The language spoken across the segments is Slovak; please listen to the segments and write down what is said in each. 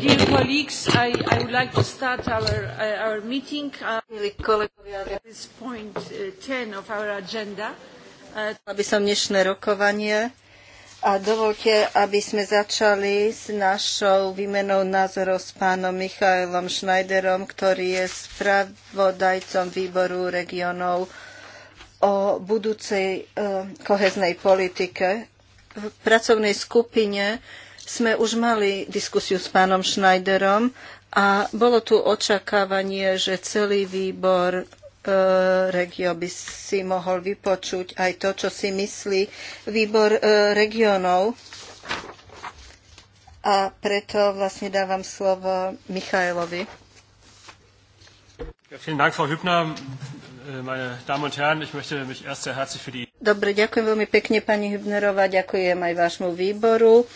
Dear colleagues, I, I would like to start our, uh, our meeting uh, at this point uh, 10 of our agenda. Uh, aby som dnešné rokovanie a dovolte, aby sme začali s našou výmenou názorov s pánom Michailom Schneiderom, ktorý je spravodajcom výboru regionov o budúcej uh, koheznej politike. V pracovnej skupine uh, sme už mali diskusiu s pánom Schneiderom a bolo tu očakávanie, že celý výbor e, regio by si mohol vypočuť aj to, čo si myslí výbor e, regionov. A preto vlastne dávam slovo Michailovi. Dobre, ďakujem veľmi pekne, pani Hübnerová, ďakujem aj vášmu výboru.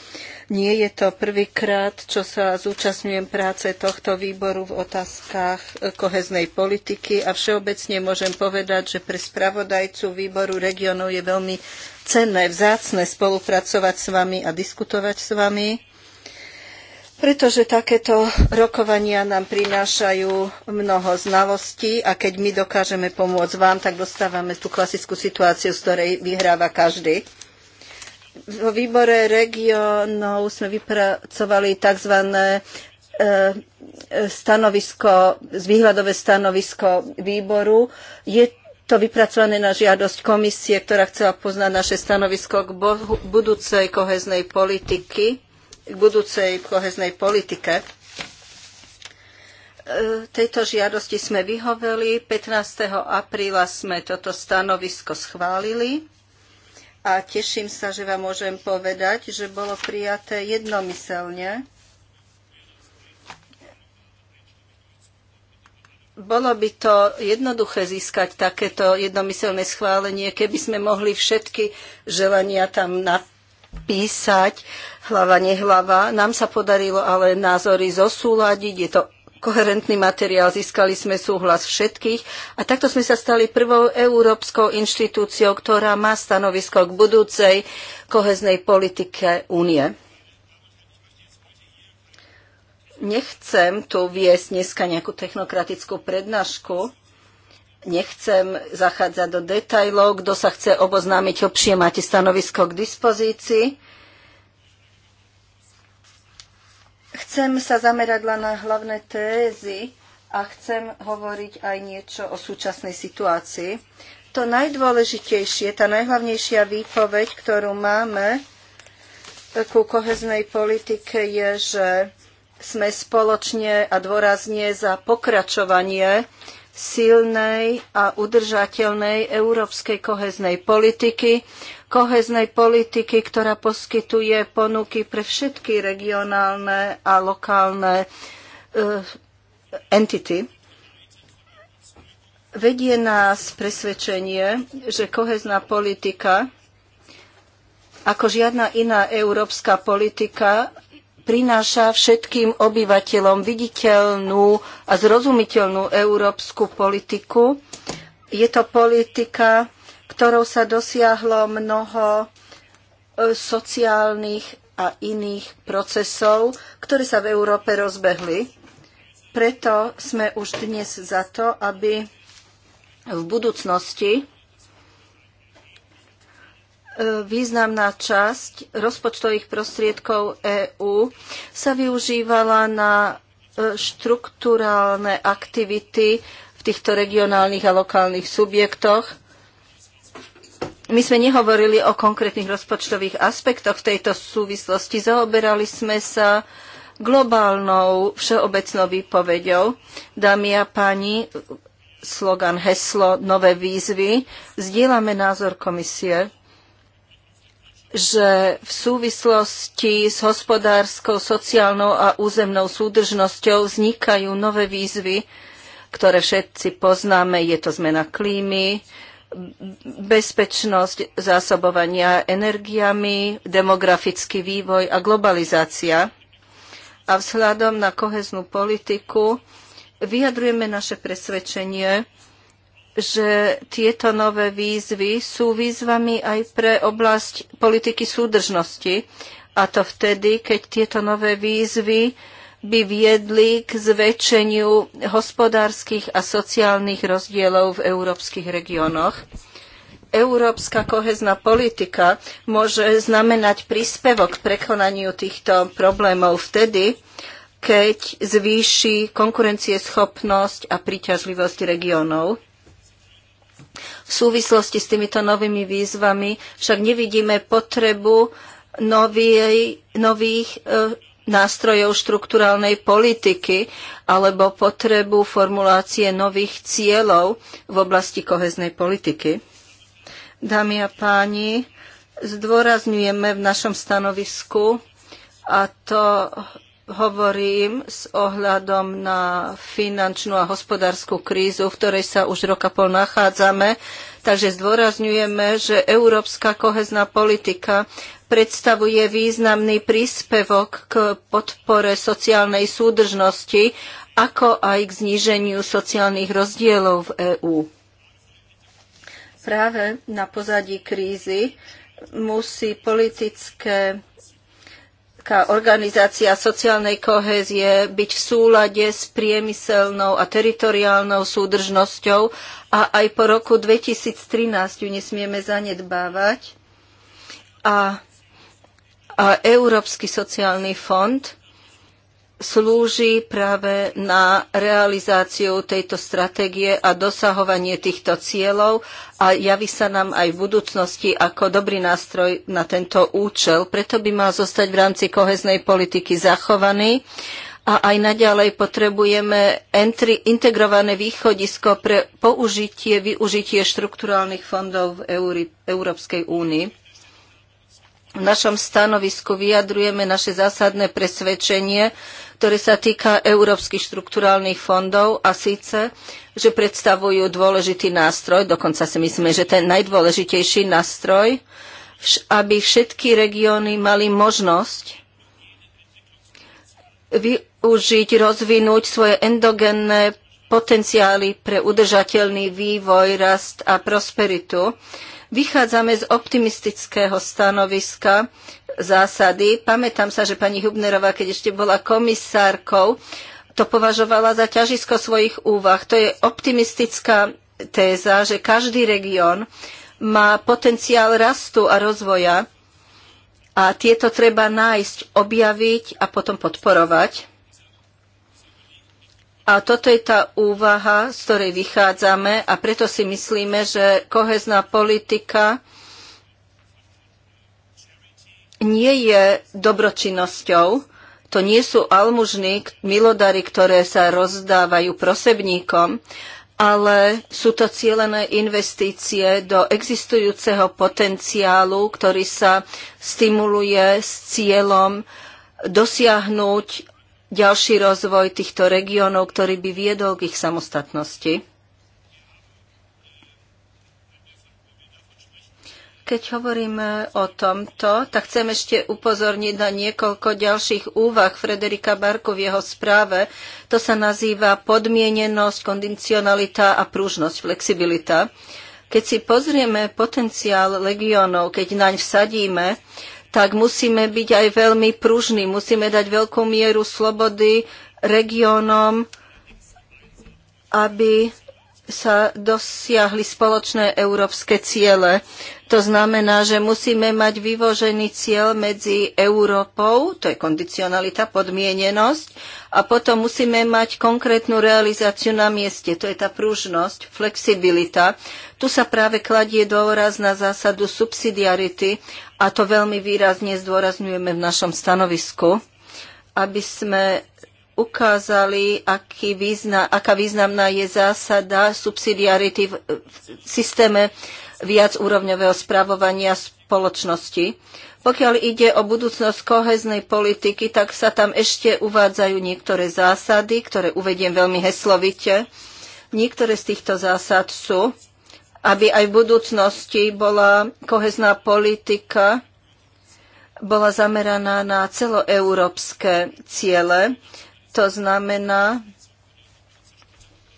Nie je to prvýkrát, čo sa zúčastňujem práce tohto výboru v otázkach e, koheznej politiky a všeobecne môžem povedať, že pre spravodajcu výboru regionov je veľmi cenné, vzácne spolupracovať s vami a diskutovať s vami pretože takéto rokovania nám prinášajú mnoho znalostí a keď my dokážeme pomôcť vám, tak dostávame tú klasickú situáciu, z ktorej vyhráva každý. Vo výbore regionov sme vypracovali tzv. E, e, stanovisko, výhľadové stanovisko výboru. Je to vypracované na žiadosť komisie, ktorá chcela poznať naše stanovisko k budúcej koheznej politiky k budúcej koheznej politike. E, tejto žiadosti sme vyhoveli, 15. apríla sme toto stanovisko schválili a teším sa, že vám môžem povedať, že bolo prijaté jednomyselne. Bolo by to jednoduché získať takéto jednomyselné schválenie, keby sme mohli všetky želania tam napísať, hlava nehlava. Nám sa podarilo ale názory zosúľadiť, je to koherentný materiál, získali sme súhlas všetkých a takto sme sa stali prvou európskou inštitúciou, ktorá má stanovisko k budúcej koheznej politike únie. Nechcem tu viesť dneska nejakú technokratickú prednášku, nechcem zachádzať do detajlov. Kto sa chce oboznámiť hlbšie, máte stanovisko k dispozícii. Chcem sa zamerať len na hlavné tézy a chcem hovoriť aj niečo o súčasnej situácii. To najdôležitejšie, tá najhlavnejšia výpoveď, ktorú máme ku koheznej politike je, že sme spoločne a dôrazne za pokračovanie silnej a udržateľnej európskej koheznej politiky, koheznej politiky, ktorá poskytuje ponuky pre všetky regionálne a lokálne uh, entity. Vedie nás presvedčenie, že kohezná politika ako žiadna iná európska politika prináša všetkým obyvateľom viditeľnú a zrozumiteľnú európsku politiku. Je to politika, ktorou sa dosiahlo mnoho e, sociálnych a iných procesov, ktoré sa v Európe rozbehli. Preto sme už dnes za to, aby v budúcnosti e, významná časť rozpočtových prostriedkov EÚ sa využívala na e, štruktúrálne aktivity v týchto regionálnych a lokálnych subjektoch, my sme nehovorili o konkrétnych rozpočtových aspektoch v tejto súvislosti. Zaoberali sme sa globálnou všeobecnou výpovedou. Dámy a páni, slogan, heslo, nové výzvy. Zdieľame názor komisie, že v súvislosti s hospodárskou, sociálnou a územnou súdržnosťou vznikajú nové výzvy, ktoré všetci poznáme. Je to zmena klímy, bezpečnosť zásobovania energiami, demografický vývoj a globalizácia. A vzhľadom na koheznú politiku vyjadrujeme naše presvedčenie, že tieto nové výzvy sú výzvami aj pre oblasť politiky súdržnosti. A to vtedy, keď tieto nové výzvy by viedli k zväčšeniu hospodárskych a sociálnych rozdielov v európskych regiónoch. Európska kohezná politika môže znamenať príspevok k prekonaniu týchto problémov vtedy, keď zvýši konkurencieschopnosť a príťažlivosť regiónov. V súvislosti s týmito novými výzvami však nevidíme potrebu novej, nových e, nástrojov štrukturálnej politiky alebo potrebu formulácie nových cieľov v oblasti koheznej politiky. Dámy a páni, zdôrazňujeme v našom stanovisku a to hovorím s ohľadom na finančnú a hospodárskú krízu, v ktorej sa už roka pol nachádzame. Takže zdôrazňujeme, že európska kohezná politika predstavuje významný príspevok k podpore sociálnej súdržnosti, ako aj k zníženiu sociálnych rozdielov v EÚ. Práve na pozadí krízy musí politické organizácia sociálnej kohézie byť v súlade s priemyselnou a teritoriálnou súdržnosťou a aj po roku 2013 ju nesmieme zanedbávať. A a Európsky sociálny fond slúži práve na realizáciu tejto stratégie a dosahovanie týchto cieľov a javí sa nám aj v budúcnosti ako dobrý nástroj na tento účel. Preto by mal zostať v rámci koheznej politiky zachovaný a aj naďalej potrebujeme entry, integrované východisko pre použitie, využitie štrukturálnych fondov v Európskej únii. V našom stanovisku vyjadrujeme naše zásadné presvedčenie, ktoré sa týka európskych štrukturálnych fondov a síce, že predstavujú dôležitý nástroj, dokonca si myslíme, že ten najdôležitejší nástroj, aby všetky regióny mali možnosť využiť, rozvinúť svoje endogenné potenciály pre udržateľný vývoj, rast a prosperitu Vychádzame z optimistického stanoviska zásady. Pamätám sa, že pani Hubnerová, keď ešte bola komisárkou, to považovala za ťažisko svojich úvah. To je optimistická téza, že každý región má potenciál rastu a rozvoja a tieto treba nájsť, objaviť a potom podporovať. A toto je tá úvaha, z ktorej vychádzame a preto si myslíme, že kohezná politika nie je dobročinnosťou, to nie sú almužní milodary, ktoré sa rozdávajú prosebníkom, ale sú to cielené investície do existujúceho potenciálu, ktorý sa stimuluje s cieľom dosiahnuť ďalší rozvoj týchto regiónov, ktorý by viedol k ich samostatnosti. Keď hovoríme o tomto, tak chcem ešte upozorniť na niekoľko ďalších úvah Frederika Barku v jeho správe. To sa nazýva podmienenosť, kondicionalita a prúžnosť, flexibilita. Keď si pozrieme potenciál legiónov, keď naň vsadíme, tak musíme byť aj veľmi pružní. Musíme dať veľkú mieru slobody regiónom, aby sa dosiahli spoločné európske ciele. To znamená, že musíme mať vyvožený cieľ medzi Európou, to je kondicionalita, podmienenosť, a potom musíme mať konkrétnu realizáciu na mieste, to je tá pružnosť, flexibilita. Tu sa práve kladie dôraz na zásadu subsidiarity a to veľmi výrazne zdôrazňujeme v našom stanovisku, aby sme ukázali, aký význam, aká významná je zásada subsidiarity v, v systéme viacúrovňového spravovania spoločnosti. Pokiaľ ide o budúcnosť koheznej politiky, tak sa tam ešte uvádzajú niektoré zásady, ktoré uvediem veľmi heslovite. Niektoré z týchto zásad sú, aby aj v budúcnosti bola kohezná politika bola zameraná na celoeurópske ciele. To znamená,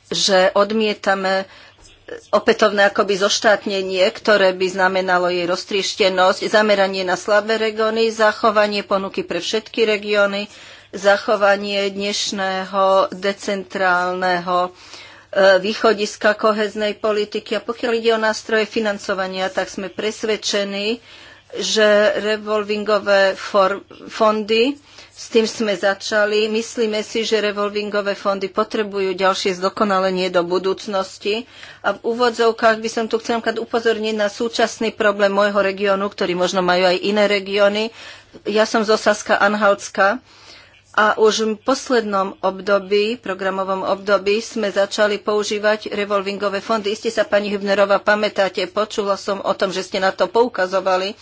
že odmietame opätovné akoby zoštátnenie, ktoré by znamenalo jej roztrieštenosť, zameranie na slabé regióny, zachovanie ponuky pre všetky regióny, zachovanie dnešného decentrálneho e, východiska koheznej politiky. A pokiaľ ide o nástroje financovania, tak sme presvedčení, že revolvingové fondy s tým sme začali. Myslíme si, že revolvingové fondy potrebujú ďalšie zdokonalenie do budúcnosti. A v úvodzovkách by som tu chcel upozorniť na súčasný problém môjho regiónu, ktorý možno majú aj iné regióny. Ja som z Osaska Anhalska. A už v poslednom období, programovom období, sme začali používať revolvingové fondy. Iste sa, pani Hübnerová, pamätáte, počula som o tom, že ste na to poukazovali.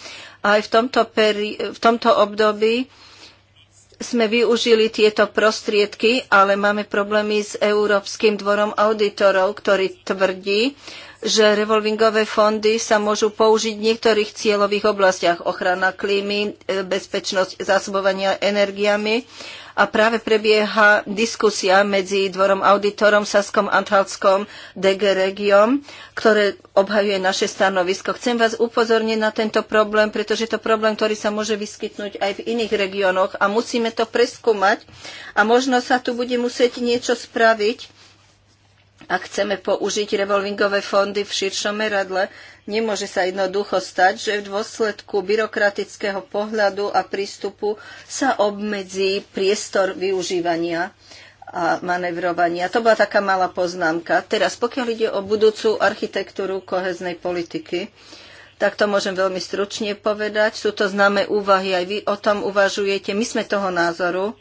A aj v tomto, peri- v tomto období sme využili tieto prostriedky, ale máme problémy s Európskym dvorom auditorov, ktorý tvrdí, že revolvingové fondy sa môžu použiť v niektorých cieľových oblastiach ochrana klímy, e, bezpečnosť zásobovania energiami a práve prebieha diskusia medzi dvorom auditorom Saskom Antalskom DG Regiom, ktoré obhajuje naše stanovisko. Chcem vás upozorniť na tento problém, pretože je to problém, ktorý sa môže vyskytnúť aj v iných regiónoch a musíme to preskúmať a možno sa tu bude musieť niečo spraviť ak chceme použiť revolvingové fondy v širšom meradle, Nemôže sa jednoducho stať, že v dôsledku byrokratického pohľadu a prístupu sa obmedzí priestor využívania a manevrovania. To bola taká malá poznámka. Teraz, pokiaľ ide o budúcu architektúru koheznej politiky, tak to môžem veľmi stručne povedať. Sú to známe úvahy, aj vy o tom uvažujete. My sme toho názoru,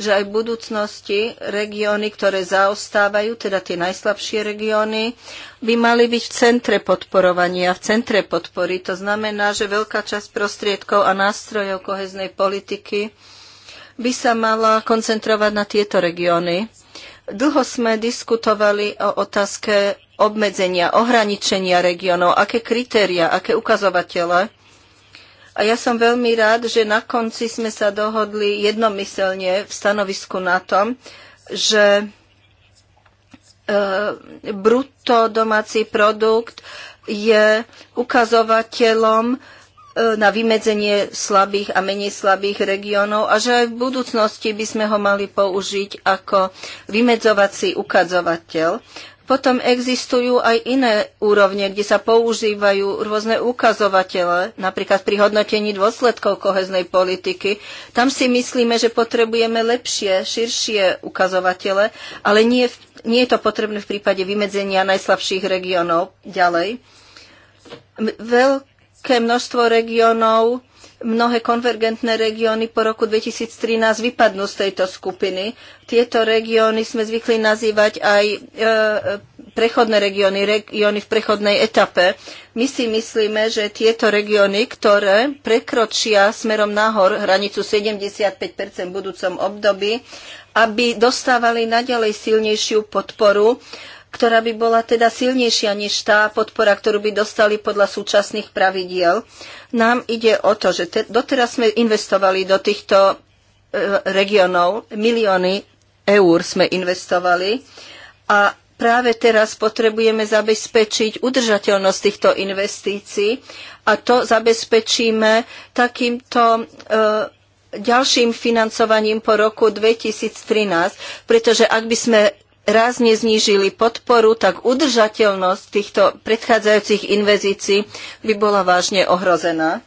že aj v budúcnosti regióny, ktoré zaostávajú, teda tie najslabšie regióny, by mali byť v centre podporovania, v centre podpory. To znamená, že veľká časť prostriedkov a nástrojov koheznej politiky by sa mala koncentrovať na tieto regióny. Dlho sme diskutovali o otázke obmedzenia, ohraničenia regiónov, aké kritéria, aké ukazovatele a ja som veľmi rád, že na konci sme sa dohodli jednomyselne v stanovisku na tom, že e, brutto domáci produkt je ukazovateľom e, na vymedzenie slabých a menej slabých regiónov a že aj v budúcnosti by sme ho mali použiť ako vymedzovací ukazovateľ. Potom existujú aj iné úrovne, kde sa používajú rôzne ukazovatele, napríklad pri hodnotení dôsledkov koheznej politiky. Tam si myslíme, že potrebujeme lepšie, širšie ukazovatele, ale nie, nie je to potrebné v prípade vymedzenia najslabších regiónov ďalej. Veľké množstvo regiónov mnohé konvergentné regióny po roku 2013 vypadnú z tejto skupiny. Tieto regióny sme zvykli nazývať aj e, e, prechodné regióny, regióny v prechodnej etape. My si myslíme, že tieto regióny, ktoré prekročia smerom nahor hranicu 75 v budúcom období, aby dostávali naďalej silnejšiu podporu, ktorá by bola teda silnejšia než tá podpora, ktorú by dostali podľa súčasných pravidiel. Nám ide o to, že te, doteraz sme investovali do týchto e, regionov, milióny eur sme investovali a práve teraz potrebujeme zabezpečiť udržateľnosť týchto investícií a to zabezpečíme takýmto e, ďalším financovaním po roku 2013, pretože ak by sme raz neznížili podporu, tak udržateľnosť týchto predchádzajúcich investícií by bola vážne ohrozená.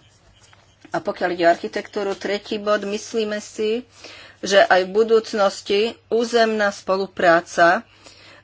A pokiaľ ide o architektúru, tretí bod, myslíme si, že aj v budúcnosti územná spolupráca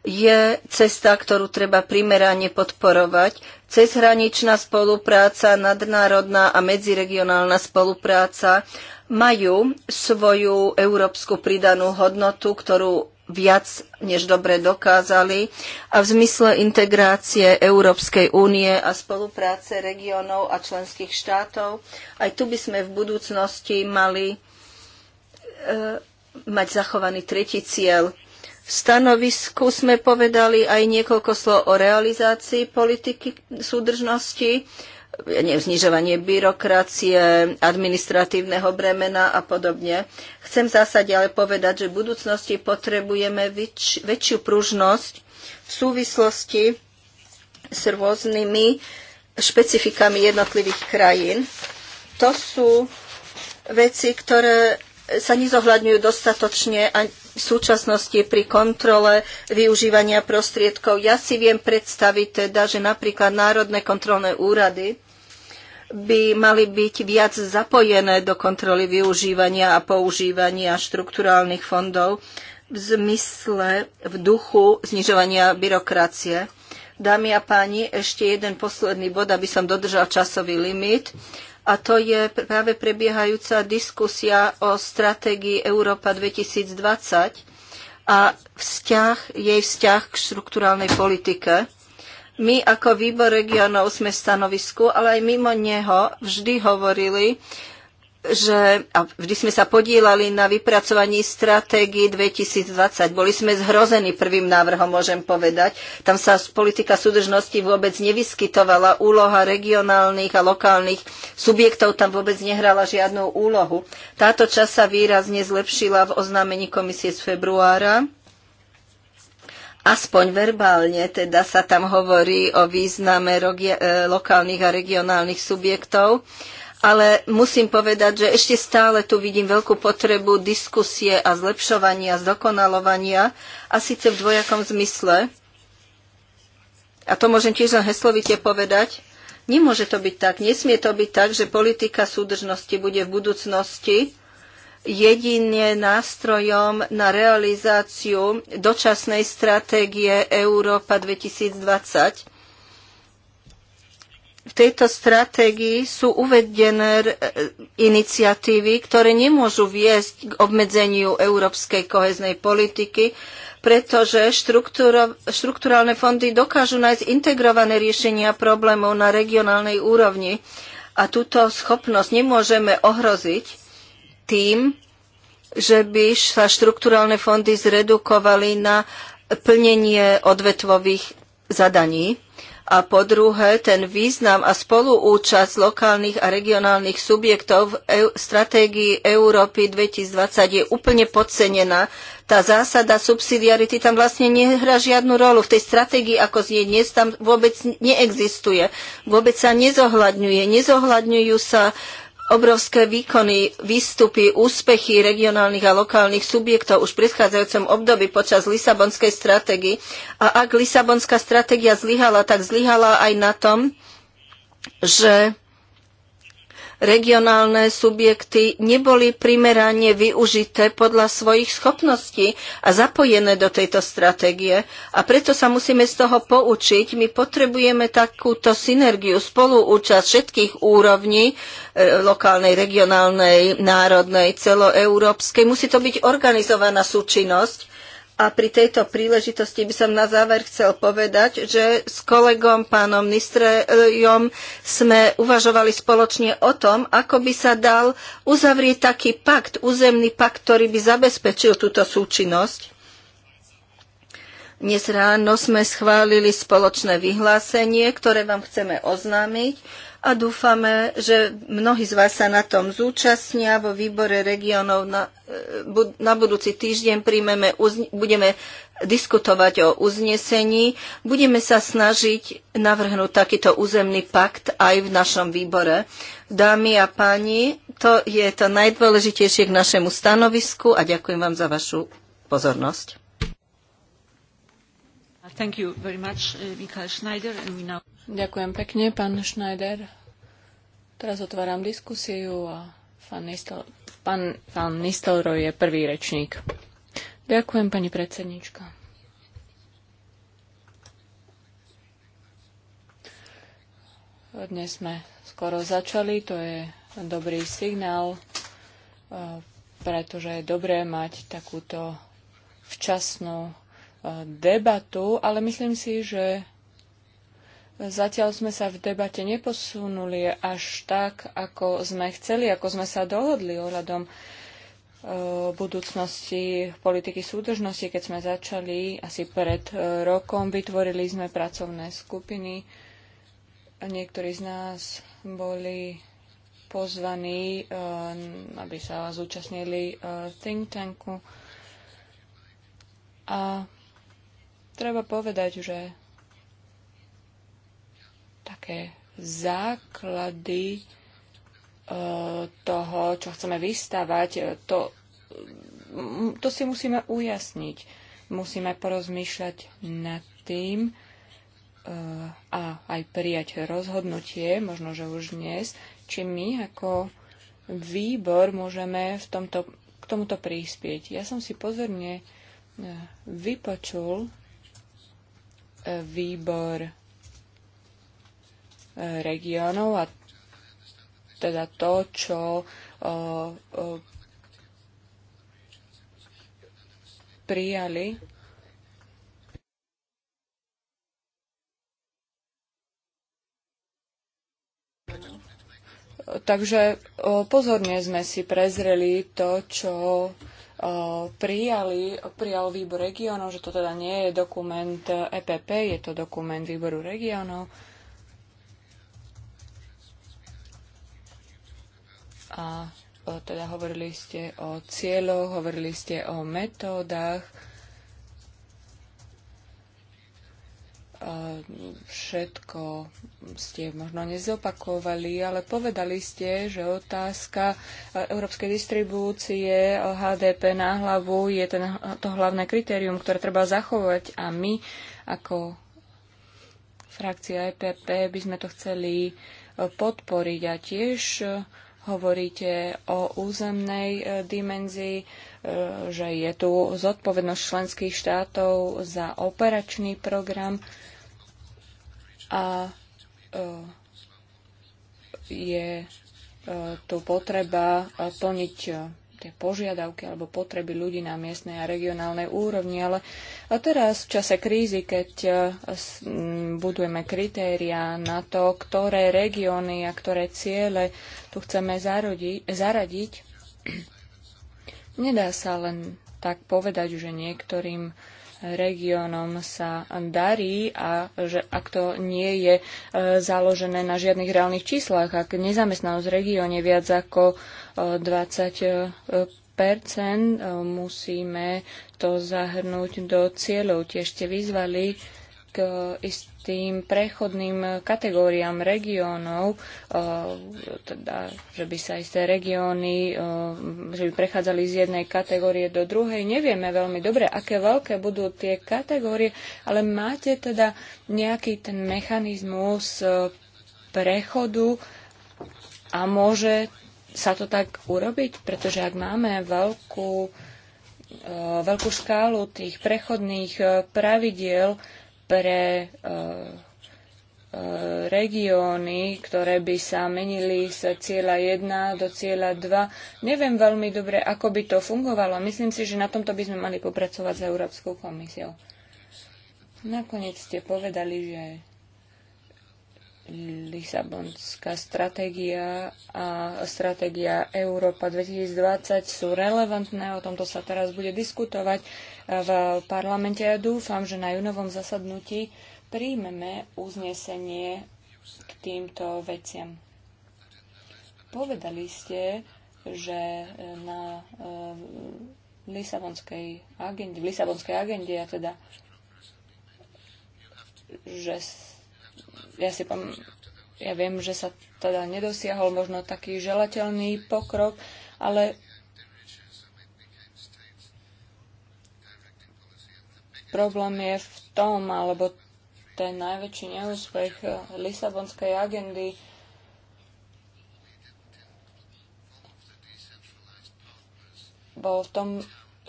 je cesta, ktorú treba primerane podporovať. Cezhraničná spolupráca, nadnárodná a medziregionálna spolupráca majú svoju európsku pridanú hodnotu, ktorú viac než dobre dokázali a v zmysle integrácie Európskej únie a spolupráce regiónov a členských štátov. Aj tu by sme v budúcnosti mali e, mať zachovaný tretí cieľ. V stanovisku sme povedali aj niekoľko slov o realizácii politiky súdržnosti znižovanie byrokracie, administratívneho bremena a podobne. Chcem v zásade ale povedať, že v budúcnosti potrebujeme väč- väčšiu pružnosť v súvislosti s rôznymi špecifikami jednotlivých krajín. To sú veci, ktoré sa nezohľadňujú dostatočne a v súčasnosti pri kontrole využívania prostriedkov. Ja si viem predstaviť teda, že napríklad národné kontrolné úrady by mali byť viac zapojené do kontroly využívania a používania štrukturálnych fondov v zmysle, v duchu znižovania byrokracie. Dámy a páni, ešte jeden posledný bod, aby som dodržal časový limit. A to je práve prebiehajúca diskusia o stratégii Európa 2020 a vzťah, jej vzťah k štruktúrálnej politike. My ako výbor regionov sme v stanovisku, ale aj mimo neho vždy hovorili, že a vždy sme sa podielali na vypracovaní stratégie 2020. Boli sme zhrození prvým návrhom, môžem povedať. Tam sa politika súdržnosti vôbec nevyskytovala. Úloha regionálnych a lokálnych subjektov tam vôbec nehrala žiadnu úlohu. Táto čas sa výrazne zlepšila v oznámení komisie z februára aspoň verbálne, teda sa tam hovorí o význame e, lokálnych a regionálnych subjektov. Ale musím povedať, že ešte stále tu vidím veľkú potrebu diskusie a zlepšovania, zdokonalovania, a síce v dvojakom zmysle. A to môžem tiež len heslovite povedať. Nemôže to byť tak. Nesmie to byť tak, že politika súdržnosti bude v budúcnosti jedine nástrojom na realizáciu dočasnej stratégie Európa 2020. V tejto stratégii sú uvedené iniciatívy, ktoré nemôžu viesť k obmedzeniu európskej koheznej politiky, pretože štruktúralne fondy dokážu nájsť integrované riešenia problémov na regionálnej úrovni a túto schopnosť nemôžeme ohroziť tým, že by sa štrukturálne fondy zredukovali na plnenie odvetvových zadaní. A po druhé, ten význam a spoluúčasť lokálnych a regionálnych subjektov v EU, stratégii Európy 2020 je úplne podcenená. Tá zásada subsidiarity tam vlastne nehrá žiadnu rolu. V tej stratégii, ako znie dnes, tam vôbec neexistuje. Vôbec sa nezohľadňuje. Nezohľadňujú sa obrovské výkony, výstupy, úspechy regionálnych a lokálnych subjektov už v predchádzajúcom období počas Lisabonskej stratégie. A ak Lisabonská stratégia zlyhala, tak zlyhala aj na tom, že regionálne subjekty neboli primerane využité podľa svojich schopností a zapojené do tejto stratégie. A preto sa musíme z toho poučiť. My potrebujeme takúto synergiu, spoluúčasť všetkých úrovní, e, lokálnej, regionálnej, národnej, celoeurópskej. Musí to byť organizovaná súčinnosť a pri tejto príležitosti by som na záver chcel povedať, že s kolegom pánom Nistrejom sme uvažovali spoločne o tom, ako by sa dal uzavrieť taký pakt, územný pakt, ktorý by zabezpečil túto súčinnosť. Dnes ráno sme schválili spoločné vyhlásenie, ktoré vám chceme oznámiť a dúfame, že mnohí z vás sa na tom zúčastnia. Vo výbore regionov na, e, na budúci týždeň príjmeme, budeme diskutovať o uznesení. Budeme sa snažiť navrhnúť takýto územný pakt aj v našom výbore. Dámy a páni, to je to najdôležitejšie k našemu stanovisku a ďakujem vám za vašu pozornosť. Thank you very much, uh, Michael Schneider. And we now... Ďakujem pekne, pán Schneider. Teraz otváram diskusiu a pán, Nistel, Nistelroj je prvý rečník. Ďakujem, pani predsednička. Dnes sme skoro začali, to je dobrý signál, e, pretože je dobré mať takúto včasnú e, debatu, ale myslím si, že Zatiaľ sme sa v debate neposunuli až tak, ako sme chceli, ako sme sa dohodli ohľadom e, budúcnosti politiky súdržnosti, keď sme začali asi pred e, rokom, vytvorili sme pracovné skupiny. Niektorí z nás boli pozvaní, e, aby sa zúčastnili think tanku. A treba povedať, že také základy e, toho, čo chceme vystavať, e, to, to si musíme ujasniť. Musíme porozmýšľať nad tým e, a aj prijať rozhodnutie, možno že už dnes, či my ako výbor môžeme v tomto, k tomuto prispieť. Ja som si pozorne vypočul výbor regiónov a teda to, čo prijali Takže pozorne sme si prezreli to, čo prijali, prijal výbor regionov, že to teda nie je dokument EPP, je to dokument výboru regionov. A e, teda hovorili ste o cieľoch, hovorili ste o metódach, všetko ste možno nezopakovali, ale povedali ste, že otázka e, európskej distribúcie e, HDP na hlavu je ten, to hlavné kritérium, ktoré treba zachovať a my ako frakcia EPP by sme to chceli podporiť a tiež Hovoríte o územnej e, dimenzii, e, že je tu zodpovednosť členských štátov za operačný program a e, je tu potreba plniť tie požiadavky alebo potreby ľudí na miestnej a regionálnej úrovni. Ale a teraz v čase krízy, keď e, budujeme kritériá na to, ktoré regióny a ktoré ciele tu chceme zarodi- zaradiť, nedá sa len tak povedať, že niektorým regiónom sa darí a že ak to nie je e, založené na žiadnych reálnych číslach, ak nezamestnanosť v regióne viac ako 20 e, e, musíme to zahrnúť do cieľov. Tiež ste vyzvali k istým prechodným kategóriám regiónov, e, teda, že by sa isté regióny, e, že by prechádzali z jednej kategórie do druhej. Nevieme veľmi dobre, aké veľké budú tie kategórie, ale máte teda nejaký ten mechanizmus e, prechodu a môže sa to tak urobiť, pretože ak máme veľkú veľkú škálu tých prechodných pravidiel, pre e, e, regióny, ktoré by sa menili z cieľa 1 do cieľa 2. Neviem veľmi dobre, ako by to fungovalo. Myslím si, že na tomto by sme mali popracovať s Európskou komisiou. Nakoniec ste povedali, že Lisabonská stratégia a stratégia Európa 2020 sú relevantné, o tomto sa teraz bude diskutovať eh, v parlamente. Ja dúfam, že na junovom zasadnutí príjmeme uznesenie k týmto veciam. Povedali ste, že eh, na eh, Lisabonskej agende, v Lisabonskej agende, a teda, že ja si pam, ja viem, že sa teda nedosiahol možno taký želateľný pokrok, ale problém je v tom, alebo ten najväčší neúspech Lisabonskej agendy bol v tom,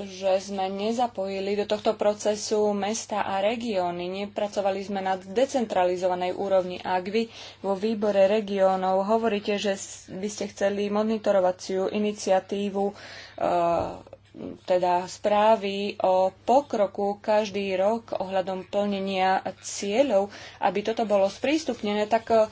že sme nezapojili do tohto procesu mesta a regióny. Nepracovali sme na decentralizovanej úrovni. A ak vy vo výbore regiónov hovoríte, že by ste chceli monitorovaciu iniciatívu, e, teda správy o pokroku každý rok ohľadom plnenia cieľov, aby toto bolo sprístupnené, tak e,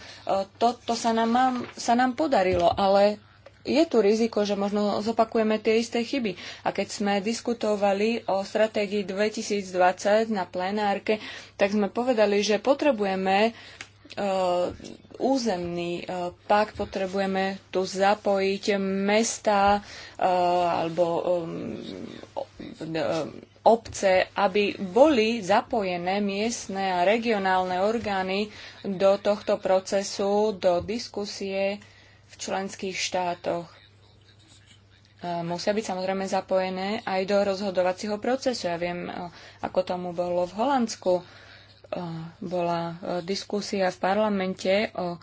toto sa nám, sa nám podarilo. Ale je tu riziko, že možno zopakujeme tie isté chyby. A keď sme diskutovali o stratégii 2020 na plenárke, tak sme povedali, že potrebujeme uh, územný uh, e, pak, potrebujeme tu zapojiť mesta uh, alebo um, obce, aby boli zapojené miestne a regionálne orgány do tohto procesu, do diskusie v členských štátoch. Musia byť samozrejme zapojené aj do rozhodovacieho procesu. Ja viem, e, ako tomu bolo v Holandsku. E, bola e, diskusia v parlamente o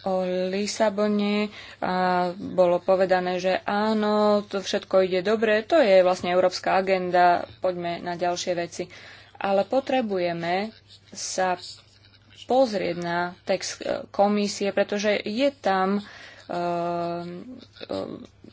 o Lisabone a bolo povedané, že áno, to všetko ide dobre, to je vlastne európska agenda, poďme na ďalšie veci. Ale potrebujeme sa pozrieť na text e, komisie, pretože je tam e, e,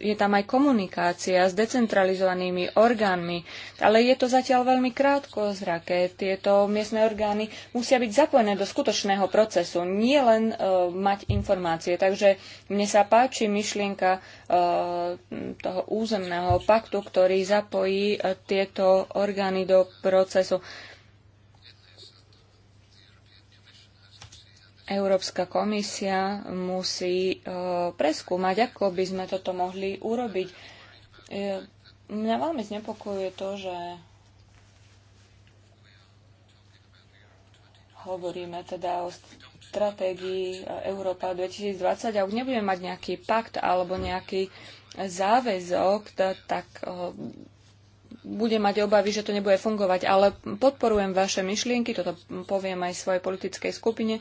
je tam aj komunikácia s decentralizovanými orgánmi, ale je to zatiaľ veľmi krátko zrake. Tieto miestne orgány musia byť zapojené do skutočného procesu, nie len uh, mať informácie. Takže mne sa páči myšlienka uh, toho územného paktu, ktorý zapojí uh, tieto orgány do procesu. Európska komisia musí e, preskúmať, ako by sme toto mohli urobiť. E, mňa veľmi znepokojuje to, že hovoríme teda o stratégii Európa 2020 a ak nebudeme mať nejaký pakt alebo nejaký záväzok, tak e, bude mať obavy, že to nebude fungovať. Ale podporujem vaše myšlienky, toto poviem aj svojej politickej skupine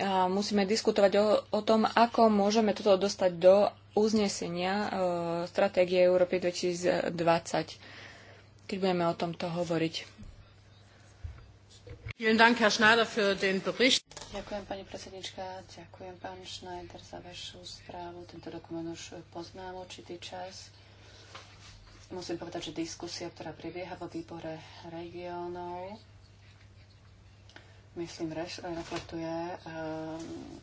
a musíme diskutovať o, o tom, ako môžeme toto dostať do uznesenia e, stratégie Európy 2020, keď budeme o tomto hovoriť. Ďakujem pani predsednička, ďakujem pán Schneider za vašu správu. Tento dokument už poznám určitý čas. Musím povedať, že diskusia, ktorá prebieha vo výbore regiónov, myslím, reš, reflektuje, ehm,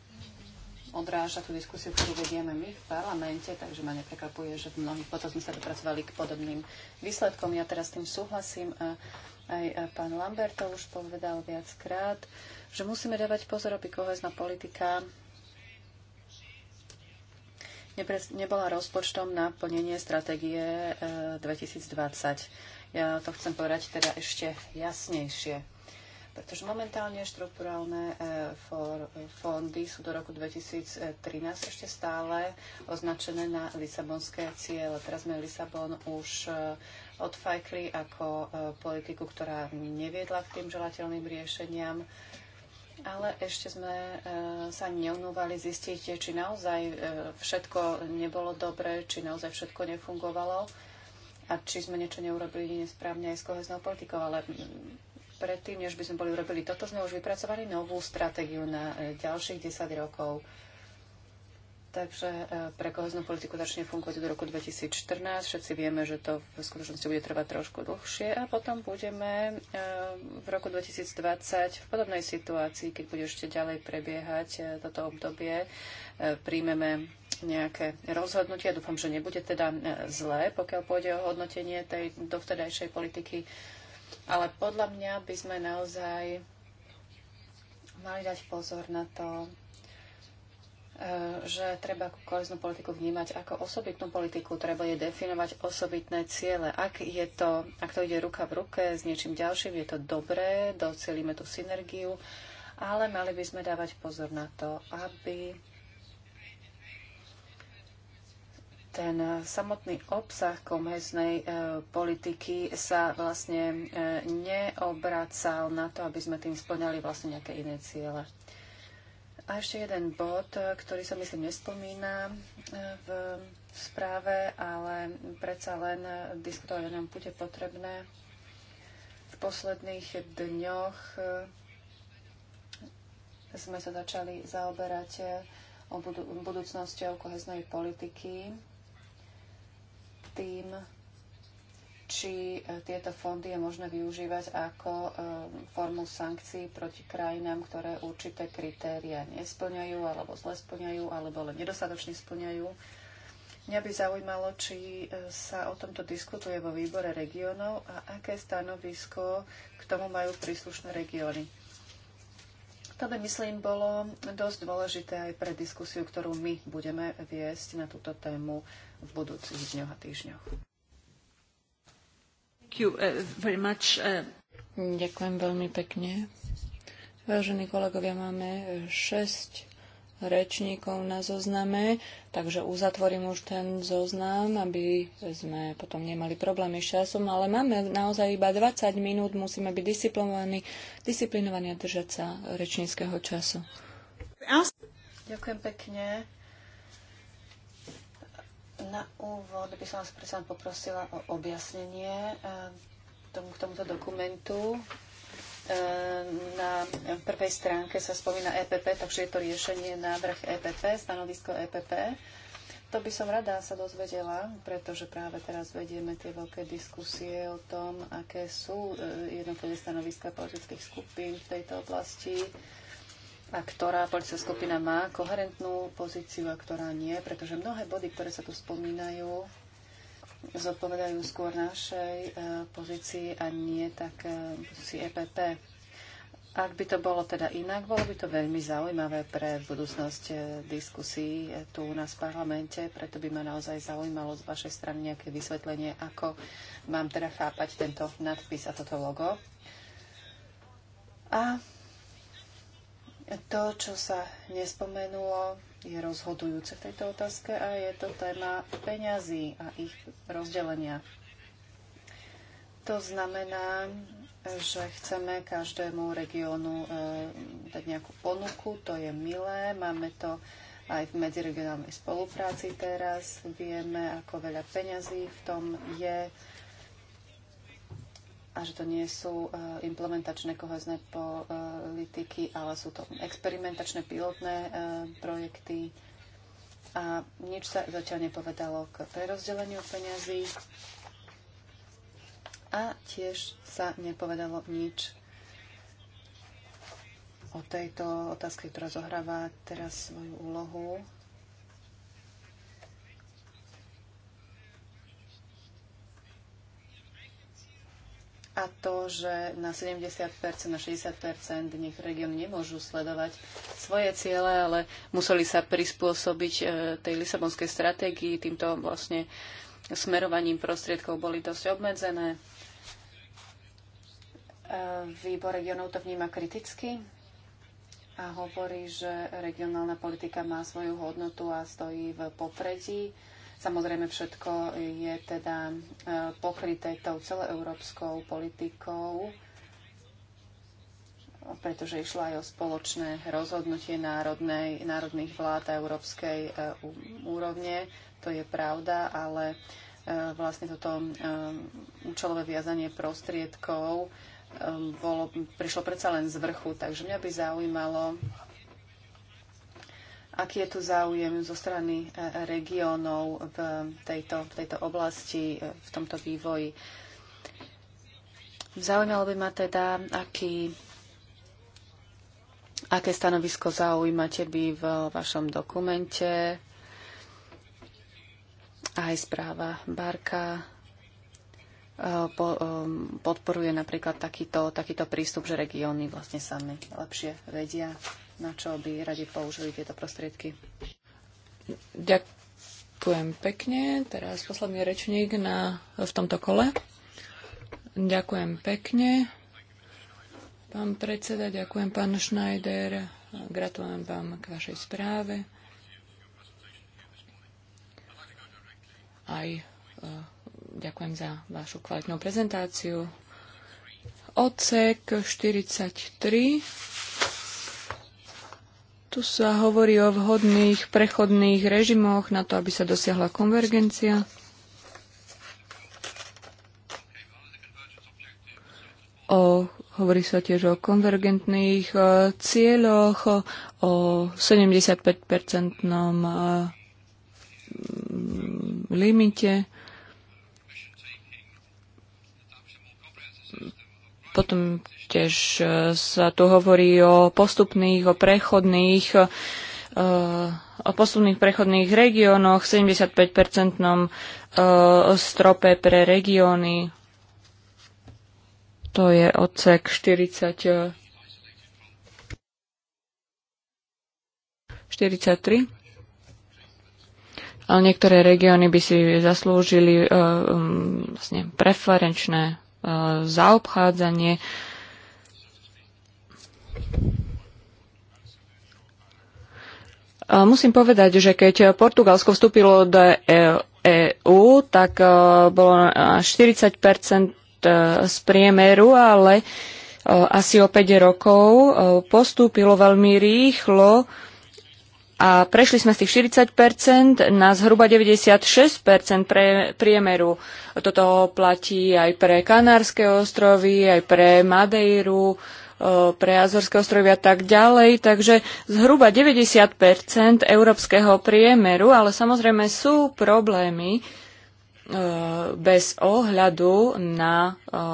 odráža tú diskusiu, ktorú vedieme my v parlamente, takže ma neprekvapuje, že v mnohých potom sme sa dopracovali k podobným výsledkom. Ja teraz s tým súhlasím a aj pán Lambert to už povedal viackrát, že musíme dávať pozor, aby kohezná politika nebola rozpočtom na plnenie stratégie 2020. E, ja to chcem povedať teda ešte jasnejšie pretože momentálne štruktúralné e, fondy sú do roku 2013 ešte stále označené na lisabonské ciele. Teraz sme Lisabon už e, odfajkli ako e, politiku, ktorá neviedla k tým želateľným riešeniam. Ale ešte sme sa neunúvali zistiť, či naozaj všetko nebolo dobre, či naozaj všetko nefungovalo a či sme niečo neurobili nesprávne aj s koheznou politikou. Ale mm, predtým, než by sme boli urobili toto, sme už vypracovali novú stratégiu na e, ďalších 10 rokov. Takže e, pre koheznú politiku začne fungovať do roku 2014. Všetci vieme, že to v skutočnosti bude trvať trošku dlhšie a potom budeme e, v roku 2020 v podobnej situácii, keď bude ešte ďalej prebiehať toto obdobie, príjmeme nejaké rozhodnutie. Dúfam, že nebude teda zlé, pokiaľ pôjde o hodnotenie tej dovtedajšej politiky ale podľa mňa by sme naozaj mali dať pozor na to, e, že treba koaliznú politiku vnímať ako osobitnú politiku, treba je definovať osobitné ciele. Ak, je to, ak to ide ruka v ruke s niečím ďalším, je to dobré, docelíme tú synergiu, ale mali by sme dávať pozor na to, aby ten eh, samotný obsah koheznej e, politiky sa vlastne e, neobracal na to, aby sme tým splňali vlastne nejaké iné ciele. A ešte jeden bod, ktorý sa myslím nespomína v správe, ale predsa len diskutovať o nám bude potrebné. V posledných dňoch sme sa začali zaoberať o budúcnosťou koheznej politiky tým, či e, tieto fondy je možné využívať ako e, formu sankcií proti krajinám, ktoré určité kritéria nesplňajú, alebo zle splňajú, alebo len nedostatočne splňajú. Mňa by zaujímalo, či e, sa o tomto diskutuje vo výbore regiónov a aké stanovisko k tomu majú príslušné regióny. To by, myslím, bolo dosť dôležité aj pre diskusiu, ktorú my budeme viesť na túto tému v budúcich dňoch a týždňoch. Uh, uh, Ďakujem veľmi pekne. Vážení kolegovia, máme 6 rečníkov na zozname, takže uzatvorím už ten zoznam, aby sme potom nemali problémy s časom, ale máme naozaj iba 20 minút, musíme byť disciplinovaní, disciplinovaní a držať sa rečníckého času. Ďakujem pekne. Na úvod by som vás predsa poprosila o objasnenie eh, tomu, k tomuto dokumentu. Eh, na prvej stránke sa spomína EPP, takže je to riešenie návrh EPP, stanovisko EPP. To by som rada sa dozvedela, pretože práve teraz vedieme tie veľké diskusie o tom, aké sú eh, jednotlivé stanoviska politických skupín v tejto oblasti a ktorá politická skupina má koherentnú pozíciu a ktorá nie, pretože mnohé body, ktoré sa tu spomínajú, zodpovedajú skôr našej e, pozícii a nie tak e, si EPP. Ak by to bolo teda inak, bolo by to veľmi zaujímavé pre budúcnosť e, diskusí tu u nás v parlamente, preto by ma naozaj zaujímalo z vašej strany nejaké vysvetlenie, ako mám teda chápať tento nadpis a toto logo. A to, čo sa nespomenulo, je rozhodujúce v tejto otázke a je to téma peňazí a ich rozdelenia. To znamená, že chceme každému regiónu e, dať nejakú ponuku, to je milé, máme to aj v medziregionálnej spolupráci teraz, vieme, ako veľa peňazí v tom je a že to nie sú e, implementačné kohezné politiky, ale sú to experimentačné pilotné e, projekty. A nič sa zatiaľ nepovedalo k prerozdeleniu peňazí a tiež sa nepovedalo nič o tejto otázke, ktorá zohráva teraz svoju úlohu a to, že na 70%, na 60% nech región nemôžu sledovať svoje ciele, ale museli sa prispôsobiť e, tej Lisabonskej stratégii, týmto vlastne smerovaním prostriedkov boli dosť obmedzené. E, výbor regionov to vníma kriticky a hovorí, že regionálna politika má svoju hodnotu a stojí v popredí Samozrejme, všetko je teda e, pokryté tou celoeurópskou politikou, pretože išlo aj o spoločné rozhodnutie národnej, národných vlád a európskej e, úrovne. To je pravda, ale e, vlastne toto účelové viazanie prostriedkov bolo, prišlo predsa len z vrchu. Takže mňa by zaujímalo, aký je tu záujem zo strany e, regiónov v tejto, v tejto oblasti, e, v tomto vývoji. Zaujímalo by ma teda, aký, aké stanovisko zaujímate by v vašom dokumente. Aj správa Barka e, podporuje napríklad takýto, takýto prístup, že regióny vlastne sami lepšie vedia, na čo by radi použili tieto prostriedky. Ďakujem pekne. Teraz posledný rečník na, v tomto kole. Ďakujem pekne. Pán predseda, ďakujem pán Schneider. Gratulujem vám k vašej správe. Aj eh, ďakujem za vašu kvalitnú prezentáciu. Ocek 43 tu sa hovorí o vhodných prechodných režimoch na to, aby sa dosiahla konvergencia. O, hovorí sa tiež o konvergentných e, cieľoch, o 75-percentnom e, limite. Potom tiež e, sa tu hovorí o postupných, o prechodných, e, o posledných prechodných regiónoch, 75-percentnom e, strope pre regióny. To je odsek 40, 43 ale niektoré regióny by si zaslúžili vlastne preferenčné zaobchádzanie. Musím povedať, že keď Portugalsko vstúpilo do EÚ, e tak e, bolo 40 e, z priemeru, ale asi o 5 rokov postúpilo veľmi rýchlo a prešli sme z tých 40% na zhruba 96% pre priemeru. Toto platí aj pre Kanárske ostrovy, aj pre Madejru, e, pre Azorské ostrovy a tak ďalej. Takže zhruba 90% európskeho priemeru, ale samozrejme sú problémy e, bez ohľadu na e,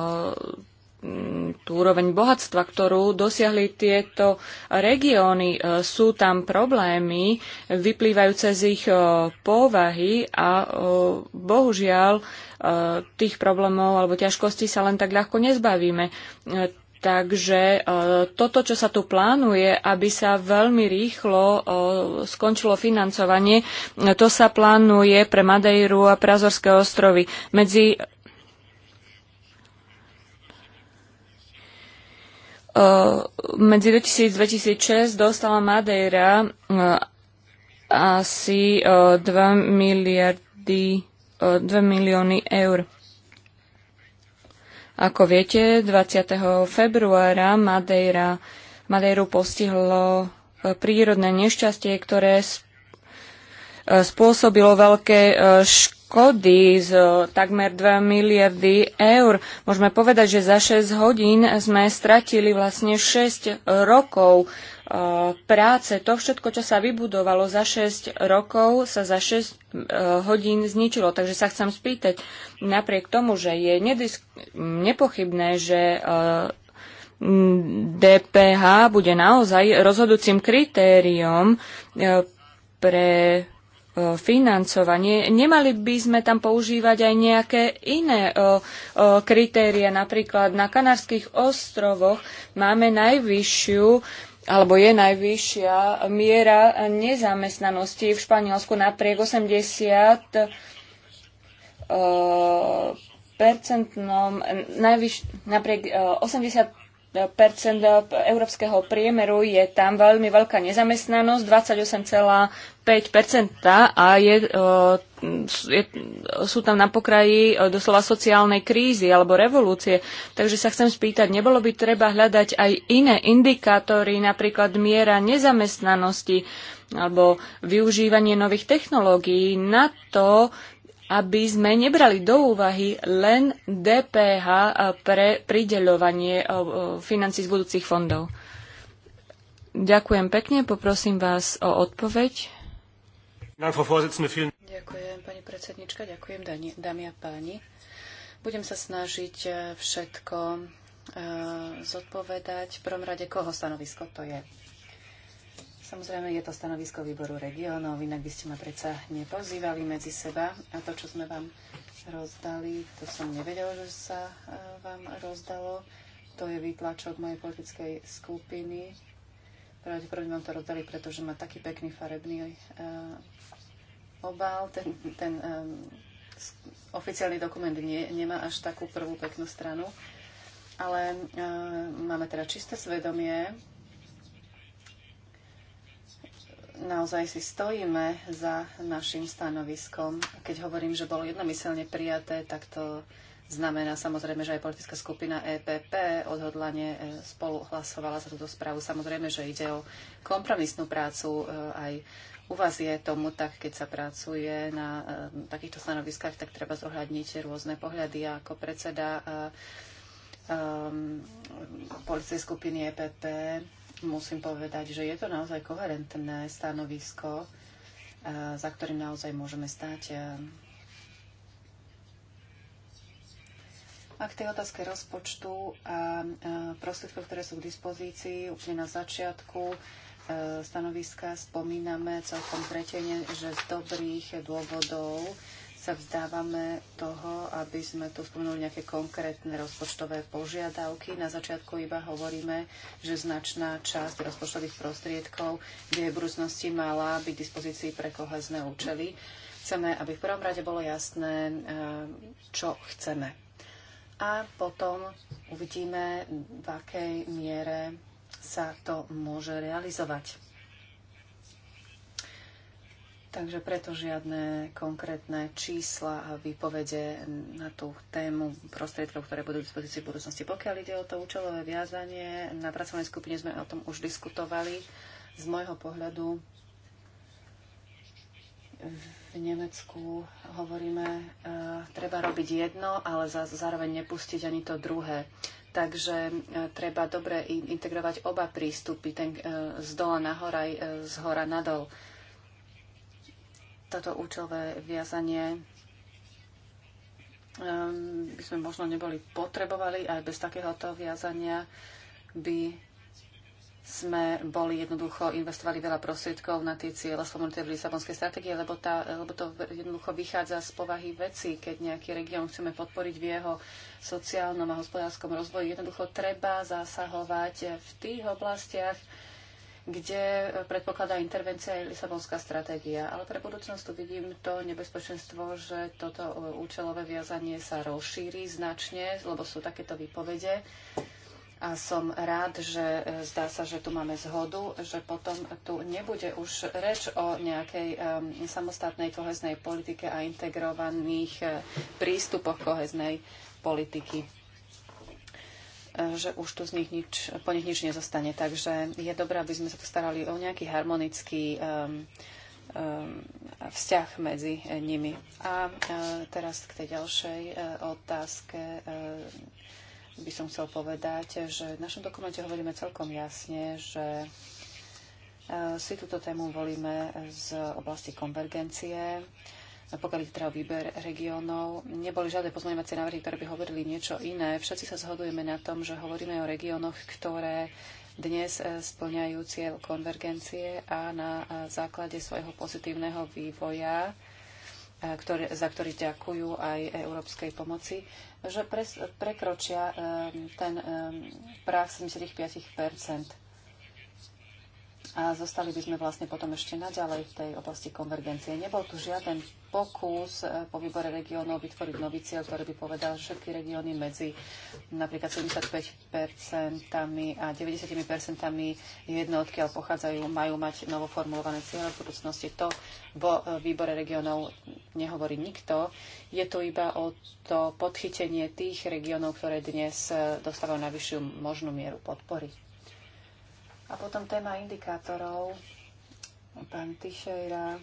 Mm, tú úroveň bohatstva, ktorú dosiahli tieto regióny. E, sú tam problémy vyplývajúce z ich e, povahy a e, bohužiaľ tých problémov alebo ťažkostí sa len tak ľahko nezbavíme. Takže toto, čo sa tu plánuje, aby sa veľmi rýchlo skončilo financovanie, to sa plánuje pre Madejru a pre Azorské ostrovy. Medzi Eh, medzi 2000-2006 dostala Madeira eh, asi 2 eh, miliardy, 2 milióny eur. Ako viete, 20. februára Madeira, Madeiru postihlo prírodné nešťastie, ktoré spôsobilo veľké škody škody z e, takmer 2 miliardy eur. Môžeme povedať, že za 6 hodín sme stratili vlastne 6 rokov e, práce. To všetko, čo sa vybudovalo za 6 rokov, sa za 6 e, hodín zničilo. Takže sa chcem spýtať, napriek tomu, že je nepochybné, že DPH bude naozaj rozhodujúcim kritériom pre E, financovanie. Nemali by sme tam používať aj nejaké iné o, e, e, kritéria. Napríklad na Kanárskych ostrovoch máme najvyššiu alebo je najvyššia miera nezamestnanosti v Španielsku napriek 80 percentnom, najvyš, napriek 80 Percent európskeho priemeru je tam veľmi veľká nezamestnanosť, 28,5% a je, e, je, sú tam na pokraji e, doslova sociálnej krízy alebo revolúcie. Takže sa chcem spýtať, nebolo by treba hľadať aj iné indikátory, napríklad miera nezamestnanosti alebo využívanie nových technológií na to, aby sme nebrali do úvahy len DPH eh, pre prideľovanie eh, eh, financí z budúcich fondov. Ďakujem pekne, poprosím vás o odpoveď. Ďakujem, pani predsednička, ďakujem, dámy a páni. Budem sa snažiť všetko zodpovedať. V prvom rade, koho stanovisko to je? Samozrejme, je to stanovisko výboru regiónov, inak by ste ma predsa nepozývali medzi seba. A to, čo sme vám rozdali, to som nevedela, že sa e, vám rozdalo. To je výtlačok mojej politickej skupiny. Pravdepodobne vám to rozdali, pretože má taký pekný farebný uh, obal. Ten, ten um, oficiálny dokument nie, nemá až takú prvú peknú stranu. Ale uh, máme teda čisté svedomie, naozaj si stojíme za našim stanoviskom. Keď hovorím, že bolo jednomyselne prijaté, tak to znamená samozrejme, že aj politická skupina EPP odhodlane e, spolu hlasovala za túto správu. Samozrejme, že ide o kompromisnú prácu e, aj u vás je tomu tak, keď sa pracuje na e, takýchto stanoviskách, tak treba zohľadniť rôzne pohľady. a ako predseda um, policie skupiny EPP musím povedať, že je to naozaj koherentné stanovisko, e, za ktorým naozaj môžeme stať. E. A k tej otázke rozpočtu a e, prostriedkov, ktoré sú k dispozícii, úplne na začiatku stanoviska spomíname celkom pretene, že z dobrých dôvodov sa vzdávame toho, aby sme tu spomenuli nejaké konkrétne rozpočtové požiadavky. Na začiatku iba hovoríme, že značná časť rozpočtových prostriedkov by v budúcnosti mala byť dispozícii pre kohezné účely. Chceme, aby v prvom rade bolo jasné, eh, čo chceme. A potom uvidíme, v akej miere sa to môže realizovať. Takže preto žiadne konkrétne čísla a výpovede na tú tému prostriedkov, ktoré budú v dispozícii v budúcnosti. Pokiaľ ide o to účelové viazanie, na pracovnej skupine sme o tom už diskutovali. Z môjho pohľadu v Nemecku hovoríme, uh, treba robiť jedno, ale za, zároveň nepustiť ani to druhé. Takže uh, treba dobre integrovať oba prístupy, ten uh, z dola nahor aj uh, z hora nadol. Uh, toto účelové viazanie ehm, by sme možno neboli potrebovali, aj bez takéhoto viazania by sme boli jednoducho investovali veľa prostriedkov na tie ciele spomenuté v Lisabonskej stratégie, lebo, tá, lebo to jednoducho vychádza z povahy veci, keď nejaký región chceme podporiť v jeho sociálnom a hospodárskom rozvoji. Jednoducho treba zasahovať v tých oblastiach, kde e, predpokladá intervencia aj Lisabonská stratégia. Ale pre budúcnosť tu vidím to nebezpečenstvo, že toto e, účelové viazanie sa rozšíri značne, lebo sú takéto výpovede. A som rád, že e, zdá sa, že tu máme zhodu, že potom tu nebude už reč o nejakej um, samostatnej koheznej politike a integrovaných uh, prístupoch koheznej politiky že už tu z nich nič, po nich nič nezostane. Takže je dobré, aby sme sa starali o nejaký harmonický um, um, vzťah medzi nimi. A uh, teraz k tej ďalšej uh, otázke uh, by som chcel povedať, že v našom dokumente hovoríme celkom jasne, že uh, si túto tému volíme z oblasti konvergencie pokiaľ ide teda o výber regiónov, neboli žiadne pozmeňovacie návrhy, ktoré by hovorili niečo iné. Všetci sa zhodujeme na tom, že hovoríme o regiónoch, ktoré dnes e, splňajú cieľ konvergencie a na e, základe svojho pozitívneho vývoja, e, ktoré, za ktorý ďakujú aj európskej pomoci, že pres, prekročia ten práh 75 a zostali by sme vlastne potom ešte naďalej v tej oblasti konvergencie. Nebol tu žiaden pokus e, po výbore regiónov vytvoriť nový cieľ, ktorý by povedal, že všetky regióny medzi napríklad 75% a 90% jedno, odkiaľ pochádzajú, majú mať novoformulované cieľe v budúcnosti. To vo e, výbore regiónov nehovorí nikto. Je to iba o to podchytenie tých regiónov, ktoré dnes e, dostávajú najvyššiu možnú mieru podpory. A potom téma indikátorov. Pán Tišejra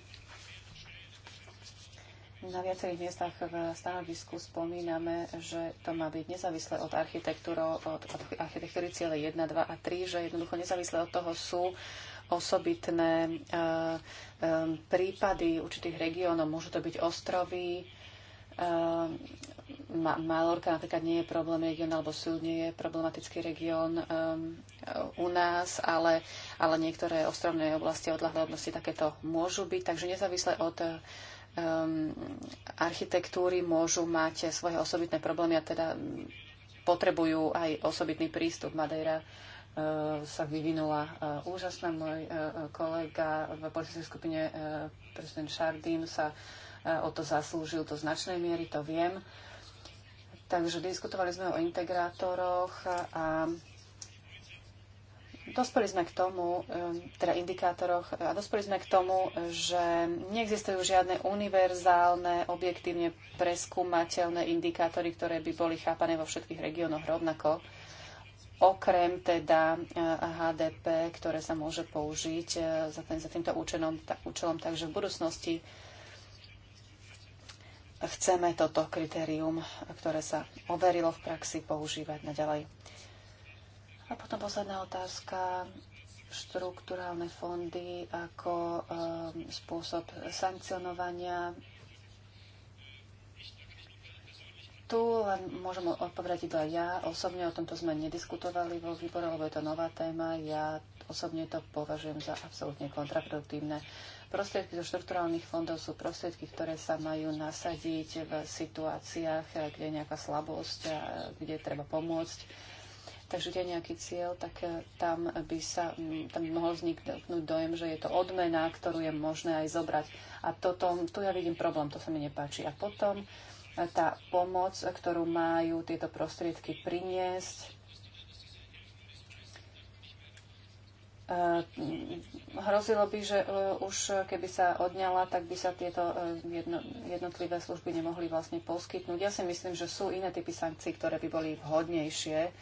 na viacerých miestach v stanovisku spomíname, že to má byť nezávisle od, od, od architektúry ciele 1, 2 a 3, že jednoducho nezávisle od toho sú osobitné e, e, prípady určitých regiónov. Môžu to byť ostrovy, e, eh, Malorka napríklad nie je problém region, alebo sú nie je problematický región u nás, ale, ale niektoré ostrovné oblasti a odlahlé oblasti takéto môžu byť. Takže nezávisle od um, architektúry môžu mať svoje osobitné problémy a teda potrebujú aj osobitný prístup. Madeira uh, sa vyvinula uh, úžasná. Môj uh, kolega v politickej skupine prezident Šardín sa o to zaslúžil do značnej miery, to viem. Takže diskutovali sme o integrátoroch a dospeli sme k tomu, teda indikátoroch, a dospeli sme k tomu, že neexistujú žiadne univerzálne, objektívne preskúmateľné indikátory, ktoré by boli chápané vo všetkých regiónoch rovnako, okrem teda e, HDP, ktoré sa môže použiť e, za, ten, za týmto účelom, tá, účelom. Takže v budúcnosti chceme toto kritérium, ktoré sa overilo v praxi, používať naďalej. A potom posledná otázka štruktúrálne fondy ako um, spôsob sankcionovania. Tu len môžem odpovedať iba ja. Osobne o tomto sme nediskutovali vo výbore, lebo je to nová téma. Ja osobne to považujem za absolútne kontraproduktívne. Prostriedky zo štrukturálnych fondov sú prostriedky, ktoré sa majú nasadiť v situáciách, kde je nejaká slabosť, kde treba pomôcť Takže kde je nejaký cieľ, tak eh, tam by sa mm, tam by mohol vzniknúť dojem, že je to odmena, ktorú je možné aj zobrať. A toto, tu ja vidím problém, to sa mi nepáči. A potom eh, tá pomoc, ktorú majú tieto prostriedky priniesť, eh, hrozilo by, že už keby sa odňala, tak by sa tieto jedno, jednotlivé služby nemohli vlastne poskytnúť. Ja si myslím, že sú iné typy sankcií, ktoré by boli vhodnejšie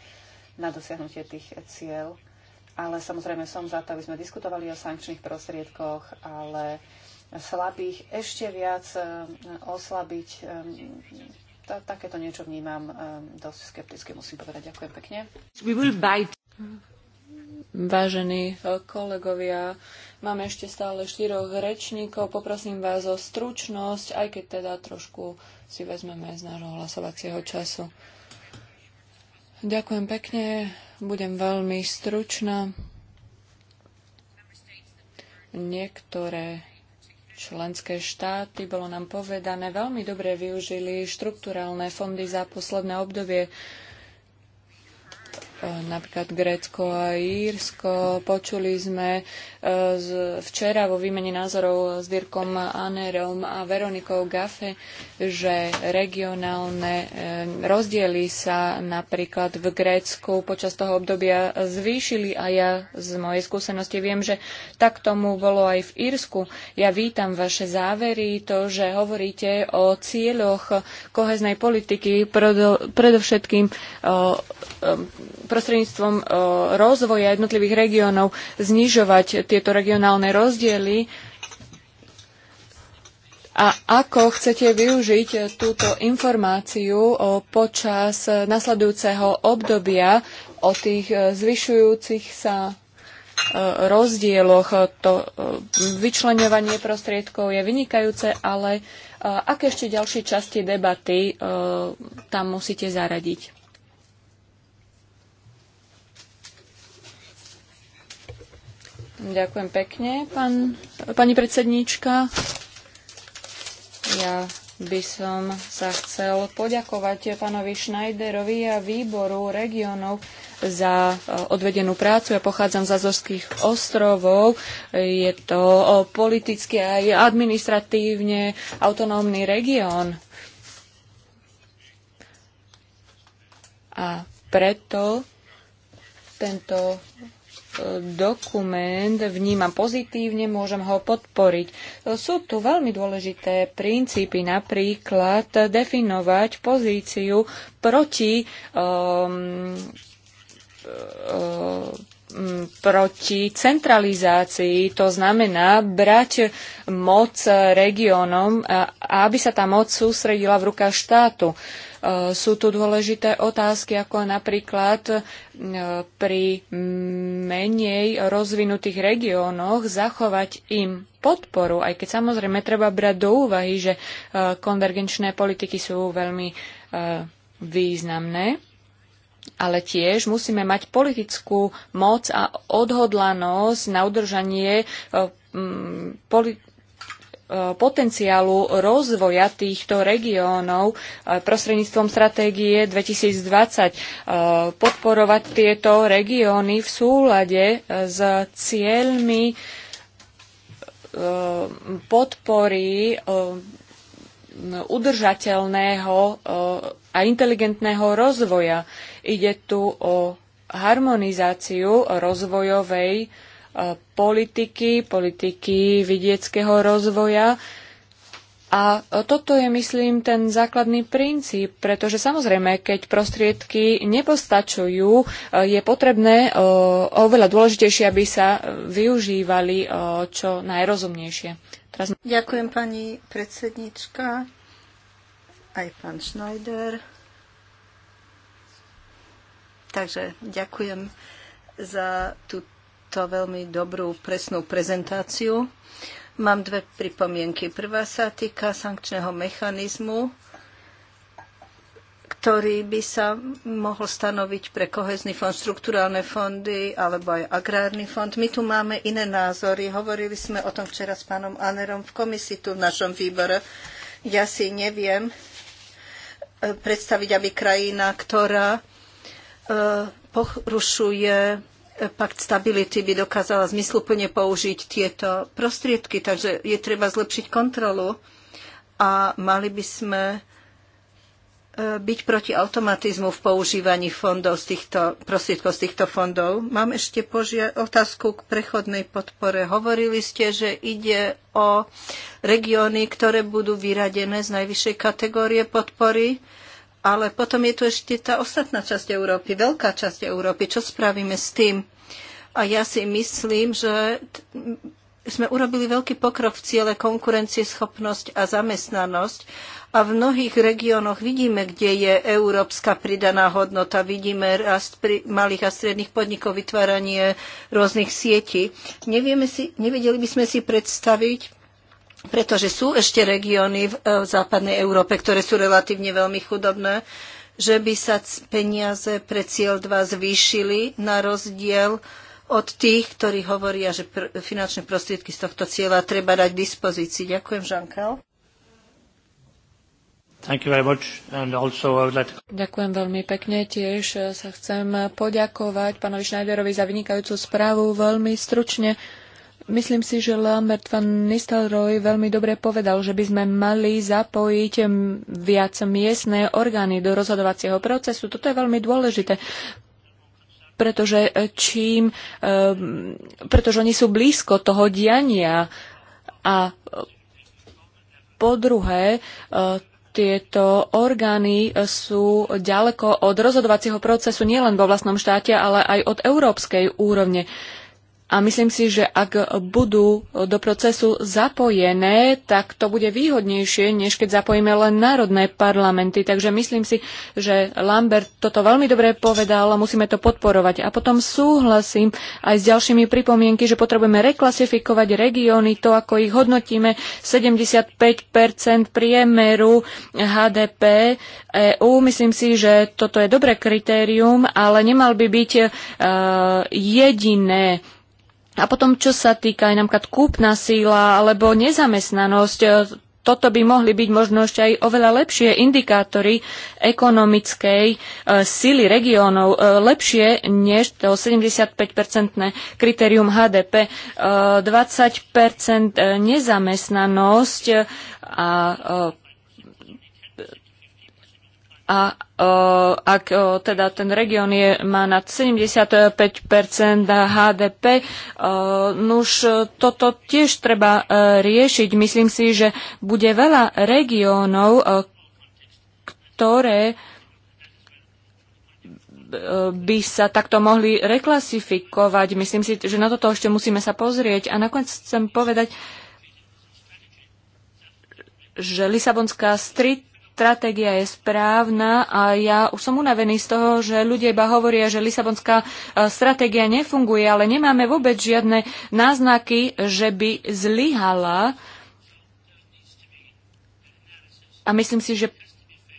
na dosiahnutie tých cieľ. Ale samozrejme som za to, aby sme diskutovali o sankčných prostriedkoch, ale slabých ešte viac e, oslabiť. E, takéto niečo vnímam e, dosť skepticky, musím povedať. Ďakujem pekne. Vážení kolegovia, máme ešte stále štyroch rečníkov. Poprosím vás o stručnosť, aj keď teda trošku si vezmeme z nášho hlasovacieho času. Ďakujem pekne, budem veľmi stručná. Niektoré členské štáty, bolo nám povedané, veľmi dobre využili štrukturálne fondy za posledné obdobie napríklad Grécko a Írsko. Počuli sme e, včera vo výmene názorov s Dirkom Anerom a Veronikou Gafe, že regionálne e, rozdiely sa napríklad v Grécku počas toho obdobia zvýšili a ja z mojej skúsenosti viem, že tak tomu bolo aj v Írsku. Ja vítam vaše závery, to, že hovoríte o cieľoch koheznej politiky, predovšetkým prostredníctvom e, rozvoja jednotlivých regiónov znižovať tieto regionálne rozdiely a ako chcete využiť túto informáciu e, počas nasledujúceho obdobia o tých e, zvyšujúcich sa rozdieloch. To vyčlenovanie prostriedkov je vynikajúce, ale aké ešte ďalšie časti debaty tam musíte zaradiť? Ďakujem pekne, pán, pani predsedníčka. Ja by som sa chcel poďakovať pánovi Schneiderovi a výboru regionov za e, odvedenú prácu. Ja pochádzam z Azorských ostrovov. Je to e, politicky aj administratívne autonómny región. A preto tento dokument vnímam pozitívne, môžem ho podporiť. Sú tu veľmi dôležité princípy, napríklad definovať pozíciu proti um, um, proti centralizácii, to znamená brať moc regiónom, aby sa tá moc sústredila v rukách štátu. Uh, Eh, sú tu dôležité otázky, ako napríklad eh, pri menej rozvinutých regiónoch zachovať im podporu, aj keď samozrejme treba brať do úvahy, že eh, konvergenčné politiky sú veľmi významné ale tiež musíme mať politickú moc a odhodlanosť na udržanie Eh, potenciálu rozvoja týchto regiónov eh, prostredníctvom stratégie 2020 eh, podporovať tieto regióny v súlade s cieľmi podpory udržateľného a inteligentného rozvoja. Ide tu o harmonizáciu rozvojovej politiky, politiky vidieckého rozvoja. A toto je, myslím, ten základný princíp, pretože samozrejme, keď prostriedky nepostačujú, e, je potrebné e, oveľa dôležitejšie, aby sa využívali e, čo najrozumnejšie. Teraz... Ďakujem pani predsednička, aj pán Schneider. Takže ďakujem za tú to veľmi dobrú, presnú prezentáciu. Mám dve pripomienky. Prvá sa týka sankčného mechanizmu, ktorý by sa mohol stanoviť pre kohezný fond, štruktúrálne fondy alebo aj agrárny fond. My tu máme iné názory. Hovorili sme o tom včera s pánom Anerom v komisii tu v našom výbore. Ja si neviem e, predstaviť, aby krajina, ktorá e, porušuje pakt stability by dokázala zmysluplne použiť tieto prostriedky, takže je treba zlepšiť kontrolu a mali by sme e, byť proti automatizmu v používaní fondov z týchto, prostriedkov z týchto fondov. Mám ešte požia- otázku k prechodnej podpore. Hovorili ste, že ide o regióny, ktoré budú vyradené z najvyššej kategórie podpory. Ale potom je tu ešte tá ostatná časť Európy, veľká časť Európy. Čo spravíme s tým? A ja si myslím, že sme urobili veľký pokrok v ciele konkurencieschopnosť a zamestnanosť. A v mnohých regiónoch vidíme, kde je európska pridaná hodnota, vidíme rast pri malých a stredných podnikov, vytváranie rôznych sietí. Nevieme si, nevedeli by sme si predstaviť, pretože sú ešte regióny v, e, v západnej Európe, ktoré sú relatívne veľmi chudobné, že by sa peniaze pre cieľ 2 zvýšili na rozdiel od tých, ktorí hovoria, že pr- finančné prostriedky z tohto cieľa treba dať k dispozícii. Ďakujem, Žankal. Like... Ďakujem veľmi pekne. Tiež e, sa chcem poďakovať pánovi Schneiderovi za vynikajúcu správu. Veľmi stručne Myslím si, že Lambert van Nistelrooy veľmi dobre povedal, že by sme mali zapojiť viac miestne orgány do rozhodovacieho procesu. Toto je veľmi dôležité pretože čím, e, pretože oni sú blízko toho diania a po druhé, e, tieto orgány sú ďaleko od rozhodovacieho procesu nielen vo vlastnom štáte, ale aj od európskej úrovne. Uh, a myslím si, že ak budú do procesu zapojené, tak to bude výhodnejšie, než keď zapojíme len národné parlamenty. Takže myslím si, že Lambert toto veľmi dobre povedal a musíme to podporovať. A potom súhlasím aj s ďalšími pripomienky, že potrebujeme reklasifikovať regióny, to ako ich hodnotíme, 75 priemeru HDP EU. Myslím si, že toto je dobré kritérium, ale nemal by byť uh, jediné a potom, čo sa týka aj napríklad kúpna síla alebo nezamestnanosť, e, toto by mohli byť možno ešte aj oveľa lepšie indikátory ekonomickej e, sily regiónov, e, lepšie než to 75-percentné kritérium HDP, e, 20 e, nezamestnanosť e, a, a, ak teda ten región je, má nad 75 HDP, nuž toto tiež treba riešiť. Myslím si, že bude veľa regiónov, ktoré by sa takto mohli reklasifikovať. Myslím si, že na toto ešte musíme sa pozrieť. A nakoniec chcem povedať, že Lisabonská street stratégia je správna a ja už som unavený z toho, že ľudia iba hovoria, že Lisabonská e, stratégia nefunguje, ale nemáme vôbec žiadne náznaky, že by zlyhala. A myslím si, že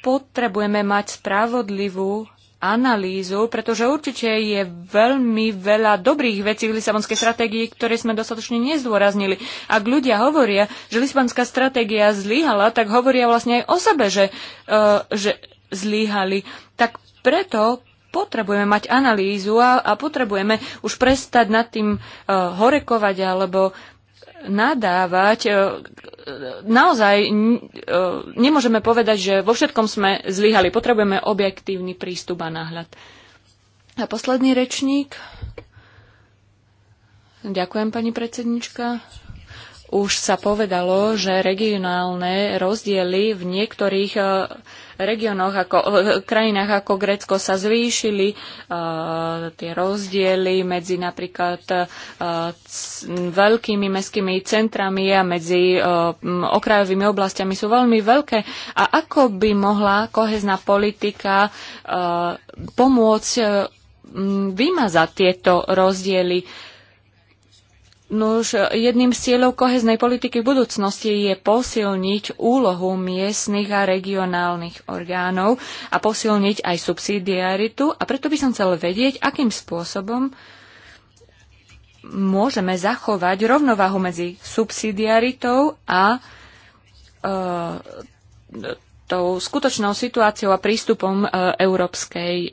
potrebujeme mať spravodlivú analýzu, pretože určite je veľmi veľa dobrých vecí v Lisabonskej stratégii, ktoré sme dostatočne nezdôraznili. Ak ľudia hovoria, že Lisabonská stratégia zlyhala, tak hovoria vlastne aj o sebe, že, uh, že zlyhali. Tak preto potrebujeme mať analýzu a, a potrebujeme už prestať nad tým uh, horekovať alebo nadávať, e, naozaj e, nemôžeme povedať, že vo všetkom sme zlyhali. Potrebujeme objektívny prístup a náhľad. A posledný rečník. Ďakujem, pani predsednička. Už sa povedalo, že regionálne rozdiely v niektorých eh, regiónoch, ako, eh, krajinách ako Grécko sa zvýšili uh, tie rozdiely medzi napríklad uh, c, veľkými mestskými centrami a medzi uh, okrajovými oblastiami sú veľmi veľké. A ako by mohla kohezná politika uh, pomôcť uh, vymazať tieto rozdiely? Nuž, jedným z cieľov koheznej politiky v budúcnosti je posilniť úlohu miestnych a regionálnych orgánov a posilniť aj subsidiaritu. A preto by som chcel vedieť, akým spôsobom môžeme zachovať rovnováhu medzi subsidiaritou a e, tou skutočnou situáciou a prístupom e, Európskej e,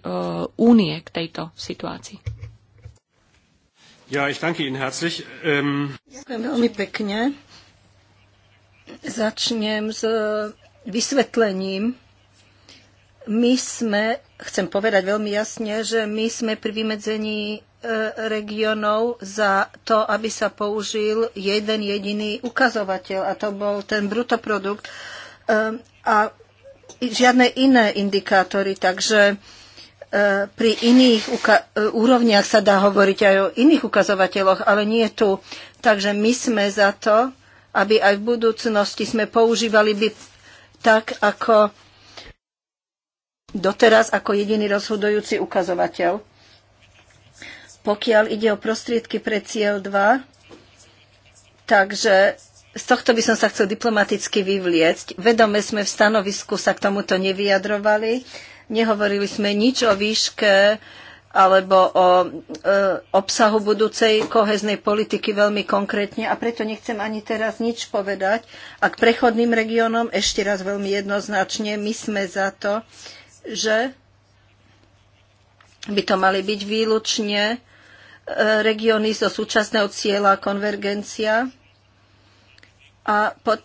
únie k tejto situácii. Ja, ich danke Ihnen herzlich. Ähm, Ďakujem veľmi pekne. Začnem s vysvetlením. My sme, chcem povedať veľmi jasne, že my sme pri vymedzení e, regionov za to, aby sa použil jeden jediný ukazovateľ a to bol ten brutoprodukt e, a žiadne iné indikátory. Takže E, pri iných e, úrovniach sa dá hovoriť aj o iných ukazovateľoch, ale nie tu. Takže my sme za to, aby aj v budúcnosti sme používali by tak, ako doteraz, ako jediný rozhodujúci ukazovateľ. Pokiaľ ide o prostriedky pre cieľ 2, takže z tohto by som sa chcel diplomaticky vyvliecť. Vedome sme v stanovisku sa k tomuto nevyjadrovali Nehovorili sme nič o výške alebo o e, obsahu budúcej koheznej politiky veľmi konkrétne a preto nechcem ani teraz nič povedať. A k prechodným regiónom ešte raz veľmi jednoznačne, my sme za to, že by to mali byť výlučne e, regióny zo súčasného cieľa konvergencia a, pod,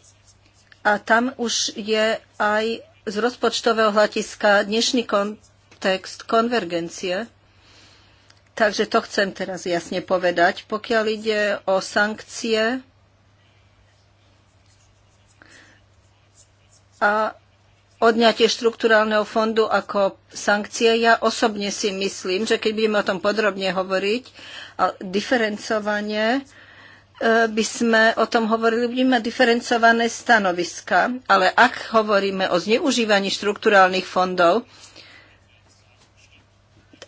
a tam už je aj z rozpočtového hľadiska dnešný kontext konvergencie. Takže to chcem teraz jasne povedať. Pokiaľ ide o sankcie a odňatie štruktúrálneho fondu ako sankcie, ja osobne si myslím, že keď budeme o tom podrobne hovoriť, a diferencovanie, E, by sme o tom hovorili, budeme mať diferencované stanoviska, ale ak hovoríme o zneužívaní štrukturálnych fondov,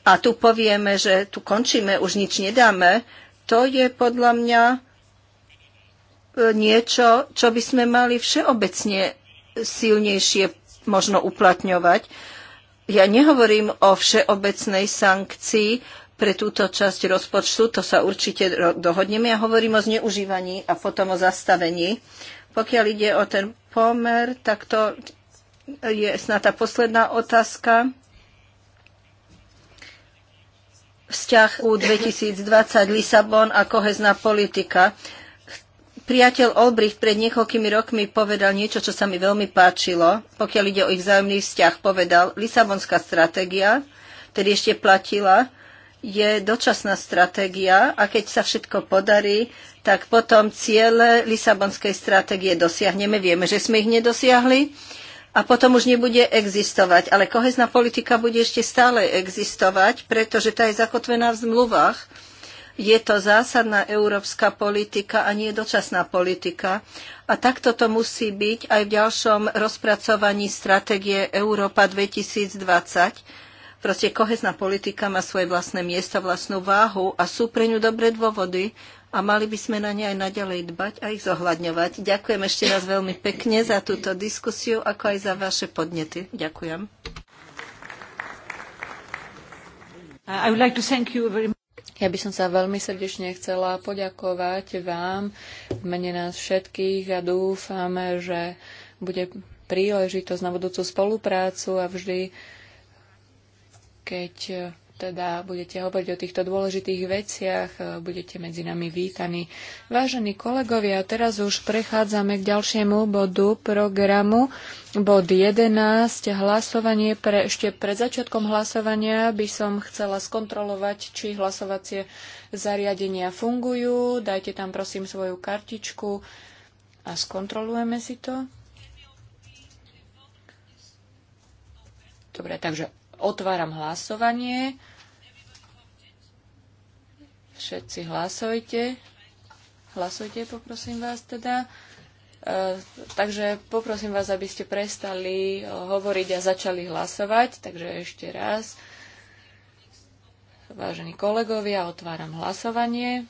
a tu povieme, že tu končíme, už nič nedáme, to je podľa mňa e, niečo, čo by sme mali všeobecne silnejšie možno uplatňovať. Ja nehovorím o všeobecnej sankcii, pre túto časť rozpočtu, to sa určite dohodneme. Ja hovorím o zneužívaní a potom o zastavení. Pokiaľ ide o ten pomer, tak to je snad tá posledná otázka. Vzťah u 2020 Lisabon a kohezná politika. Priateľ Olbricht pred niekoľkými rokmi povedal niečo, čo sa mi veľmi páčilo. Pokiaľ ide o ich vzájomný vzťah, povedal Lisabonská stratégia, tedy ešte platila, je dočasná stratégia a keď sa všetko podarí, tak potom ciele Lisabonskej stratégie dosiahneme. Vieme, že sme ich nedosiahli a potom už nebude existovať. Ale kohezná politika bude ešte stále existovať, pretože tá je zakotvená v zmluvách. Je to zásadná európska politika a nie dočasná politika. A takto to musí byť aj v ďalšom rozpracovaní stratégie Európa 2020 Proste kohezná politika má svoje vlastné miesta, vlastnú váhu a sú pre ňu dobré dôvody a mali by sme na ne aj naďalej dbať a ich zohľadňovať. Ďakujem ešte raz veľmi pekne za túto diskusiu, ako aj za vaše podnety. Ďakujem. Ja by som sa veľmi srdečne chcela poďakovať vám v mene nás všetkých a dúfame, že bude príležitosť na budúcu spoluprácu a vždy keď e, teda budete hovoriť o týchto dôležitých veciach, e, budete medzi nami vítaní. Vážení kolegovia, teraz už prechádzame k ďalšiemu bodu programu. Bod 11, hlasovanie. Pre, ešte pred začiatkom hlasovania by som chcela skontrolovať, či hlasovacie zariadenia fungujú. Dajte tam prosím svoju kartičku a skontrolujeme si to. Dobre, takže Otváram hlasovanie. Všetci hlasujte. Hlasujte, poprosím vás teda. E, takže poprosím vás, aby ste prestali e, hovoriť a začali hlasovať. Takže ešte raz. Vážení kolegovia, otváram hlasovanie.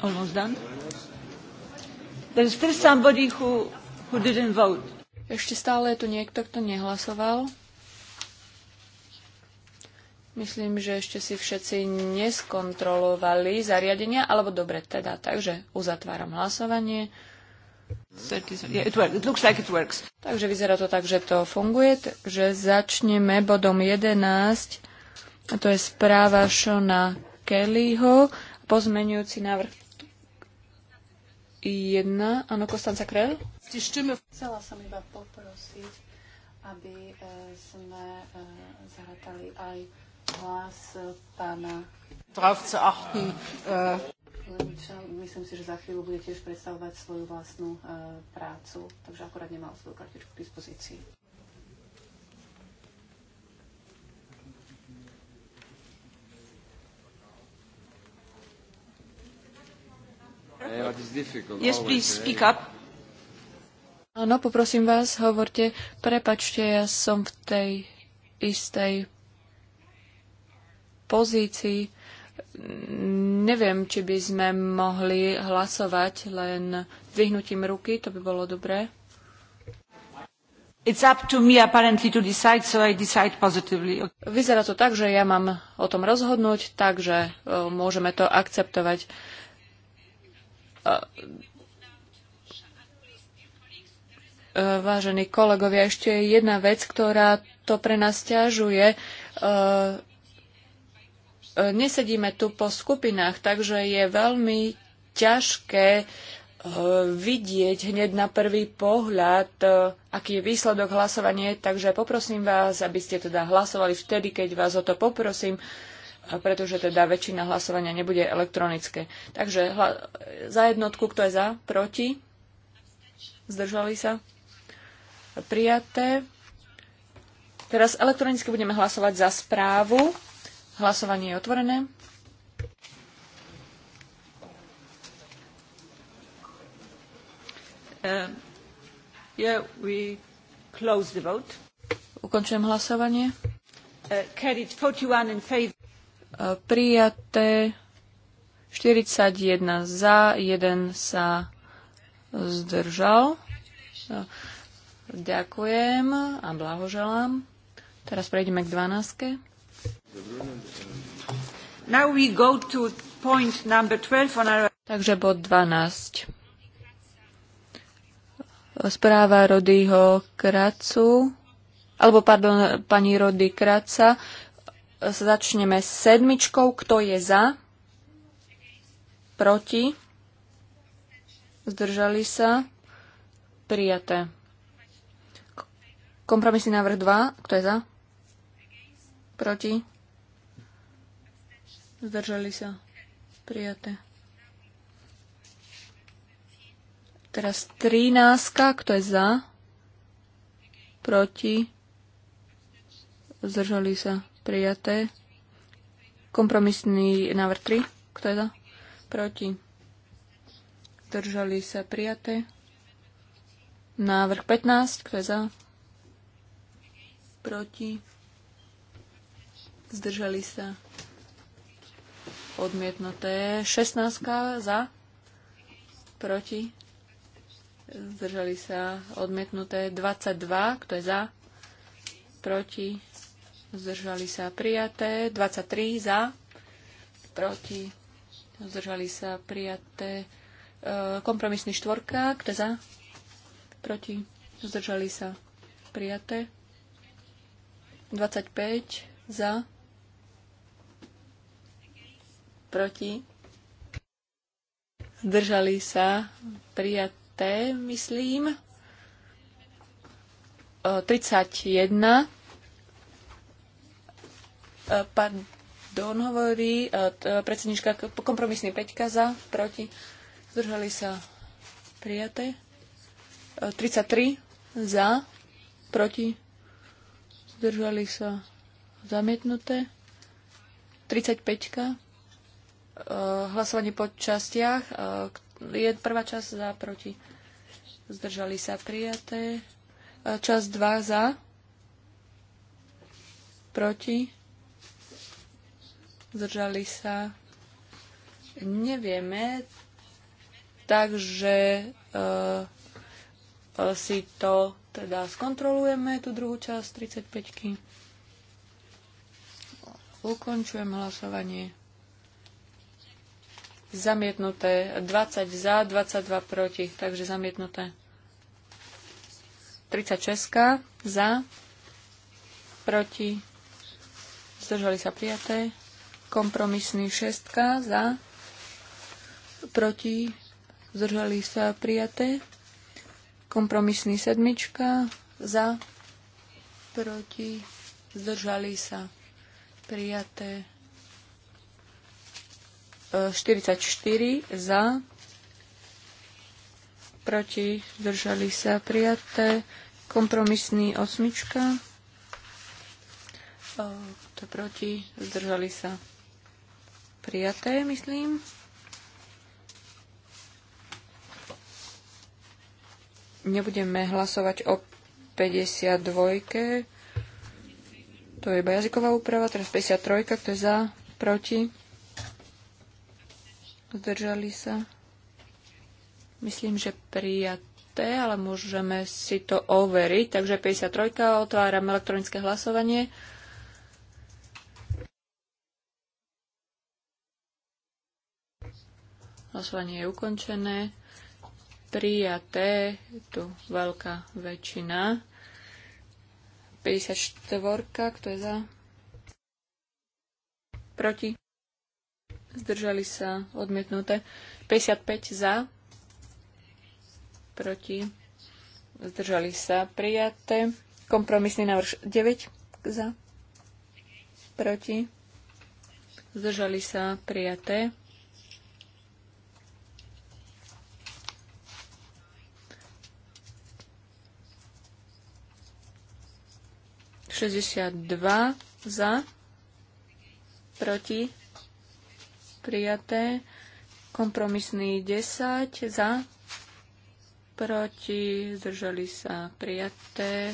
Almost done. There's still somebody who, who didn't vote. Ešte stále je tu niekto, kto nehlasoval. Myslím, že ešte si všetci neskontrolovali zariadenia, alebo dobre teda, takže uzatváram hlasovanie. yeah, it works. It looks like it works. Takže vyzerá to tak, že to funguje, takže začneme bodom 11, a to je správa Šona Kellyho, pozmenujúci návrh 1. Áno, Kostanca Chcela som iba poprosiť, aby e, sme e, zaratali aj hlas pána. Drauf achten. E. Myslím si, že za chvíľu bude tiež predstavovať svoju vlastnú prácu, takže akorát nemal svoju kartičku k dispozícii. Yes, please eh? speak up. Áno, poprosím vás, hovorte. Prepačte, ja som v tej istej pozícii. Neviem, či by sme mohli hlasovať len dvihnutím ruky, to by bolo dobré. It's up to me apparently to decide, so I decide positively. Vyzerá to tak, že ja mám o tom rozhodnúť, takže eh, môžeme to akceptovať. Eh, vážení kolegovia, ešte jedna vec, ktorá to pre nás ťažuje eh, nesedíme tu po skupinách, takže je veľmi ťažké eh, vidieť hneď na prvý pohľad, aký je výsledok hlasovania. Takže poprosím vás, aby ste teda hlasovali vtedy, keď vás o to poprosím, pretože teda väčšina hlasovania nebude elektronické. Takže za jednotku, kto je za, proti, zdržali sa, prijaté. Teraz elektronicky budeme hlasovať za správu. Hlasovanie je otvorené. Uh, yeah, we close the vote. Ukončujem hlasovanie. Uh, carried 41 in favor. E, prijaté. 41 za, 1 sa zdržal. E, ďakujem a blahoželám. Teraz prejdeme k 12. Now we go to point number 12 on our... Takže bod 12. Správa Rodyho Kracu, alebo pardon, pani Rody Kraca, Začneme sedmičkou. Kto je za? Proti? Zdržali sa? Prijaté. Kompromisný návrh 2. Kto je za? Proti? Zdržali sa? Prijaté. Teraz 13. Kto je za? Proti? Zdržali sa? Prijaté. Kompromisný návrh 3. Kto je za? Proti. Držali sa prijaté. Návrh 15. Kto je za? Proti. Zdržali sa. Odmietnuté. 16. Za. Proti. Zdržali sa. Odmietnuté. 22. Kto je za? Proti zdržali sa prijaté, 23 za, proti, zdržali sa prijaté, e, kompromisný štvorka, kto za, proti, zdržali sa prijaté, 25 za, proti, zdržali sa prijaté, myslím, 31 e, Pardon, hovorí e, e, predsednička kompromisný peťka, za, proti. Zdržali sa prijaté. 33 e, za, proti. Zdržali sa zamietnuté. 35. Hlasovanie po častiach. Je prvá časť za, proti. Zdržali sa prijaté. Časť 2 za, proti zdržali sa, nevieme, takže e, e, si to teda skontrolujeme, tú druhú časť 35. -ky. Ukončujem hlasovanie. Zamietnuté. 20 za, 22 proti. Takže zamietnuté. 36 za, proti. Zdržali sa prijaté. Kompromisný šestka za, proti, zdržali sa prijaté. Kompromisný sedmička za, proti, zdržali sa prijaté. 44 e, za, proti, zdržali sa prijaté. Kompromisný osmička, e, to proti, zdržali sa prijaté, myslím. Nebudeme hlasovať o 52. To je iba jazyková úprava. Teraz 53. Kto je za? Proti? Zdržali sa? Myslím, že prijaté, ale môžeme si to overiť. Takže 53. Otváram elektronické hlasovanie. Hlasovanie je ukončené. Prijaté, tu veľká väčšina. 54, kto je za? Proti? Zdržali sa odmietnuté. 55 za. Proti? Zdržali sa prijaté. Kompromisný návrh 9 za. Proti? Zdržali sa prijaté. 62 za, proti, prijaté. Kompromisný 10 za, proti, zdržali sa prijaté.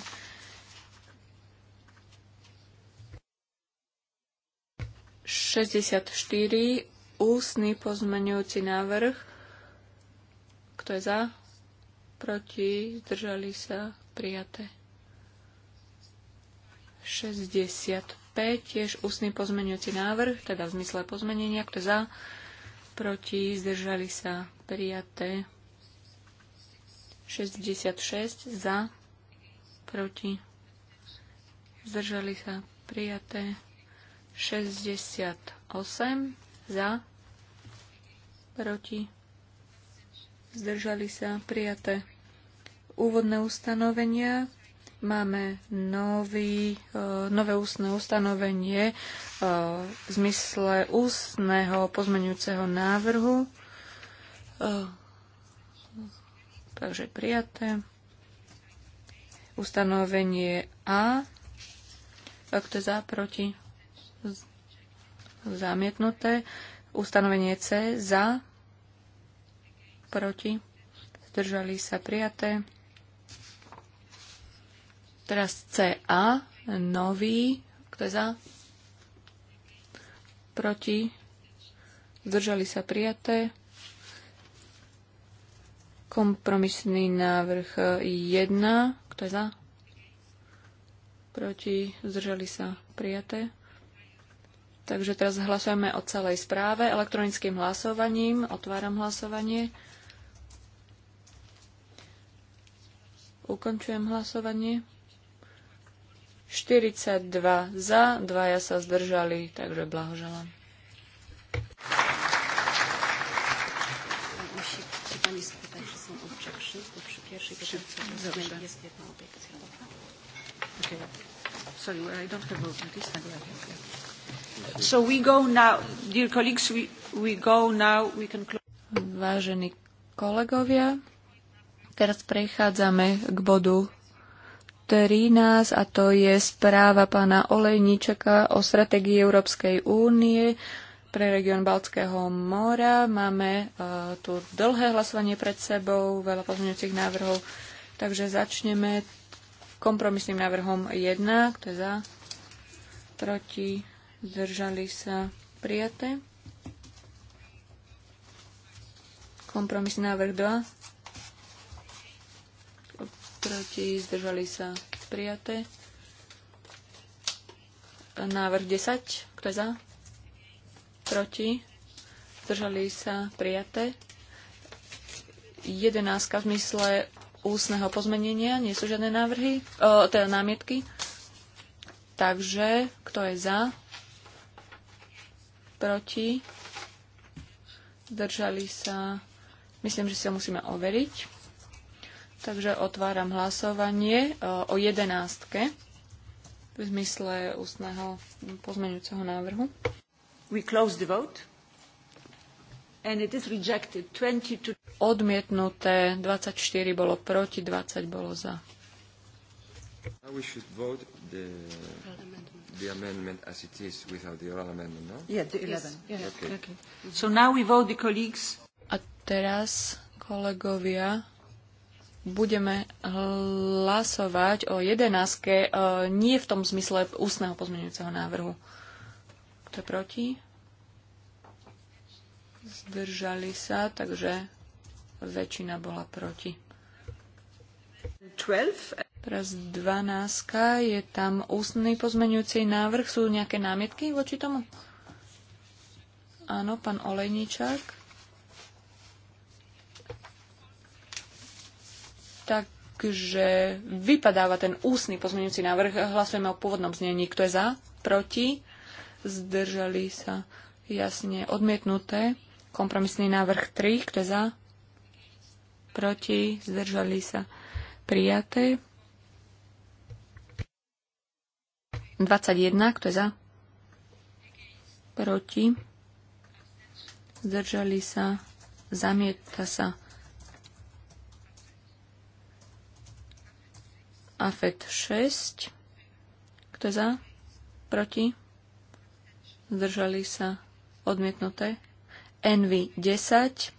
Šesťdesiat štyri, ústny pozmeňujúci návrh. Kto je za? Proti, zdržali sa prijaté. 65, tiež ústny pozmeňujúci návrh, teda v zmysle pozmenenia, kto za, proti, zdržali sa, prijaté. 66 za, proti, zdržali sa, prijaté. 68 za, proti, zdržali sa, prijaté. Úvodné ustanovenia máme nový, e, nové ústne ustanovenie e, v zmysle ústneho pozmenujúceho návrhu. E, takže prijaté. Ustanovenie A. to je za, proti? Zamietnuté. Ustanovenie C. Za, proti? Zdržali sa prijaté. Teraz CA, nový, kto je za? Proti? Zdržali sa prijaté. Kompromisný návrh 1, kto je za? Proti? Zdržali sa prijaté. Takže teraz hlasujeme o celej správe elektronickým hlasovaním. Otváram hlasovanie. Ukončujem hlasovanie. 42 za, dvaja sa zdržali, takže blahoželám. So we go now, dear colleagues, we, we go now, we can Vážení kolegovia, teraz prechádzame k bodu 13 a to je správa pána Olejničeka o strategii Európskej únie pre región Baltského mora. Máme uh, tu dlhé hlasovanie pred sebou, veľa pozmeňujúcich návrhov, takže začneme kompromisným návrhom 1, kto je za, proti, zdržali sa, prijaté. Kompromisný návrh 2, proti, zdržali sa prijaté. Návrh 10, kto je za? Proti, zdržali sa prijaté. 11 v zmysle ústneho pozmenenia, nie sú žiadne návrhy, o, teda námietky. Takže, kto je za? Proti? Zdržali sa? Myslím, že si ho musíme overiť. Takže otváram hlasovanie e, o jedenástke v zmysle ústneho pozmeňujúceho návrhu. We close the vote. And it is rejected. 22... Odmietnuté 24 bolo proti, 20 bolo za. we should vote the, the amendment as it is without the oral amendment, no? Yeah, the 11. Yes. Yeah. Okay. okay. So now we vote the colleagues. A teraz kolegovia budeme hlasovať o jedenáske. E, nie v tom zmysle ústneho pozmeňujúceho návrhu. Kto je proti? Zdržali sa, takže väčšina bola proti. 12. Teraz 12. Je tam ústny pozmeňujúci návrh. Sú nejaké námietky voči tomu? Áno, pán Olejničák. Takže vypadáva ten ústny pozmeňujúci návrh. Hlasujeme o pôvodnom znení. Kto je za? Proti? Zdržali sa. Jasne odmietnuté. Kompromisný návrh 3. Kto je za? Proti? Zdržali sa. Prijaté. 21. Kto je za? Proti? Zdržali sa. Zamieta sa. AFET 6. Kto je za? Proti? Zdržali sa odmietnuté. Envy 10.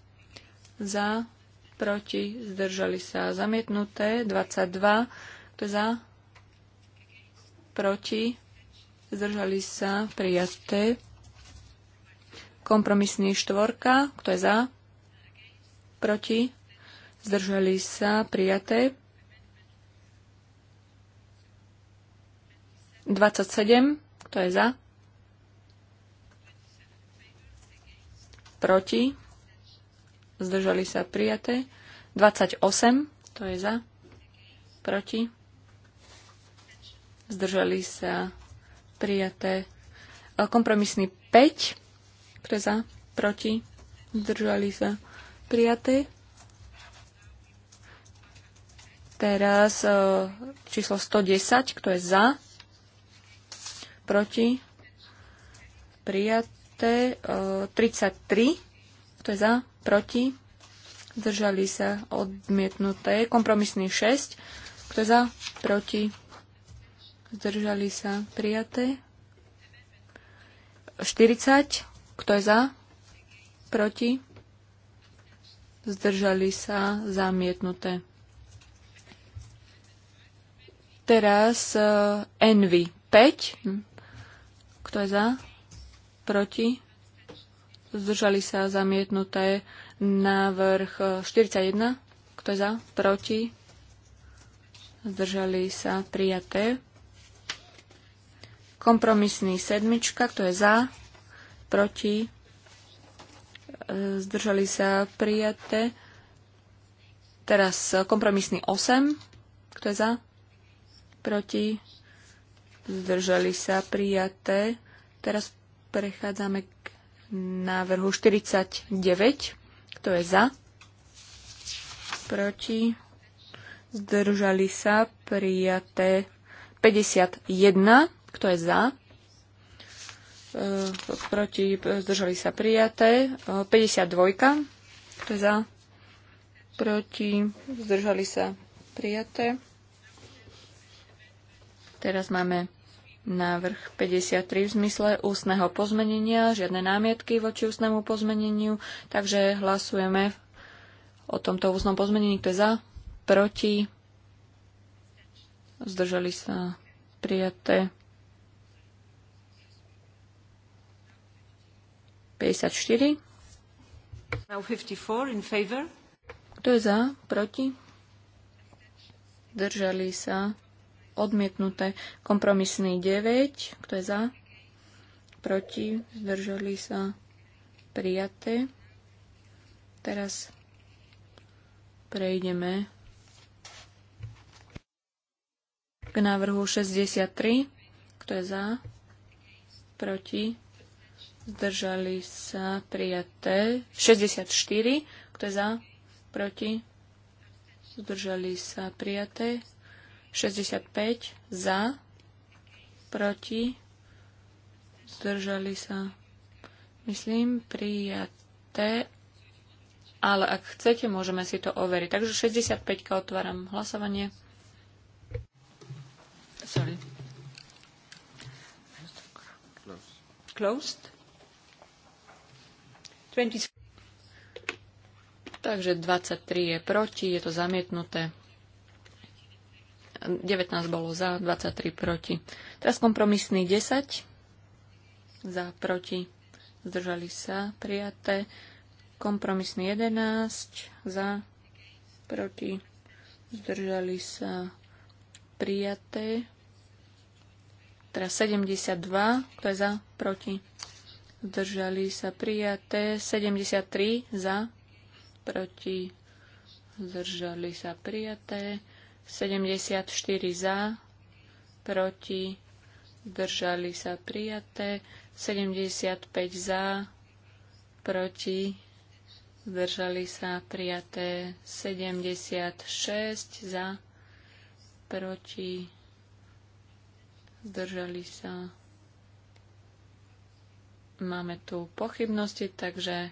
Za? Proti? Zdržali sa zamietnuté. 22. Kto je za? Proti? Zdržali sa prijaté. Kompromisný štvorka. Kto je za? Proti? Zdržali sa prijaté. 27. Kto je za? Proti? Zdržali sa prijaté. 28. Kto je za? Proti? Zdržali sa prijaté. E, kompromisný 5. Kto je za? Proti? Zdržali sa prijaté. Teraz e, číslo 110. Kto je za? proti, prijaté, 33, kto je za, proti, zdržali sa, odmietnuté, kompromisný 6, kto je za, proti, zdržali sa, prijaté, 40, kto je za, proti, zdržali sa, zamietnuté. Teraz uh, NV 5, kto je za? Proti? Zdržali sa zamietnuté návrh 41. E, Kto je za? Proti? Zdržali sa prijaté. Kompromisný sedmička. Kto je za? Proti? E, zdržali sa prijaté. Teraz e, kompromisný 8. Kto je za? Proti? zdržali sa prijaté. Teraz prechádzame k návrhu 49. Kto je za? Proti? Zdržali sa prijaté 51. E, e, Kto je za? proti, zdržali sa prijaté. 52. Kto je za? Proti, zdržali sa prijaté. Teraz máme návrh 53 v zmysle ústneho pozmenenia, žiadne námietky voči ústnemu pozmeneniu, takže hlasujeme o tomto ústnom pozmenení, kto je za, proti, zdržali sa prijaté 54. Now 54 in favor. Kto je za, proti? Zdržali sa odmietnuté. Kompromisný 9, kto je za? Proti, zdržali sa prijaté. Teraz prejdeme k návrhu 63. Kto je za? Proti? Zdržali sa prijaté. 64. Kto je za? Proti? Zdržali sa prijaté. 65 za, proti, zdržali sa, myslím, prijaté, ale ak chcete, môžeme si to overiť. Takže 65 otváram hlasovanie. Sorry. Closed. 20. Takže 23 je proti, je to zamietnuté. 19 bolo za, 23 proti. Teraz kompromisný 10 za, proti, zdržali sa, prijaté. Kompromisný 11 za, proti, zdržali sa, prijaté. Teraz 72, kto je za, proti, zdržali sa, prijaté. 73 za, proti, zdržali sa, prijaté. 74 za, proti, zdržali sa prijaté, 75 za, proti, zdržali sa prijaté, 76 za, proti, zdržali sa. Máme tu pochybnosti, takže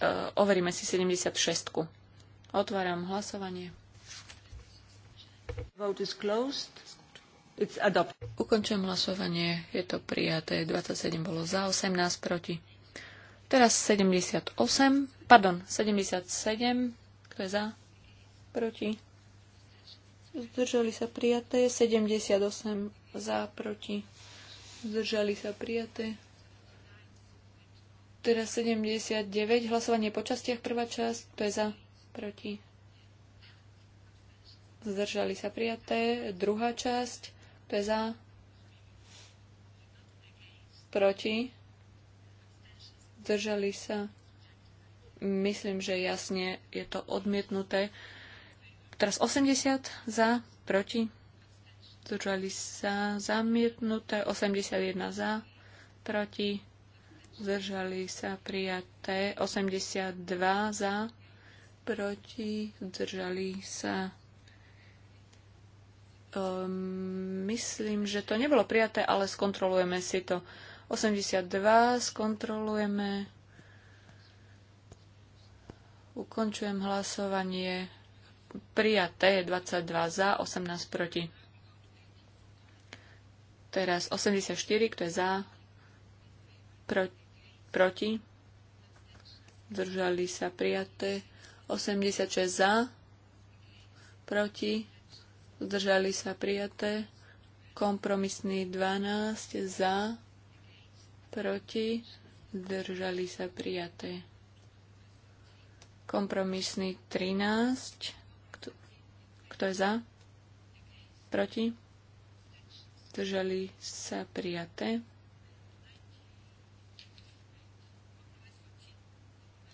e, overíme si 76. Otváram hlasovanie. Ukončujem hlasovanie. Je to prijaté. 27 bolo za, 18 proti. Teraz 78, pardon, 77. Kto je za? Proti. Zdržali sa prijaté. 78 za, proti. Zdržali sa prijaté. Teraz 79. Hlasovanie po častiach. Prvá časť. Kto je za? Proti zdržali sa prijaté. Druhá časť, kto je za, proti, zdržali sa. Myslím, že jasne je to odmietnuté. Teraz 80 za, proti, zdržali sa, zamietnuté, 81 za, proti, zdržali sa, prijaté, 82 za, proti, zdržali sa, Ehm, myslím, že to nebolo prijaté, ale skontrolujeme si to. 82 skontrolujeme. Ukončujem hlasovanie. Prijaté je 22 za, 18 proti. Teraz 84, kto je za, pro, proti. Zdržali sa prijaté. 86 za, proti zdržali sa prijaté, kompromisný 12 za, proti, zdržali sa prijaté. Kompromisný 13, kto, kto je za, proti, zdržali sa prijaté.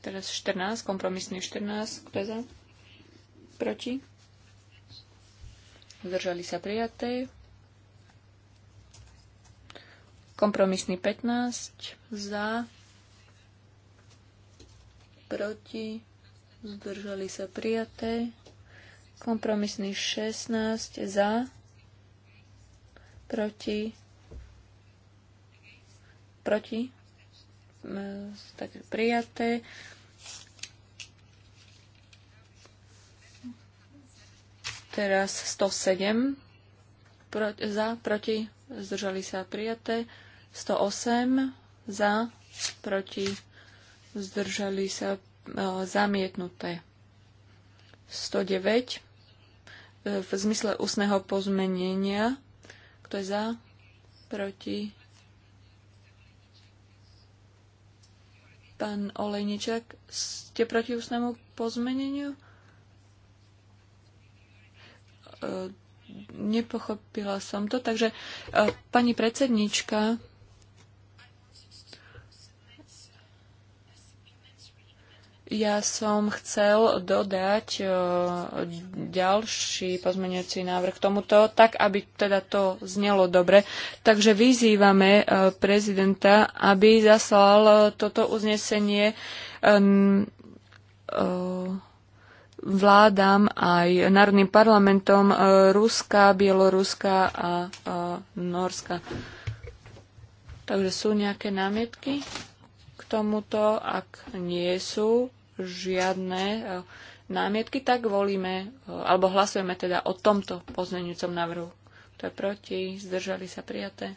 Teraz 14, kompromisný 14, kto je za, proti, zdržali sa prijaté. Kompromisný 15 za, proti, zdržali sa prijaté. Kompromisný 16 za, proti, proti, tak prijaté. Teraz 107 pro, za, proti, zdržali sa prijaté. 108 za, proti, zdržali sa e, zamietnuté. 109 e, v zmysle ústneho pozmenenia. Kto je za, proti, Pán Olejničak, ste proti ústnemu pozmeneniu? E, nepochopila som to. Takže e, pani predsednička. Ja som chcel dodať e, ďalší pozmeňujúci návrh k tomuto, tak aby teda to znelo dobre. Takže vyzývame prezidenta, aby zaslal toto uznesenie vládam aj národným parlamentom e, Ruska, Bieloruska a e, Norska. Takže sú nejaké námietky k tomuto? Ak nie sú žiadne e, námietky, tak volíme, alebo hlasujeme teda o tomto pozmeňujúcom návrhu. To je proti, zdržali sa prijaté.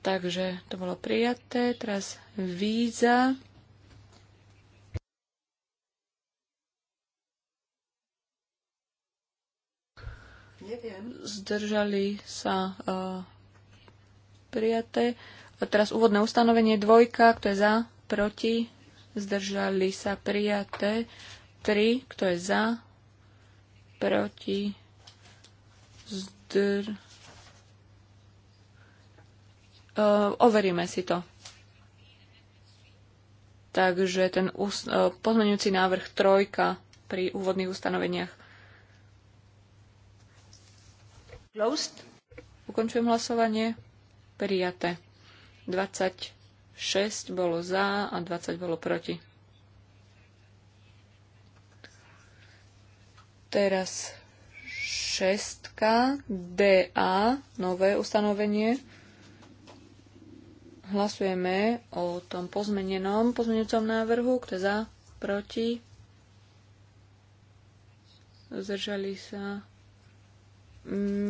Takže to bolo prijaté. Teraz víza. zdržali sa e, prijaté. A teraz úvodné ustanovenie dvojka, kto je za, proti, zdržali sa prijaté. 3, kto je za, proti, zdr... Uh, overíme si to. Takže ten uh, pozmeňujúci návrh trojka pri úvodných ustanoveniach Closed. Ukončujem hlasovanie. Prijaté. 26 bolo za a 20 bolo proti. Teraz šestka DA, nové ustanovenie. Hlasujeme o tom pozmenenom pozmenujúcom návrhu. Kto za? Proti? Zdržali sa?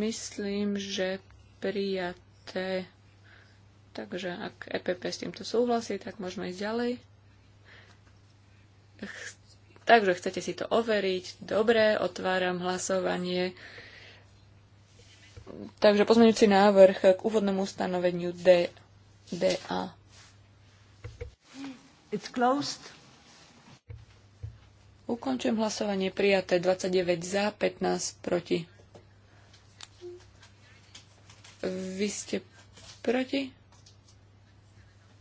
Myslím, že prijaté. Takže ak EPP s týmto súhlasí, tak môžeme ísť ďalej. Ch- takže chcete si to overiť. Dobre, otváram hlasovanie. Takže pozmeňujúci návrh k úvodnému stanoveniu D, DA. It's closed. Ukončujem hlasovanie prijaté 29 za, 15 proti. Vy ste proti?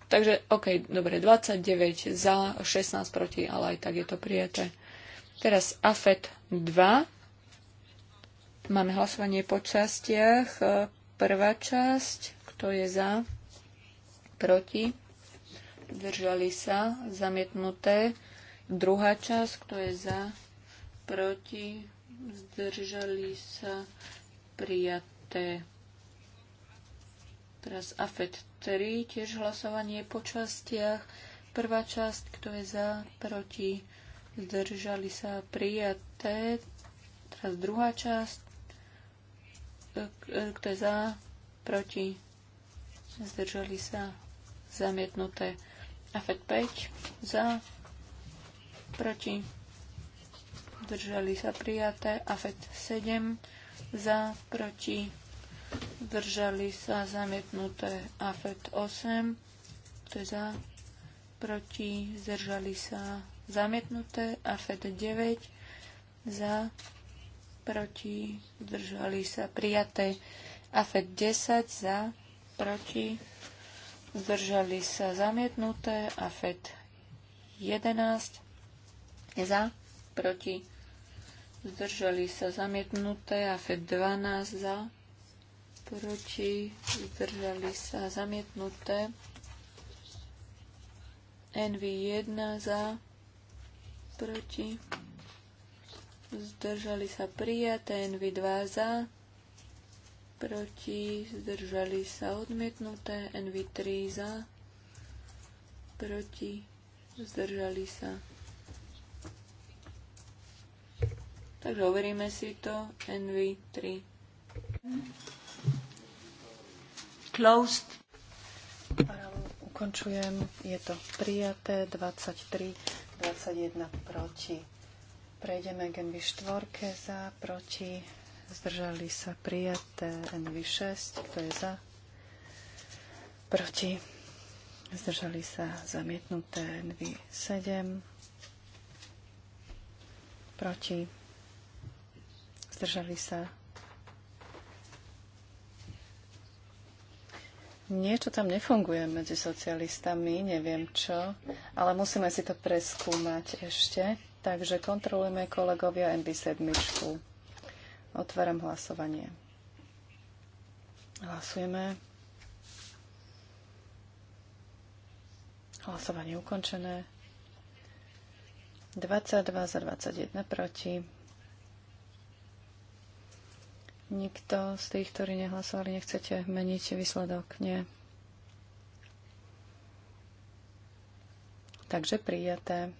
Takže, OK, dobre, 29 za, 16 proti, ale aj tak je to prijaté. Teraz AFET 2. Máme hlasovanie po častiach. Prvá časť, kto je za, proti, držali sa, zamietnuté. Druhá časť, kto je za, proti, zdržali sa, prijaté. Teraz AFET 3, tiež hlasovanie po častiach. Prvá časť, kto je za, proti, zdržali sa prijaté. Teraz druhá časť, kto je za, proti, zdržali sa zamietnuté. AFET 5, za, proti, zdržali sa prijaté. AFET 7, za, proti, zdržali sa zamietnuté AFET 8, kto je za, proti, zdržali sa zamietnuté AFET 9, za, proti, zdržali sa prijaté AFET 10, za, proti, zdržali sa zamietnuté AFET 11, za, proti, zdržali sa zamietnuté AFET 12, za, proti, zdržali sa zamietnuté. NV1 za, proti, zdržali sa prijaté, NV2 za, proti, zdržali sa odmietnuté, NV3 za, proti, zdržali sa. Takže overíme si to, NV3 closed. Ukončujem. Je to prijaté. 23, 21 proti. Prejdeme k NV4 za, proti. Zdržali sa prijaté. NV6, kto je za? Proti. Zdržali sa zamietnuté NV7. Proti. Zdržali sa Niečo tam nefunguje medzi socialistami, neviem čo, ale musíme si to preskúmať ešte. Takže kontrolujeme kolegovia MB7. Otváram hlasovanie. Hlasujeme. Hlasovanie ukončené. 22 za 21 proti. Nikto z tých, ktorí nehlasovali, nechcete meniť výsledok? Nie. Takže prijaté.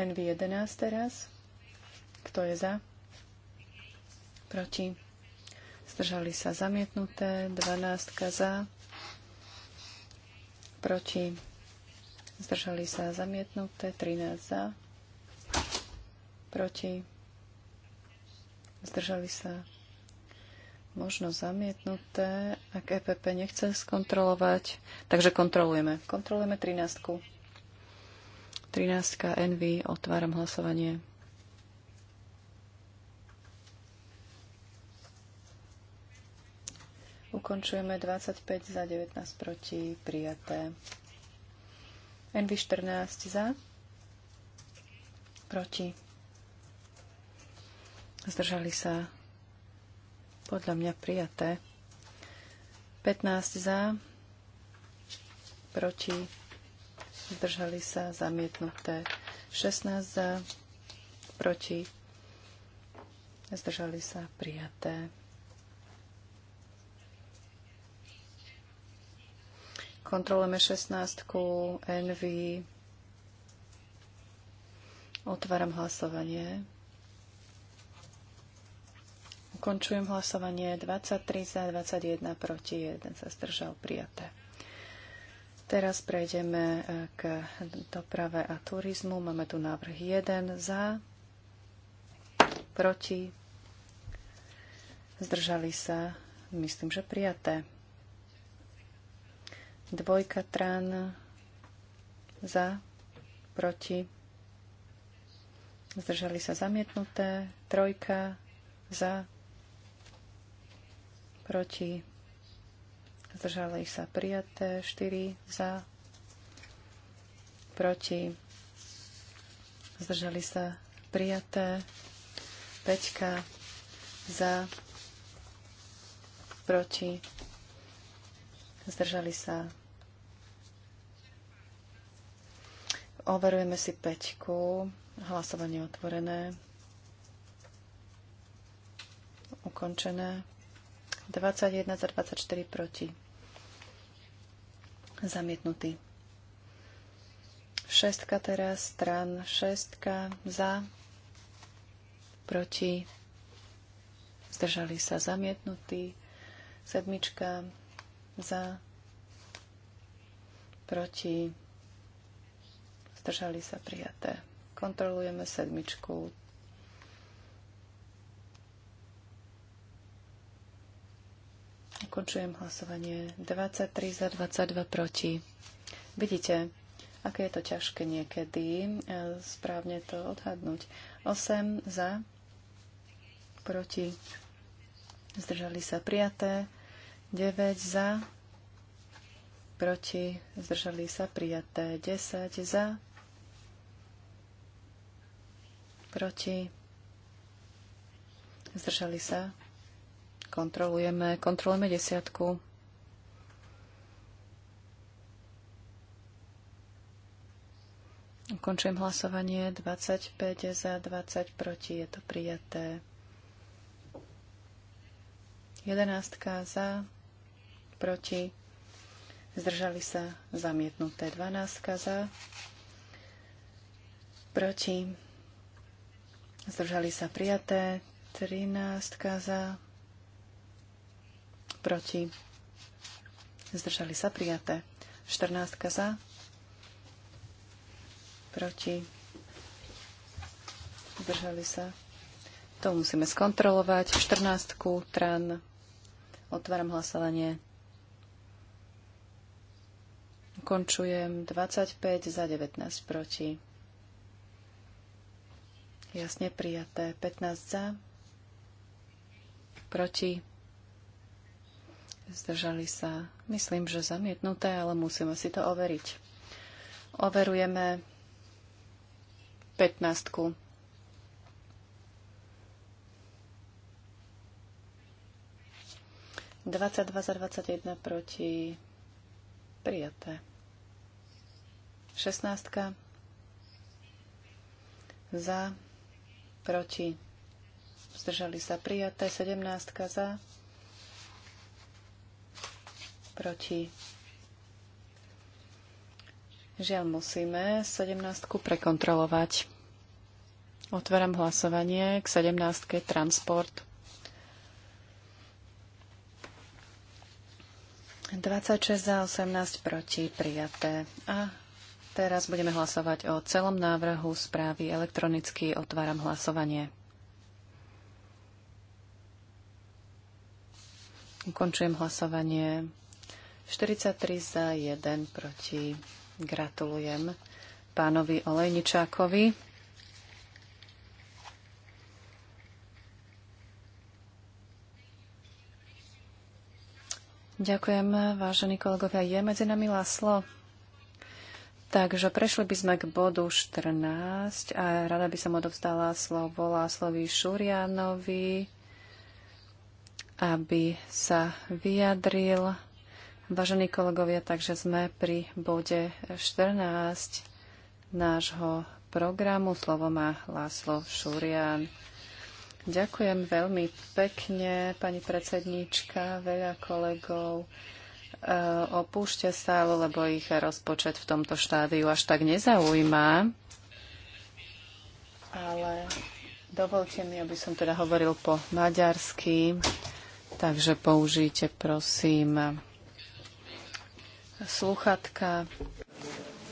NV11 teraz. Kto je za? Proti. Zdržali sa zamietnuté. 12 za. Proti. Zdržali sa zamietnuté. 13 za. Proti zdržali sa možno zamietnuté, ak EPP nechce skontrolovať. Takže kontrolujeme. Kontrolujeme 13. 13. NV, otváram hlasovanie. Ukončujeme 25 za 19 proti prijaté. NV 14 za proti Zdržali sa podľa mňa prijaté. 15 za, proti, zdržali sa zamietnuté. 16 za, proti, zdržali sa prijaté. Kontrolujeme 16, NV. Otváram hlasovanie. Ukončujem hlasovanie 23 za, 21 proti, 1 sa zdržal prijaté. Teraz prejdeme e, k doprave a turizmu. Máme tu návrh 1 za, proti, zdržali sa, myslím, že prijaté. Dvojka trán za, proti, zdržali sa zamietnuté, trojka za, proti, zdržali sa prijaté, 4 za, proti, zdržali sa prijaté, 5 za, proti, zdržali sa. Overujeme si 5, hlasovanie otvorené, ukončené. 21 za 24 proti. Zamietnutý. Šestka teraz, stran šestka za, proti, zdržali sa zamietnutí, sedmička za, proti, zdržali sa prijaté. Kontrolujeme sedmičku Ukončujem hlasovanie. 23 za 22 proti. Vidíte, aké je to ťažké niekedy e, správne to odhadnúť. 8 za, proti, zdržali sa prijaté. 9 za, proti, zdržali sa prijaté. 10 za, proti, zdržali sa Kontrolujeme, kontrolujeme desiatku. Ukončujem hlasovanie. 25 za, 20 proti. Je to prijaté. 11 za, proti. Zdržali sa zamietnuté. 12 za, proti. Zdržali sa prijaté. 13 za, proti, zdržali sa prijaté. 14 za, proti, zdržali sa. To musíme skontrolovať. 14 tran, otváram hlasovanie. Končujem 25 za 19 proti. Jasne prijaté. 15 za, proti Zdržali sa. Myslím, že zamietnuté, ale musíme si to overiť. Overujeme 15. -ku. dva za 21 proti prijaté. 16 za proti zdržali sa prijaté. 17 za proti. Žiaľ, musíme 17 prekontrolovať. Otváram hlasovanie k 17. transport. 26 za 18 proti prijaté. A teraz budeme hlasovať o celom návrhu správy elektronicky. Otváram hlasovanie. Ukončujem hlasovanie. 43 za 1 proti. Gratulujem pánovi Olejničákovi. Ďakujem, vážení kolegovia. Je medzi nami Laslo. Takže prešli by sme k bodu 14 a rada by som odovzdala slovo Láslovi Šurianovi, aby sa vyjadril Vážení kolegovia, takže sme pri bode 14 nášho programu. Slovo má Láslo Šurian. Ďakujem veľmi pekne, pani predsednička, veľa kolegov e, opúšťa sa, lebo ich rozpočet v tomto štádiu až tak nezaujíma. Ale dovolte mi, aby som teda hovoril po maďarsky, takže použite prosím sluchatka.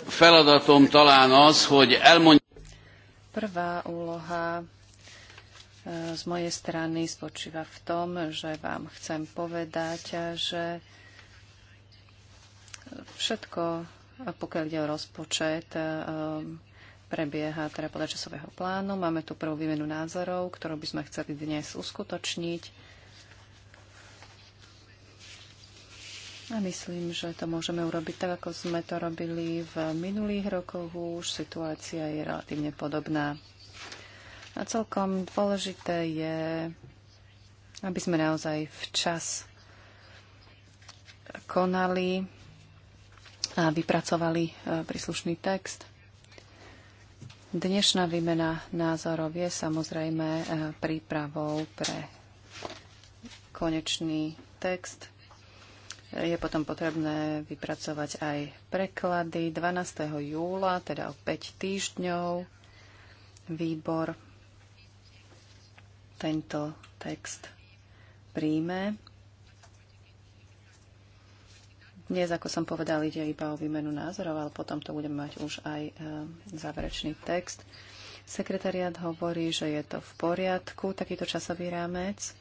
Feladatom talán az, hogy elmondj... Prvá úloha e, z mojej strany spočíva v tom, že vám chcem povedať, že všetko, pokiaľ ide o rozpočet, e, prebieha teda podľa časového plánu. Máme tu prvú výmenu názorov, ktorú by sme chceli dnes uskutočniť. A myslím, že to môžeme urobiť tak, ako sme to robili v minulých rokoch. Už situácia je relatívne podobná. A celkom dôležité je, aby sme naozaj včas konali a vypracovali e, príslušný text. Dnešná výmena názorov je samozrejme e, prípravou pre konečný text je potom potrebné vypracovať aj preklady. 12. júla, teda o 5 týždňov, výbor tento text príjme. Dnes, ako som povedal, ide iba o výmenu názorov, ale potom to budeme mať už aj e, záverečný text. Sekretariat hovorí, že je to v poriadku, takýto časový rámec.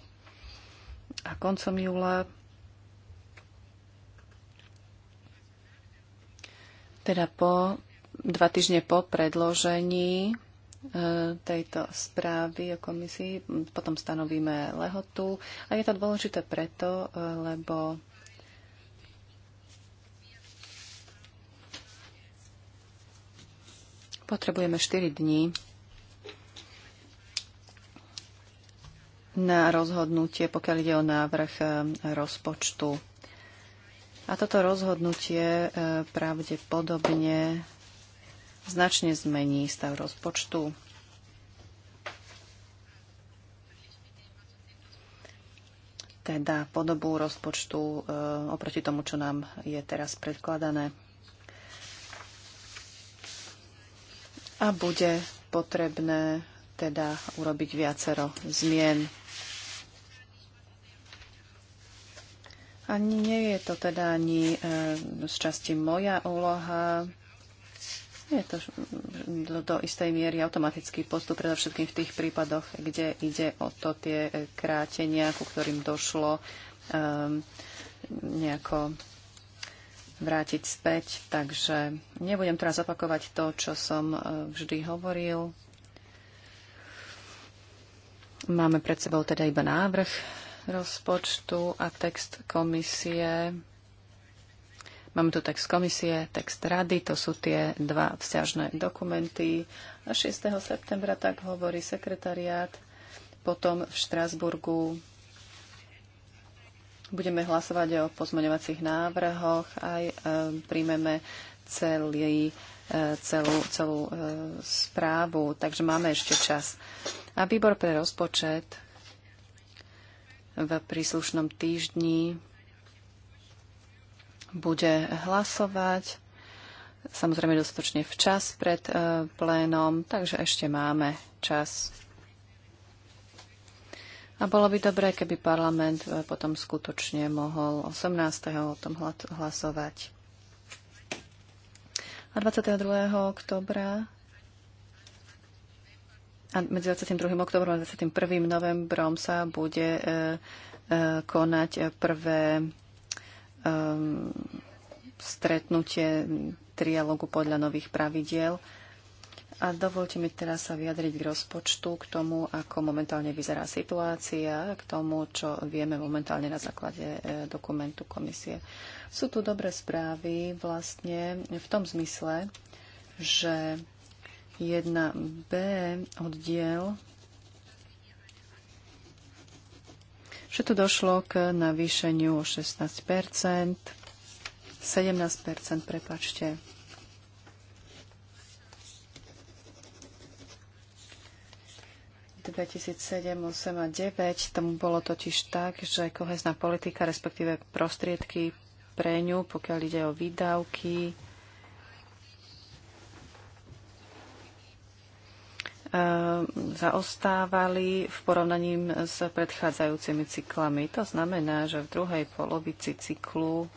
A koncom júla teda po, dva týždne po predložení e, tejto správy o komisii, potom stanovíme lehotu. A je to dôležité preto, e, lebo potrebujeme 4 dní na rozhodnutie, pokiaľ ide o návrh e, rozpočtu a toto rozhodnutie e, pravdepodobne značne zmení stav rozpočtu. Teda podobu rozpočtu e, oproti tomu, čo nám je teraz predkladané. A bude potrebné teda urobiť viacero zmien Ani nie je to teda ani e, z časti moja úloha. Je to do, do istej miery automatický postup, predovšetkým v tých prípadoch, kde ide o to tie e, krátenia, ku ktorým došlo um, nejako vrátiť späť. Takže nebudem teraz opakovať to, čo som e, vždy hovoril. Máme pred sebou teda iba návrh rozpočtu a text komisie. Máme tu text komisie, text rady, to sú tie dva vzťažné dokumenty. A 6. septembra, tak hovorí sekretariát, potom v Štrasburgu budeme hlasovať o pozmeňovacích návrhoch, aj e, príjmeme celý, e, celú, celú e, správu, takže máme ešte čas. A výbor pre rozpočet v príslušnom týždni bude hlasovať. Samozrejme dostatočne včas pred e, plénom, takže ešte máme čas. A bolo by dobré, keby parlament e, potom skutočne mohol 18. o tom hlasovať. A 22. oktobra a medzi 22. oktobrom a 21. novembrom sa bude e, e, konať prvé ehm, stretnutie trialogu podľa nových pravidiel. A dovolte mi teraz sa vyjadriť k rozpočtu, k tomu, ako momentálne vyzerá situácia, k tomu, čo vieme momentálne na základe e, dokumentu komisie. Sú tu dobré správy vlastne v tom zmysle, že 1b oddiel, že tu došlo k navýšeniu o 16 17 prepačte. V 2007, 2008 a 2009. tomu bolo totiž tak, že kohezná politika, respektíve prostriedky pre ňu, pokiaľ ide o výdavky, Eh, zaostávali v porovnaní s predchádzajúcimi cyklami. To znamená, že v druhej polovici cyklu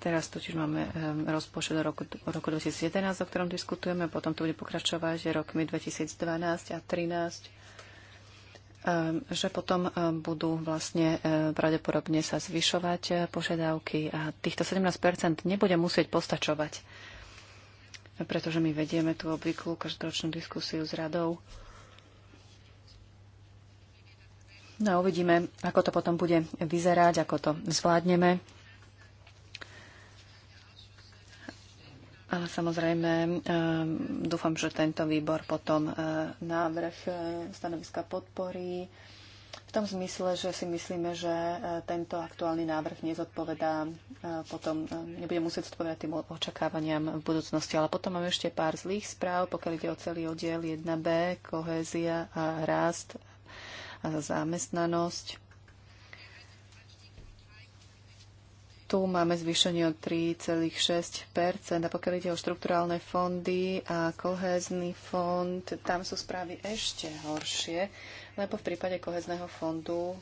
Teraz totiž máme eh, rozpočet do roku, roku 2011, o ktorom diskutujeme, potom to bude pokračovať rokmi 2012 a 2013, eh, že potom budú vlastne pravdepodobne sa zvyšovať požiadavky a týchto 17 nebude musieť postačovať pretože my vedieme tú obvyklú každoročnú diskusiu s radou. No a uvidíme, ako to potom bude vyzerať, ako to zvládneme. Ale samozrejme, um, dúfam, že tento výbor potom uh, návrh uh, stanoviska podporí v tom zmysle, že si myslíme, že e, tento aktuálny návrh nezodpovedá, e, potom e, nebude musieť zodpovedať tým očakávaniam v budúcnosti. Ale potom máme ešte pár zlých správ, pokiaľ ide o celý oddiel 1b, kohézia a rást a zamestnanosť. Tu máme zvýšenie o 3,6 a pokiaľ ide o štrukturálne fondy a kohézny fond, tam sú správy ešte horšie lebo v prípade kohezného fondu e,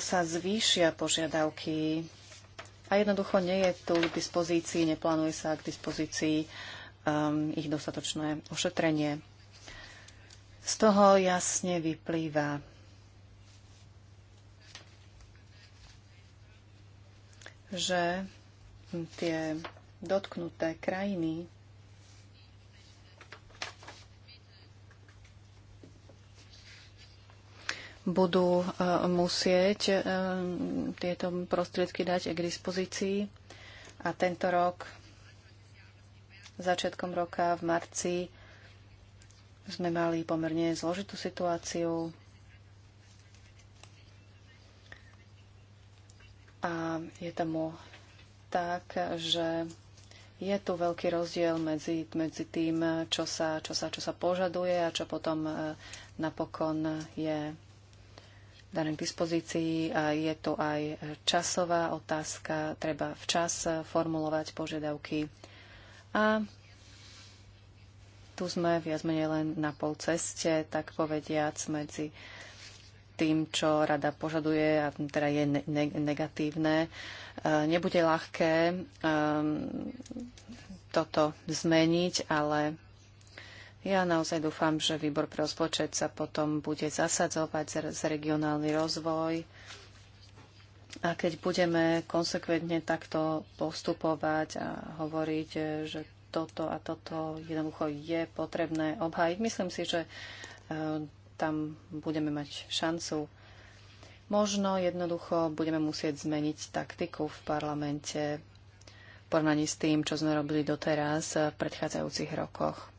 sa zvýšia požiadavky a jednoducho nie je tu k dispozícii, neplánuje sa k dispozícii um, ich dostatočné ošetrenie. Z toho jasne vyplýva, že tie dotknuté krajiny budú e, musieť e, tieto prostriedky dať k dispozícii. A tento rok, začiatkom roka v marci, sme mali pomerne zložitú situáciu. A je tomu tak, že je tu veľký rozdiel medzi, medzi tým, čo sa, čo, sa, čo sa požaduje a čo potom e, napokon je dané dispozícii a je to aj časová otázka. Treba včas formulovať požiadavky. A tu sme viac menej len na pol ceste, tak povediac, medzi tým, čo rada požaduje a teda je ne- negatívne. E, nebude ľahké um, toto zmeniť, ale ja naozaj dúfam, že výbor pre rozpočet sa potom bude zasadzovať za regionálny rozvoj. A keď budeme konsekventne takto postupovať a hovoriť, že toto a toto jednoducho je potrebné obhájiť, myslím si, že eh, tam budeme mať šancu. Možno jednoducho budeme musieť zmeniť taktiku v parlamente v porovnaní s tým, čo sme robili doteraz v predchádzajúcich rokoch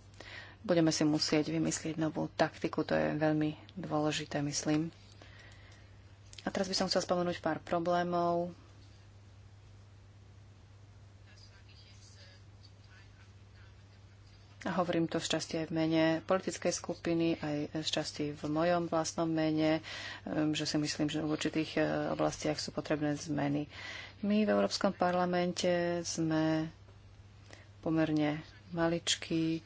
budeme si musieť vymyslieť novú taktiku, to je veľmi dôležité, myslím. A teraz by som chcel spomenúť pár problémov. A hovorím to v časti aj v mene politickej skupiny, aj v časti v mojom vlastnom mene, um, že si myslím, že v určitých uh, oblastiach sú potrebné zmeny. My v Európskom parlamente sme pomerne maličkí,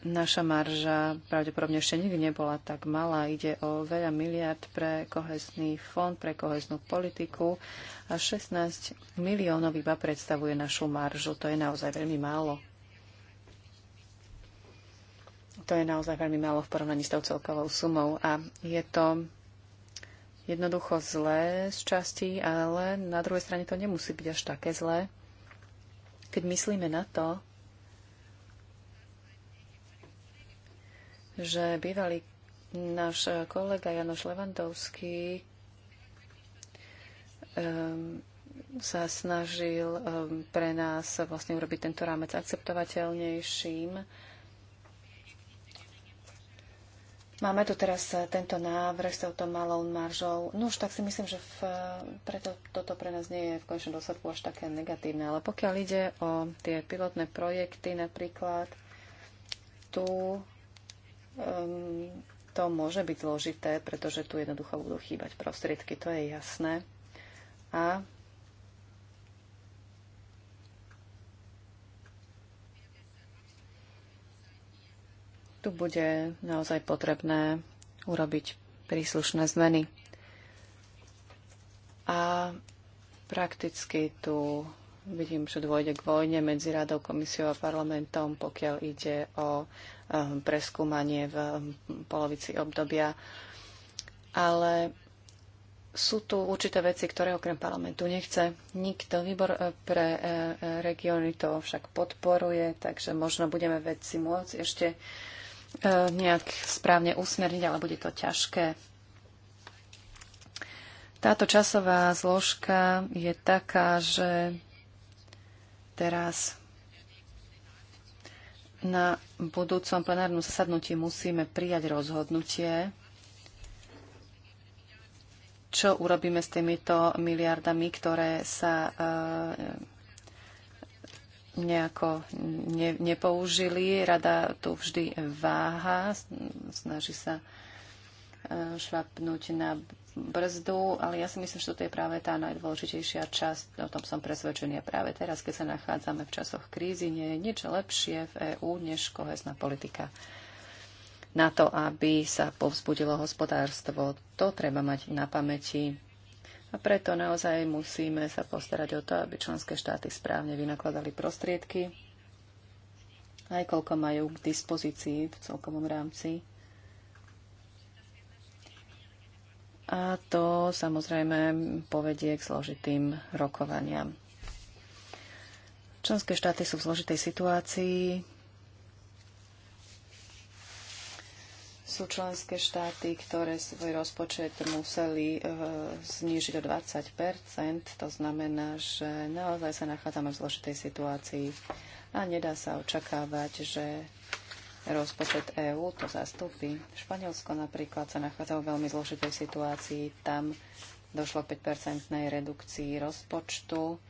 Naša marža pravdepodobne ešte nikdy nebola tak malá. Ide o veľa miliard pre kohezný fond, pre koheznú politiku a 16 miliónov iba predstavuje našu maržu. To je naozaj veľmi málo. To je naozaj veľmi málo v porovnaní s tou celkovou sumou a je to jednoducho zlé z časti, ale na druhej strane to nemusí byť až také zlé, keď myslíme na to, že bývalý náš kolega Janoš Levandovský um, sa snažil um, pre nás vlastne urobiť tento rámec akceptovateľnejším. Máme tu teraz tento návrh s touto malou maržou. No už tak si myslím, že v, preto toto pre nás nie je v končnom dôsledku až také negatívne. Ale pokiaľ ide o tie pilotné projekty napríklad, tu Ehm, to môže byť zložité, pretože tu jednoducho budú chýbať prostriedky, to je jasné. A tu bude naozaj potrebné urobiť príslušné zmeny. A prakticky tu Vidím, že dôjde k vojne medzi Radou, komisiou a parlamentom, pokiaľ ide o ehm, preskúmanie v ehm, polovici obdobia. Ale sú tu určité veci, ktoré okrem parlamentu nechce nikto. Výbor e, pre e, regióny to však podporuje, takže možno budeme veci môcť ešte e, nejak správne usmerniť, ale bude to ťažké. Táto časová zložka je taká, že Teraz na budúcom plenárnom zasadnutí musíme prijať rozhodnutie, čo urobíme s týmito miliardami, ktoré sa e, nejako nepoužili. Rada tu vždy váha, snaží sa e, šlapnúť na brzdu, ale ja si myslím, že toto je práve tá najdôležitejšia časť, o tom som presvedčený. A práve teraz, keď sa nachádzame v časoch krízy, nie je nič lepšie v EÚ než kohezná politika na to, aby sa povzbudilo hospodárstvo. To treba mať na pamäti. A preto naozaj musíme sa postarať o to, aby členské štáty správne vynakladali prostriedky, aj koľko majú k dispozícii v celkovom rámci a to samozrejme povedie k zložitým rokovaniam. Členské štáty sú v zložitej situácii. Sú členské štáty, ktoré svoj rozpočet museli e, znížiť o 20 To znamená, že naozaj sa nachádzame v zložitej situácii a nedá sa očakávať, že rozpočet EÚ to zastúpi. Španielsko napríklad sa nachádza v veľmi zložitej situácii. Tam došlo k 5-percentnej redukcii rozpočtu.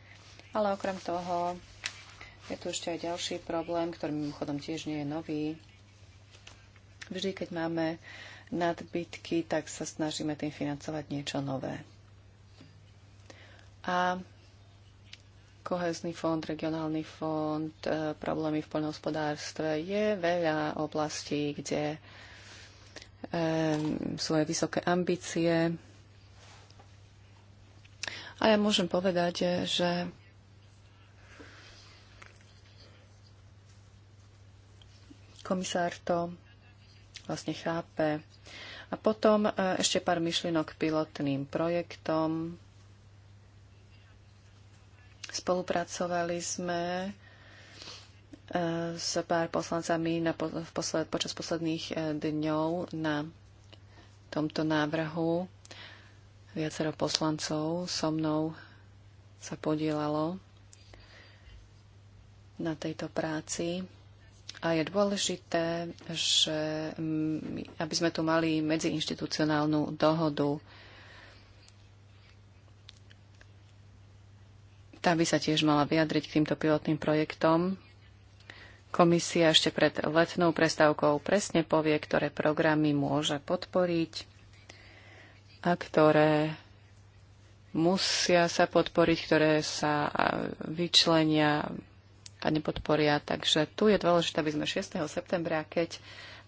Ale okrem toho je tu ešte aj ďalší problém, ktorý mimochodom tiež nie je nový. Vždy, keď máme nadbytky, tak sa snažíme tým financovať niečo nové. A kohezný fond, regionálny fond, e, problémy v poľnohospodárstve. Je veľa oblastí, kde sú aj vysoké ambície. A ja môžem povedať, že komisár to vlastne chápe. A potom e, ešte pár myšlienok pilotným projektom. Spolupracovali sme e, s pár poslancami na, posled, počas posledných e, dňov na tomto návrhu. Viacero poslancov so mnou sa podielalo na tejto práci. A je dôležité, že aby sme tu mali medziinstitucionálnu dohodu Tá by sa tiež mala vyjadriť k týmto pilotným projektom. Komisia ešte pred letnou prestávkou presne povie, ktoré programy môže podporiť a ktoré musia sa podporiť, ktoré sa vyčlenia a nepodporia. Takže tu je dôležité, aby sme 6. septembra, keď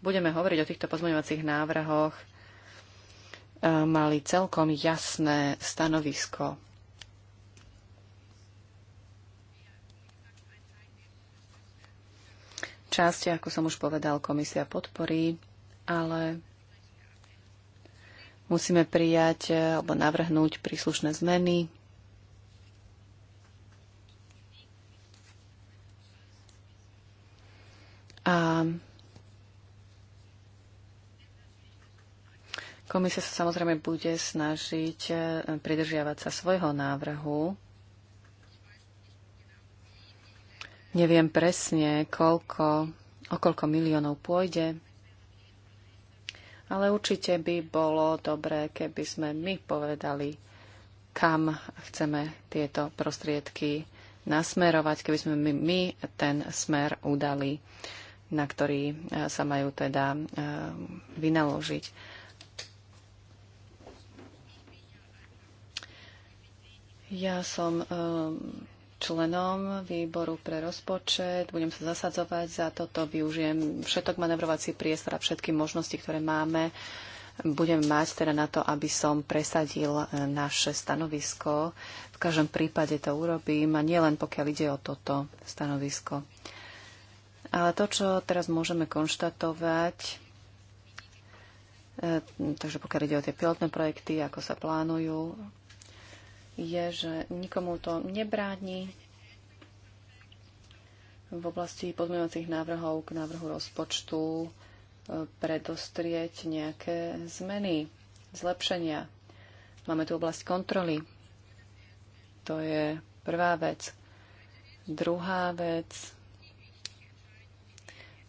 budeme hovoriť o týchto pozmeňovacích návrhoch, eh, mali celkom jasné stanovisko časť, ako som už povedal, komisia podporí, ale musíme prijať eh, alebo navrhnúť príslušné zmeny. A komisia sa samozrejme bude snažiť eh, pridržiavať sa svojho návrhu Neviem presne, koľko, o koľko miliónov pôjde, ale určite by bolo dobré, keby sme my povedali, kam chceme tieto prostriedky nasmerovať, keby sme my, my ten smer udali, na ktorý e, sa majú teda e, vynaložiť. Ja som e, členom výboru pre rozpočet, budem sa zasadzovať za toto, využijem všetok manevrovací priestor a všetky možnosti, ktoré máme, budem mať teda na to, aby som presadil e, naše stanovisko. V každom prípade to urobím a nielen pokiaľ ide o toto stanovisko. Ale to, čo teraz môžeme konštatovať, e, takže pokiaľ ide o tie pilotné projekty, ako sa plánujú, je, že nikomu to nebráni v oblasti podmiňovacích návrhov k návrhu rozpočtu e, predostrieť nejaké zmeny, zlepšenia. Máme tu oblasť kontroly. To je prvá vec. Druhá vec.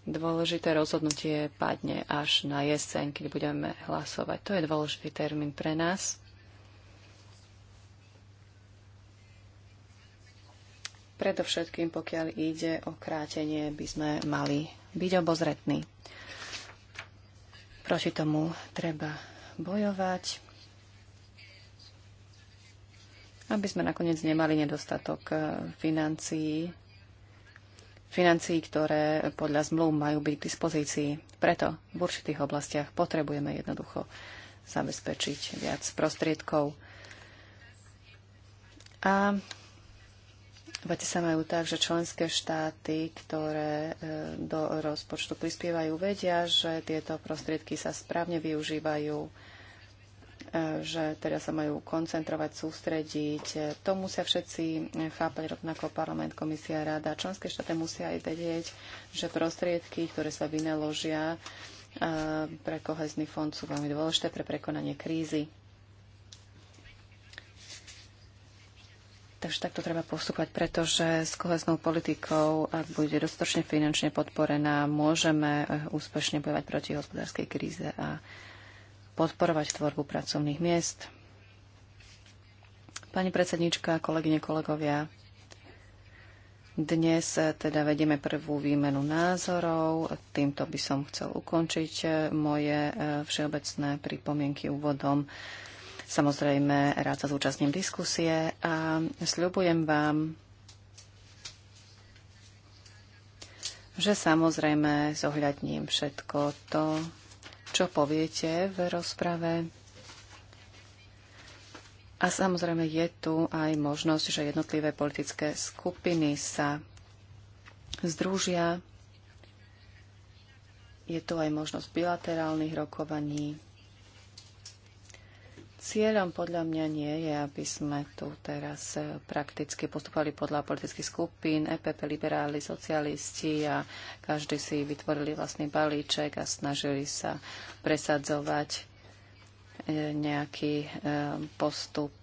Dôležité rozhodnutie padne až na jeseň, keď budeme hlasovať. To je dôležitý termín pre nás. Predovšetkým, pokiaľ ide o krátenie, by sme mali byť obozretní. Proti tomu treba bojovať, aby sme nakoniec nemali nedostatok e, financií, financií, ktoré podľa zmluv majú byť k dispozícii. Preto v určitých oblastiach potrebujeme jednoducho zabezpečiť viac prostriedkov. A Vete sa majú tak, že členské štáty, ktoré e, do rozpočtu prispievajú, vedia, že tieto prostriedky sa správne využívajú, e, že teda sa majú koncentrovať, sústrediť. E, to musia všetci chápať rovnako parlament, komisia, rada. Členské štáty musia aj vedieť, že prostriedky, ktoré sa vynaložia pre kohezný fond, sú veľmi dôležité pre prekonanie krízy. Takže takto treba postupovať, pretože s koheznou politikou, ak bude dostatočne finančne podporená, môžeme eh, úspešne bojovať proti hospodárskej kríze a podporovať tvorbu pracovných miest. Pani predsednička, kolegyne, kolegovia, dnes eh, teda vedieme prvú výmenu názorov. Týmto by som chcel ukončiť eh, moje všeobecné pripomienky úvodom. Samozrejme, rád sa zúčastním diskusie a sľubujem vám, že samozrejme zohľadním všetko to, čo poviete v rozprave. A samozrejme je tu aj možnosť, že jednotlivé politické skupiny sa združia. Je tu aj možnosť bilaterálnych rokovaní. Cieľom podľa mňa nie je, aby sme tu teraz eh, prakticky postupovali podľa politických skupín, EPP, liberáli, socialisti a každý si vytvorili vlastný balíček a snažili sa presadzovať eh, nejaký eh, postup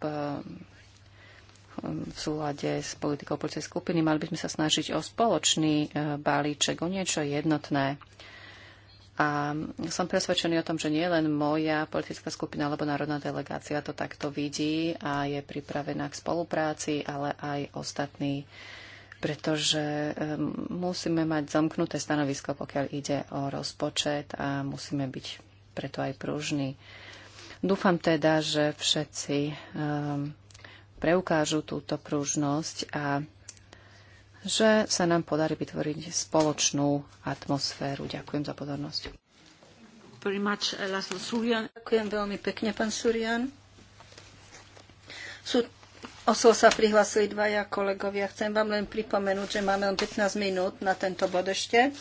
v súhľade s politikou policie skupiny. Mali by sme sa snažiť o spoločný balíček, o niečo jednotné. A som presvedčený o tom, že nie len moja politická skupina alebo národná delegácia to takto vidí a je pripravená k spolupráci, ale aj ostatní, pretože musíme mať zamknuté stanovisko, pokiaľ ide o rozpočet a musíme byť preto aj pružní. Dúfam teda, že všetci preukážu túto pružnosť a že sa nám podarí vytvoriť spoločnú atmosféru. Ďakujem za pozornosť. Uh, Ďakujem veľmi pekne, pán Surian. Sú, osol sa prihlasili dvaja kolegovia. Chcem vám len pripomenúť, že máme len 15 minút na tento bod ešte.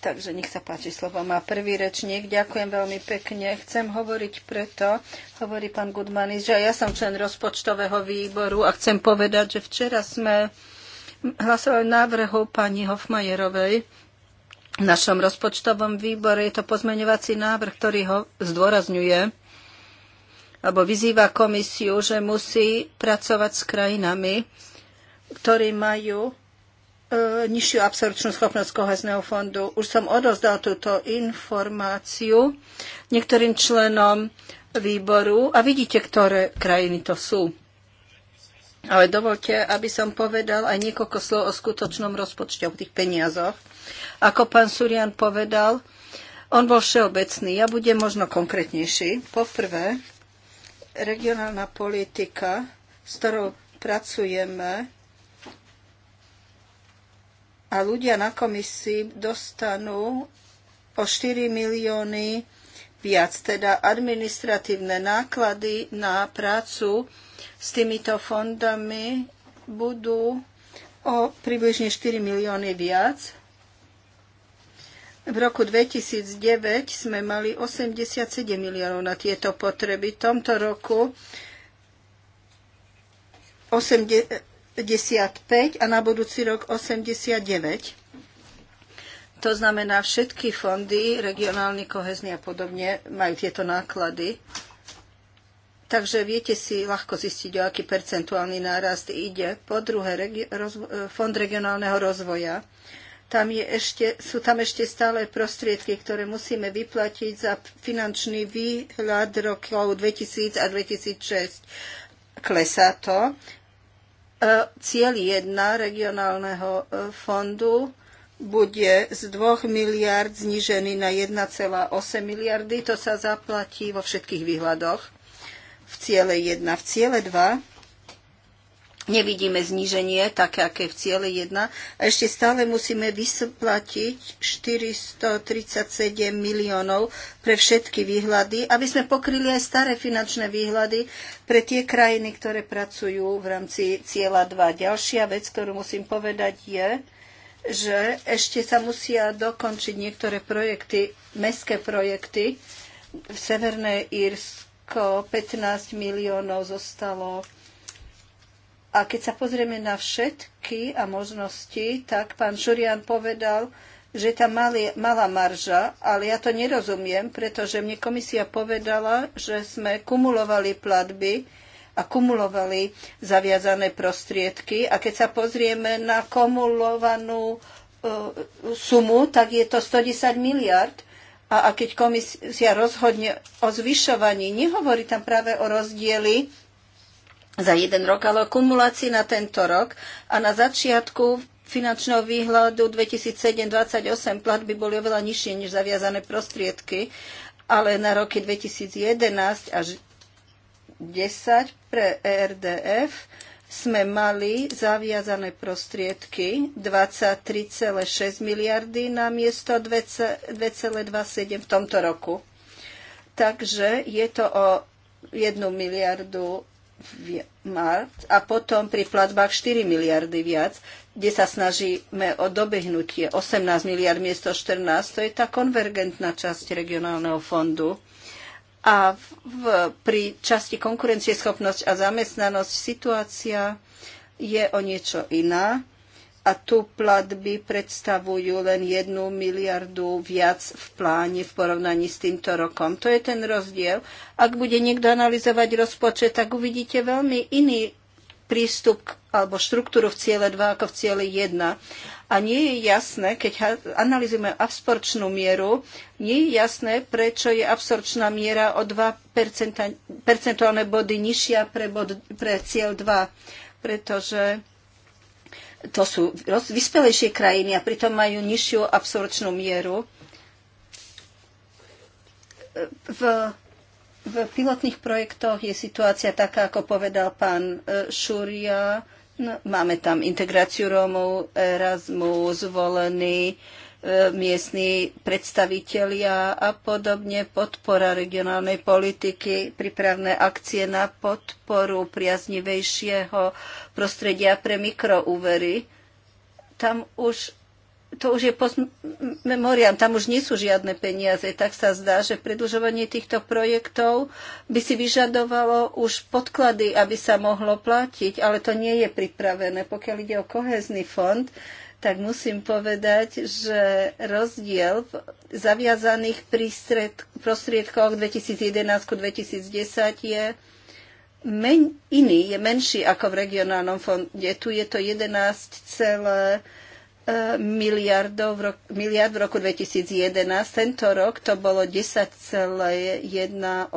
Takže nech sa páči, slovo má prvý rečník. Ďakujem veľmi pekne. Chcem hovoriť preto, hovorí pán Gudmanis, že ja som člen rozpočtového výboru a chcem povedať, že včera sme hlasovali návrhu pani Hofmajerovej v našom rozpočtovom výbore. Je to pozmeňovací návrh, ktorý ho zdôrazňuje alebo vyzýva komisiu, že musí pracovať s krajinami, ktorí majú E, nižšiu absorpčnú schopnosť kohezného fondu. Už som odozdal túto informáciu niektorým členom výboru a vidíte, ktoré krajiny to sú. Ale dovolte, aby som povedal aj niekoľko slov o skutočnom rozpočte, o tých peniazoch. Ako pán Surian povedal, on bol všeobecný. Ja budem možno konkrétnejší. Poprvé, regionálna politika, s ktorou pracujeme, a ľudia na komisii dostanú o 4 milióny viac, teda administratívne náklady na prácu s týmito fondami budú o približne 4 milióny viac. V roku 2009 sme mali 87 miliónov na tieto potreby. V tomto roku 80. 55 a na budúci rok 89. To znamená, všetky fondy, regionálny, kohezný a podobne, majú tieto náklady. Takže viete si ľahko zistiť, o aký percentuálny nárast ide. Po druhé, regi- e, fond regionálneho rozvoja. Tam je ešte, sú tam ešte stále prostriedky, ktoré musíme vyplatiť za finančný výhľad rokov 2000 a 2006. Klesá to. E, cieľ 1 regionálneho e, fondu bude z 2 miliard znižený na 1,8 miliardy. To sa zaplatí vo všetkých výhľadoch v ciele 1. V ciele 2 nevidíme zníženie, také aké v ciele 1. A ešte stále musíme vysplatiť 437 miliónov pre všetky výhľady, aby sme pokryli aj staré finančné výhľady pre tie krajiny, ktoré pracujú v rámci cieľa 2. Ďalšia vec, ktorú musím povedať, je, že ešte sa musia dokončiť niektoré projekty, mestské projekty. V Severné Írsko 15 miliónov zostalo a keď sa pozrieme na všetky a možnosti, tak pán Šurian povedal, že tam mali, malá marža, ale ja to nerozumiem, pretože mne komisia povedala, že sme kumulovali platby a kumulovali zaviazané prostriedky. A keď sa pozrieme na kumulovanú e, sumu, tak je to 110 miliard. A, a keď komisia rozhodne o zvyšovaní, nehovorí tam práve o rozdieli za jeden rok, ale o kumulácii na tento rok. A na začiatku finančného výhľadu 2007-2028 platby boli oveľa nižšie než zaviazané prostriedky, ale na roky 2011 až 10 pre ERDF sme mali zaviazané prostriedky 23,6 miliardy na miesto 2,27 v tomto roku. Takže je to o 1 miliardu viac a potom pri platbách 4 miliardy viac, kde sa snažíme o dobehnutie 18 miliard miesto 14, to je tá konvergentná časť regionálneho fondu. A v, pri časti konkurencieschopnosť a zamestnanosť situácia je o niečo iná a tu platby predstavujú len jednu miliardu viac v pláne v porovnaní s týmto rokom. To je ten rozdiel. Ak bude niekto analyzovať rozpočet, tak uvidíte veľmi iný prístup alebo štruktúru v ciele 2 ako v ciele 1. A nie je jasné, keď analyzujeme absorčnú mieru, nie je jasné, prečo je absorčná miera o 2 percentuálne body nižšia pre, bod, pre cieľ 2. Pretože to sú vyspelejšie krajiny a pritom majú nižšiu absorčnú mieru. V, v pilotných projektoch je situácia taká, ako povedal pán e, Šúria. No, máme tam integráciu Rómov, Erasmus, zvolený, E, miestni predstavitelia a podobne, podpora regionálnej politiky, prípravné akcie na podporu priaznivejšieho prostredia pre mikroúvery. Tam už to už je post memoriam, tam už nie sú žiadne peniaze, tak sa zdá, že predlžovanie týchto projektov by si vyžadovalo už podklady, aby sa mohlo platiť, ale to nie je pripravené. Pokiaľ ide o kohezný fond, tak musím povedať, že rozdiel v zaviazaných prostriedkoch 2011 ku 2010 je men, iný, je menší ako v regionálnom fonde. Tu je to 11, e, miliardov v roku, miliard v roku 2011. Tento rok to bolo 10,185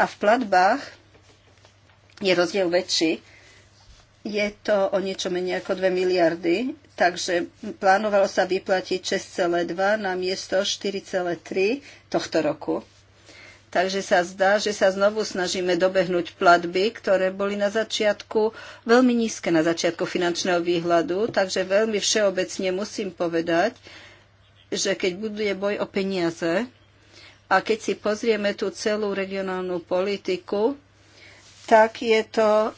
a v platbách je rozdiel väčší je to o niečo menej ako 2 miliardy, takže plánovalo sa vyplatiť 6,2 na miesto 4,3 tohto roku. Takže sa zdá, že sa znovu snažíme dobehnúť platby, ktoré boli na začiatku veľmi nízke na začiatku finančného výhľadu, takže veľmi všeobecne musím povedať, že keď buduje boj o peniaze a keď si pozrieme tú celú regionálnu politiku, tak je to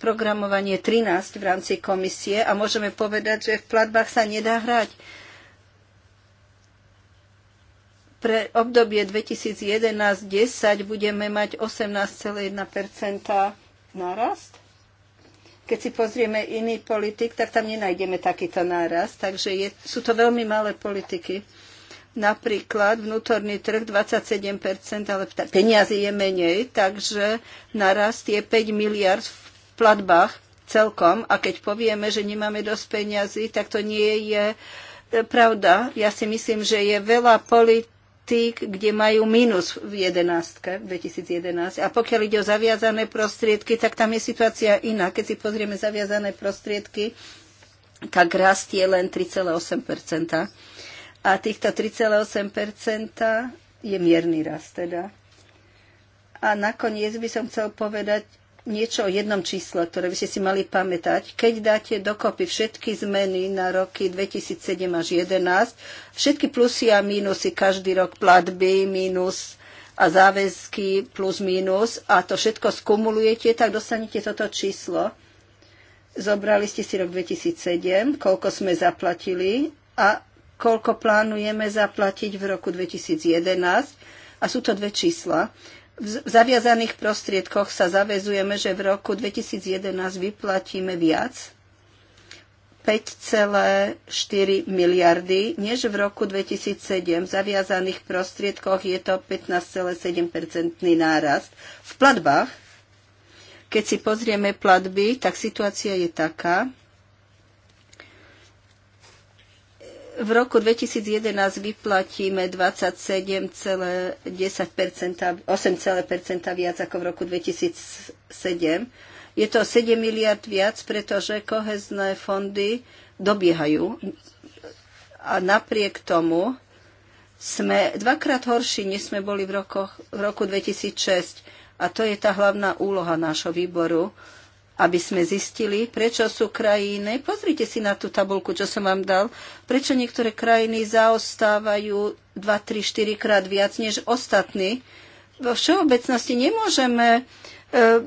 programovanie 13 v rámci komisie a môžeme povedať, že v platbách sa nedá hrať. Pre obdobie 2011-10 budeme mať 18,1 nárast. Keď si pozrieme iný politik, tak tam nenájdeme takýto nárast. Takže je, sú to veľmi malé politiky. Napríklad vnútorný trh 27%, ale peniazy je menej, takže narast je 5 miliard v platbách celkom. A keď povieme, že nemáme dosť peniazy, tak to nie je e, pravda. Ja si myslím, že je veľa politik, kde majú minus v 11, 2011. A pokiaľ ide o zaviazané prostriedky, tak tam je situácia iná. Keď si pozrieme zaviazané prostriedky, tak rast je len 3,8 a týchto 3,8% je mierny rast teda. A nakoniec by som chcel povedať niečo o jednom čísle, ktoré by ste si mali pamätať. Keď dáte dokopy všetky zmeny na roky 2007 až 2011, všetky plusy a mínusy, každý rok platby, mínus a záväzky plus mínus a to všetko skumulujete, tak dostanete toto číslo. Zobrali ste si rok 2007, koľko sme zaplatili a koľko plánujeme zaplatiť v roku 2011. A sú to dve čísla. V zaviazaných prostriedkoch sa zavezujeme, že v roku 2011 vyplatíme viac 5,4 miliardy, než v roku 2007. V zaviazaných prostriedkoch je to 15,7% nárast. V platbách, keď si pozrieme platby, tak situácia je taká, v roku 2011 vyplatíme 27,10%, 8% viac ako v roku 2007. Je to 7 miliard viac, pretože kohezné fondy dobiehajú. A napriek tomu sme dvakrát horší, než sme boli v, rokoch, v roku 2006. A to je tá hlavná úloha nášho výboru, aby sme zistili, prečo sú krajiny, pozrite si na tú tabulku, čo som vám dal, prečo niektoré krajiny zaostávajú 2, 3, 4 krát viac než ostatní. Vo všeobecnosti nemôžeme Eh,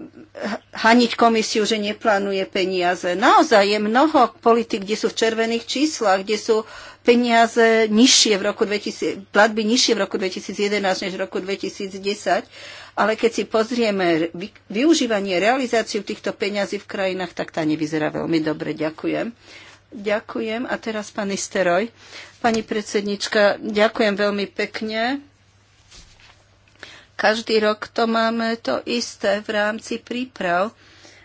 haniť komisiu, že neplánuje peniaze. Naozaj je mnoho politik, kde sú v červených číslach, kde sú peniaze nižšie v roku 2000, platby nižšie v roku 2011 než v roku 2010, ale keď si pozrieme využívanie, realizáciu týchto peňazí v krajinách, tak tá nevyzerá veľmi dobre. Ďakujem. Ďakujem. A teraz pán Isteroj. Pani predsednička, ďakujem veľmi pekne. Každý rok to máme to isté v rámci príprav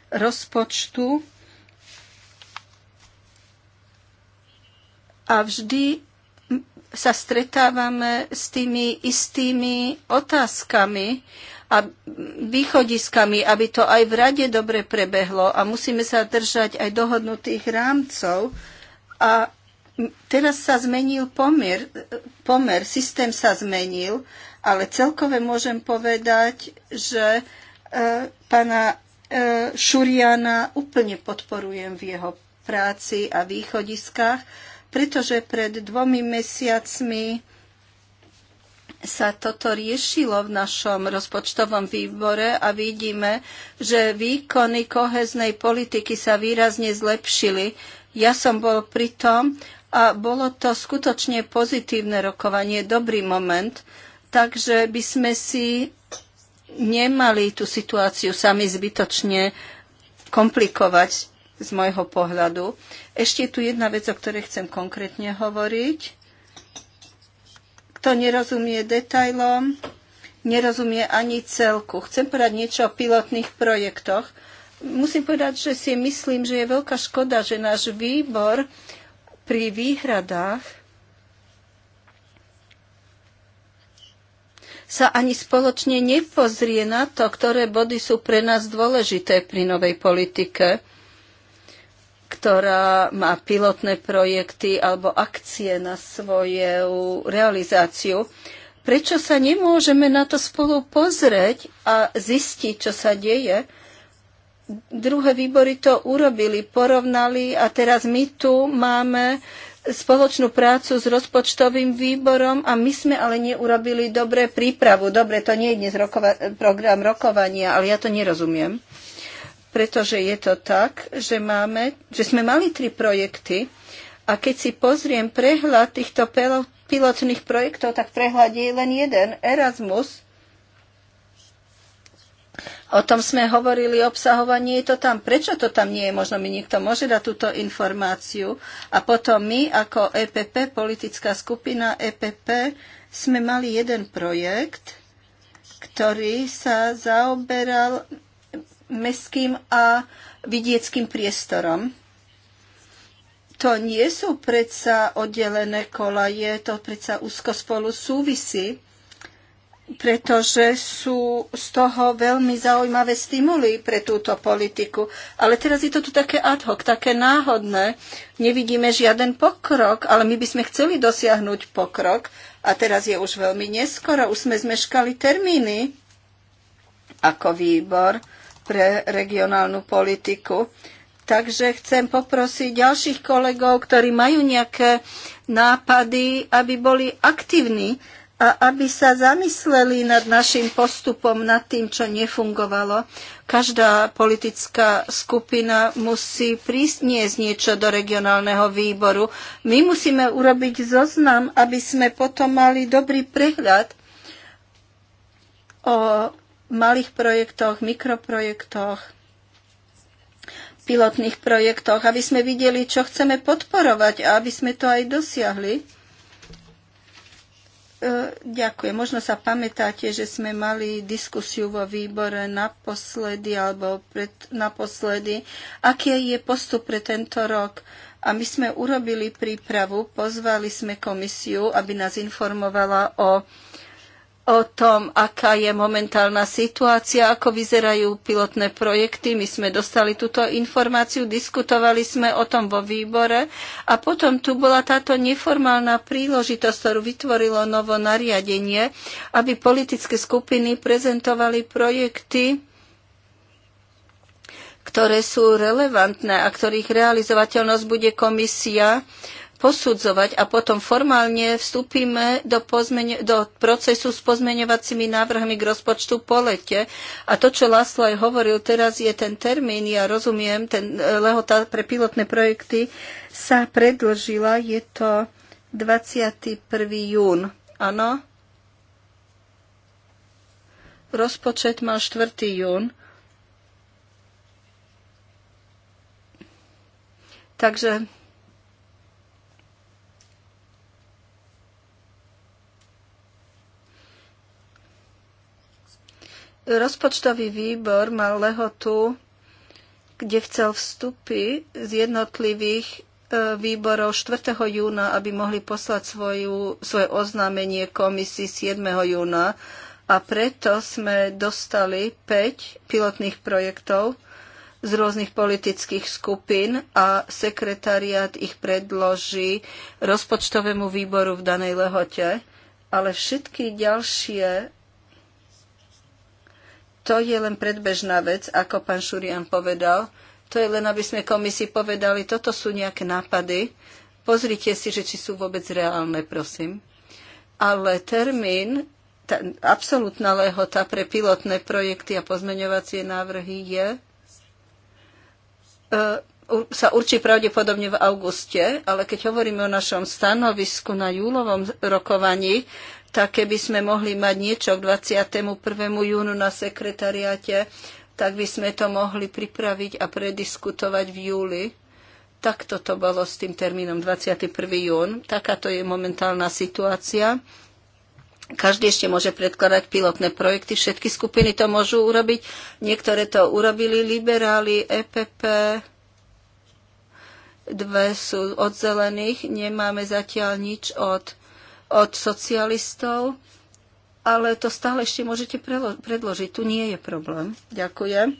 rozpočtu a vždy sa stretávame s tými istými otázkami a východiskami, aby to aj v rade dobre prebehlo a musíme sa držať aj dohodnutých rámcov. A teraz sa zmenil pomer, pomer systém sa zmenil ale celkové môžem povedať, že e, pána e, Šuriana úplne podporujem v jeho práci a východiskách, pretože pred dvomi mesiacmi sa toto riešilo v našom rozpočtovom výbore a vidíme, že výkony koheznej politiky sa výrazne zlepšili. Ja som bol pri tom a bolo to skutočne pozitívne rokovanie, dobrý moment. Takže by sme si nemali tú situáciu sami zbytočne komplikovať z môjho pohľadu. Ešte je tu jedna vec, o ktorej chcem konkrétne hovoriť. Kto nerozumie detailom, nerozumie ani celku. Chcem povedať niečo o pilotných projektoch. Musím povedať, že si myslím, že je veľká škoda, že náš výbor pri výhradách sa ani spoločne nepozrie na to, ktoré body sú pre nás dôležité pri novej politike, ktorá má pilotné projekty alebo akcie na svoju realizáciu. Prečo sa nemôžeme na to spolu pozrieť a zistiť, čo sa deje? Druhé výbory to urobili, porovnali a teraz my tu máme spoločnú prácu s rozpočtovým výborom a my sme ale neurobili dobré prípravu. Dobre, to nie je dnes rokova- program rokovania, ale ja to nerozumiem. Pretože je to tak, že, máme, že sme mali tri projekty a keď si pozriem prehľad týchto pilotných projektov, tak prehľad je len jeden. Erasmus O tom sme hovorili, obsahovanie je to tam. Prečo to tam nie je? Možno mi niekto môže dať túto informáciu. A potom my ako EPP, politická skupina EPP, sme mali jeden projekt, ktorý sa zaoberal mestským a vidieckým priestorom. To nie sú predsa oddelené kolaje, to predsa úzko spolu súvisí pretože sú z toho veľmi zaujímavé stimuly pre túto politiku. Ale teraz je to tu také ad hoc, také náhodné. Nevidíme žiaden pokrok, ale my by sme chceli dosiahnuť pokrok. A teraz je už veľmi neskoro, už sme zmeškali termíny ako výbor pre regionálnu politiku. Takže chcem poprosiť ďalších kolegov, ktorí majú nejaké nápady, aby boli aktívni a aby sa zamysleli nad našim postupom, nad tým, čo nefungovalo. Každá politická skupina musí priniesť niečo do regionálneho výboru. My musíme urobiť zoznam, aby sme potom mali dobrý prehľad o malých projektoch, mikroprojektoch, pilotných projektoch, aby sme videli, čo chceme podporovať a aby sme to aj dosiahli. E, ďakujem. Možno sa pamätáte, že sme mali diskusiu vo výbore naposledy alebo pred, naposledy, aký je postup pre tento rok. A my sme urobili prípravu, pozvali sme komisiu, aby nás informovala o o tom, aká je momentálna situácia, ako vyzerajú pilotné projekty. My sme dostali túto informáciu, diskutovali sme o tom vo výbore a potom tu bola táto neformálna príležitosť, ktorú vytvorilo novo nariadenie, aby politické skupiny prezentovali projekty, ktoré sú relevantné a ktorých realizovateľnosť bude komisia posudzovať a potom formálne vstúpime do, pozmenie, do procesu s pozmeňovacími návrhmi k rozpočtu po lete. A to, čo Laslo aj hovoril teraz, je ten termín, ja rozumiem, ten e, lehota pre pilotné projekty sa predlžila, je to 21. jún. Áno? Rozpočet má 4. jún. Takže Rozpočtový výbor mal lehotu, kde chcel vstupy z jednotlivých e, výborov 4. júna, aby mohli poslať svoju, svoje oznámenie komisii 7. júna. A preto sme dostali 5 pilotných projektov z rôznych politických skupín a sekretariat ich predloží rozpočtovému výboru v danej lehote. Ale všetky ďalšie to je len predbežná vec, ako pán Šurian povedal. To je len, aby sme komisii povedali, toto sú nejaké nápady. Pozrite si, že či sú vôbec reálne, prosím. Ale termín, tá absolútna lehota pre pilotné projekty a pozmeňovacie návrhy je e, sa určí pravdepodobne v auguste, ale keď hovoríme o našom stanovisku na júlovom rokovaní, tak keby sme mohli mať niečo k 21. júnu na sekretariáte, tak by sme to mohli pripraviť a prediskutovať v júli. Tak toto bolo s tým termínom 21. jún. Takáto je momentálna situácia. Každý ešte môže predkladať pilotné projekty, všetky skupiny to môžu urobiť. Niektoré to urobili liberáli, EPP, dve sú od zelených, nemáme zatiaľ nič od od socialistov, ale to stále ešte môžete predložiť. Tu nie je problém. Ďakujem.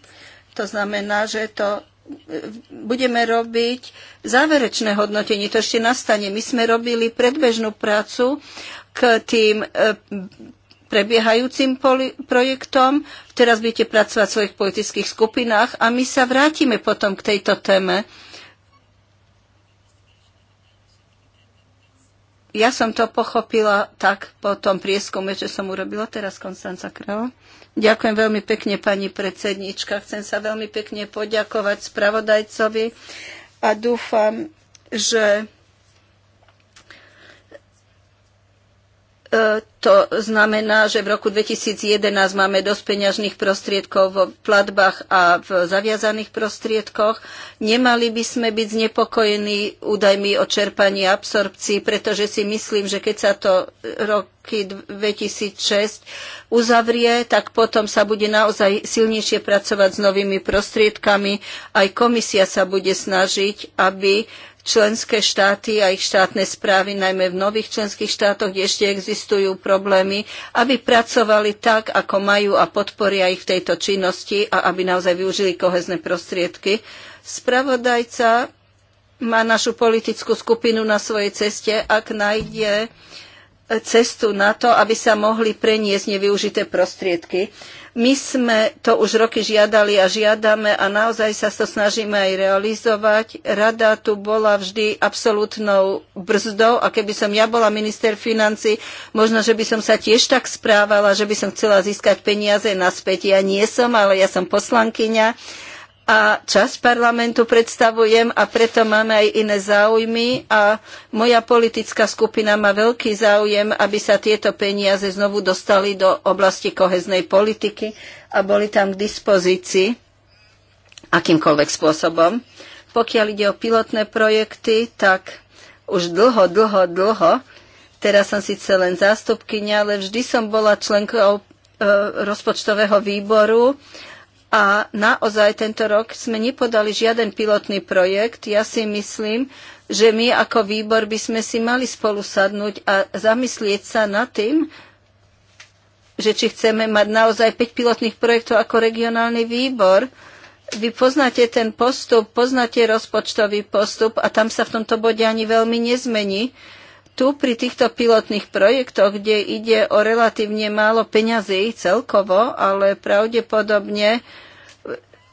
To znamená, že to e, budeme robiť záverečné hodnotenie. To ešte nastane. My sme robili predbežnú prácu k tým e, prebiehajúcim projektom. Teraz budete pracovať v svojich politických skupinách a my sa vrátime potom k tejto téme. Ja som to pochopila tak po tom prieskume, že som urobila teraz Konstanca Kráľa. Ďakujem veľmi pekne, pani predsednička. Chcem sa veľmi pekne poďakovať spravodajcovi a dúfam, že E, to znamená, že v roku 2011 máme dosť peňažných prostriedkov v platbách a v zaviazaných prostriedkoch. Nemali by sme byť znepokojení údajmi o čerpaní absorpcii, pretože si myslím, že keď sa to roky 2006 uzavrie, tak potom sa bude naozaj silnejšie pracovať s novými prostriedkami. Aj komisia sa bude snažiť, aby členské štáty a ich štátne správy, najmä v nových členských štátoch, kde ešte existujú problémy, aby pracovali tak, ako majú a podporia ich v tejto činnosti a aby naozaj využili kohezné prostriedky. Spravodajca má našu politickú skupinu na svojej ceste, ak nájde cestu na to, aby sa mohli preniesť nevyužité prostriedky. My sme to už roky žiadali a žiadame a naozaj sa to snažíme aj realizovať. Rada tu bola vždy absolútnou brzdou a keby som ja bola minister financí, možno, že by som sa tiež tak správala, že by som chcela získať peniaze naspäť. Ja nie som, ale ja som poslankyňa a časť parlamentu predstavujem a preto máme aj iné záujmy a moja politická skupina má veľký záujem, aby sa tieto peniaze znovu dostali do oblasti koheznej politiky a boli tam k dispozícii akýmkoľvek spôsobom. Pokiaľ ide o pilotné projekty, tak už dlho, dlho, dlho, teraz som síce len zástupkynia, ale vždy som bola členkou e, rozpočtového výboru a naozaj tento rok sme nepodali žiaden pilotný projekt. Ja si myslím, že my ako výbor by sme si mali spolu sadnúť a zamyslieť sa nad tým, že či chceme mať naozaj 5 pilotných projektov ako regionálny výbor. Vy poznáte ten postup, poznáte rozpočtový postup a tam sa v tomto bode ani veľmi nezmení tu pri týchto pilotných projektoch, kde ide o relatívne málo peňazí celkovo, ale pravdepodobne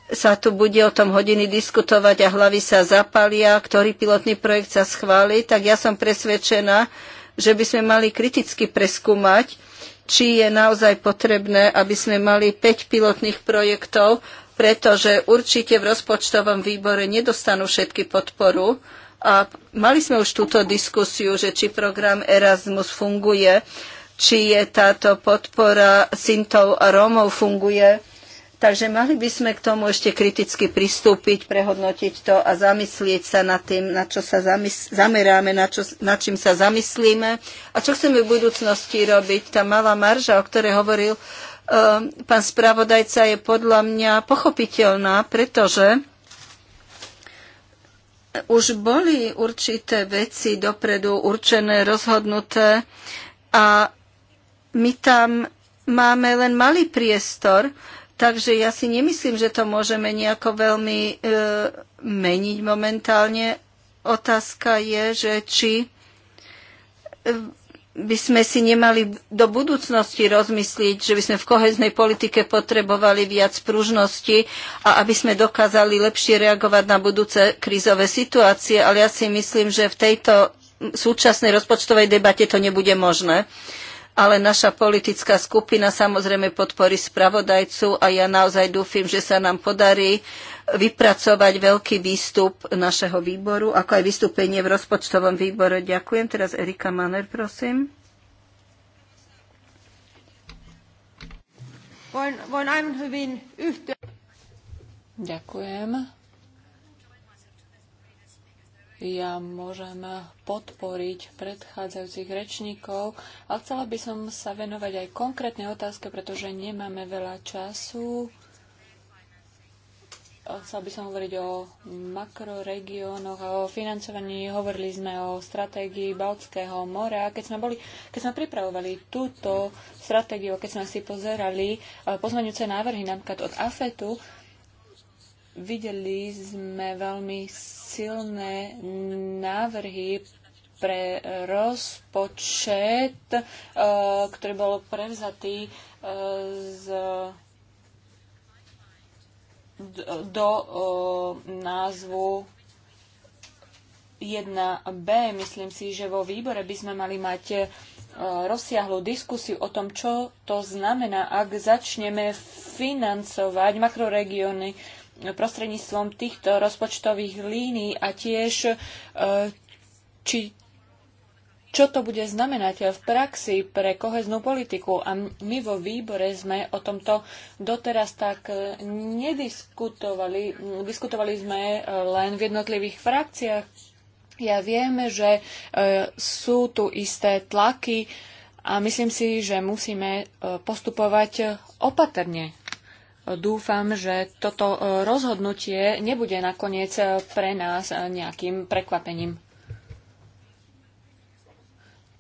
sa tu bude o tom hodiny diskutovať a hlavy sa zapalia, ktorý pilotný projekt sa schváli, tak ja som presvedčená, že by sme mali kriticky preskúmať, či je naozaj potrebné, aby sme mali 5 pilotných projektov, pretože určite v rozpočtovom výbore nedostanú všetky podporu a mali sme už túto diskusiu, že či program Erasmus funguje, či je táto podpora Sintov a Rómov funguje. Takže mali by sme k tomu ešte kriticky pristúpiť, prehodnotiť to a zamyslieť sa nad tým, na čo sa zamys- zameráme, na, čo, na čím sa zamyslíme a čo chceme v budúcnosti robiť. Tá malá marža, o ktorej hovoril um, pán spravodajca, je podľa mňa pochopiteľná, pretože už boli určité veci dopredu určené, rozhodnuté a my tam máme len malý priestor, takže ja si nemyslím, že to môžeme nejako veľmi e, meniť momentálne. Otázka je, že či e, by sme si nemali do budúcnosti rozmyslieť, že by sme v koheznej politike potrebovali viac pružnosti a aby sme dokázali lepšie reagovať na budúce krízové situácie, ale ja si myslím, že v tejto súčasnej rozpočtovej debate to nebude možné. Ale naša politická skupina samozrejme podporí spravodajcu a ja naozaj dúfim, že sa nám podarí uh, vypracovať veľký výstup našeho výboru, ako aj vystúpenie v rozpočtovom výbore. Ďakujem. Teraz Erika Maner, prosím. Ďakujem. Ja môžem podporiť predchádzajúcich rečníkov a chcela by som sa venovať aj konkrétnej otázke, pretože nemáme veľa času Chcel by som hovoriť o makroregiónoch a o financovaní. Hovorili sme o stratégii Baltského mora. Keď sme, boli, keď sme pripravovali túto stratégiu, keď sme si pozerali eh, pozmeňujúce návrhy napríklad od AFETu, videli sme veľmi silné návrhy pre rozpočet, eh, ktorý bol prevzatý eh, z do názvu 1b. Myslím si, že vo výbore by sme mali mať e, rozsiahlu diskusiu o tom, čo to znamená, ak začneme financovať makroregióny prostredníctvom týchto rozpočtových línií a tiež e, či čo to bude znamenať v praxi pre koheznú politiku. A my vo výbore sme o tomto doteraz tak e, nediskutovali. Diskutovali sme e, len v jednotlivých frakciách. Ja viem, že e, sú tu isté tlaky a myslím si, že musíme postupovať opatrne. Dúfam, že toto rozhodnutie nebude nakoniec pre nás nejakým prekvapením.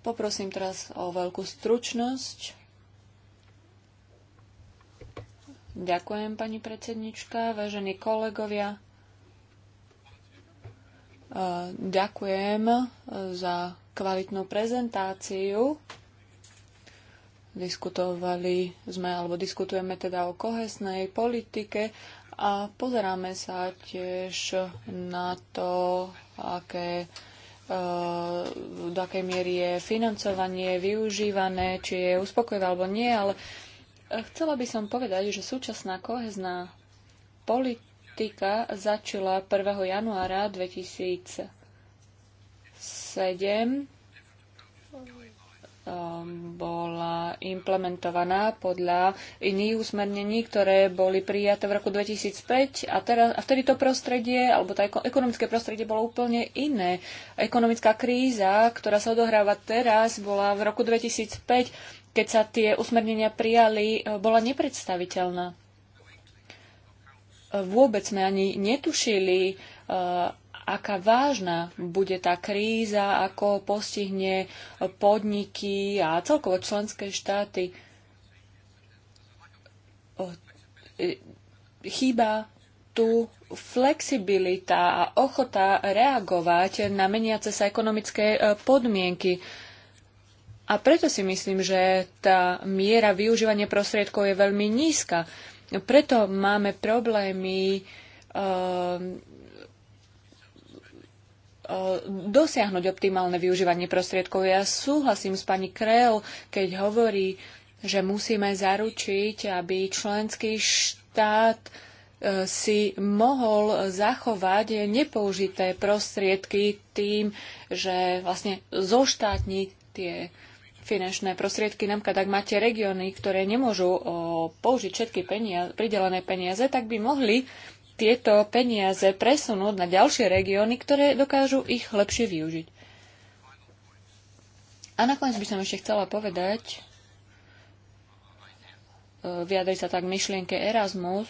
Poprosím teraz o veľkú stručnosť. Ďakujem, pani predsednička, vážení kolegovia. E, ďakujem e, za kvalitnú prezentáciu. Diskutovali sme, alebo diskutujeme teda o kohesnej politike a pozeráme sa tiež na to, aké Eh, do akej miery je financovanie využívané, či je uspokojivé alebo nie, ale eh, chcela by som povedať, že súčasná kohezná politika začala 1. januára 2007 Um, bola implementovaná podľa iných usmernení, ktoré boli prijaté v roku 2005 a, teraz, a vtedy to prostredie, alebo to ekonomické prostredie bolo úplne iné. Ekonomická kríza, ktorá sa odohráva teraz, bola v roku 2005, keď sa tie usmernenia prijali, eh, bola nepredstaviteľná. Vôbec sme ani netušili, eh, aká vážna bude tá kríza, ako postihne podniky a celkovo členské štáty. E, chýba tu flexibilita a ochota reagovať na meniace sa ekonomické e, podmienky. A preto si myslím, že tá miera využívania prostriedkov je veľmi nízka. Preto máme problémy uh, Eh, dosiahnuť optimálne využívanie prostriedkov. Ja súhlasím s pani Krell, keď hovorí, že musíme zaručiť, aby členský štát eh, si mohol zachovať nepoužité prostriedky tým, že vlastne zoštátni tie finančné prostriedky. Napríklad, ak máte regióny, ktoré nemôžu eh, použiť všetky peniaze, pridelené peniaze, tak by mohli tieto peniaze presunúť na ďalšie regióny, ktoré dokážu ich lepšie využiť. A nakoniec by som ešte chcela povedať, e, vyjadri sa tak myšlienke Erasmus,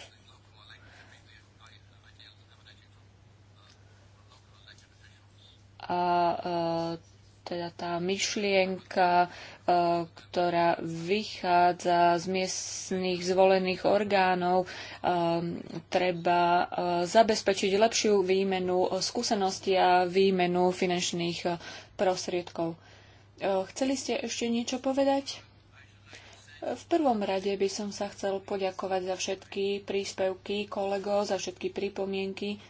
a e, teda tá myšlienka, e, ktorá vychádza z miestných zvolených orgánov. Ehm, treba e, zabezpečiť lepšiu výmenu skúseností a výmenu finančných e, prostriedkov. Chceli ste ešte niečo povedať? V prvom rade by som sa chcel poďakovať za všetky príspevky kolegov, za všetky pripomienky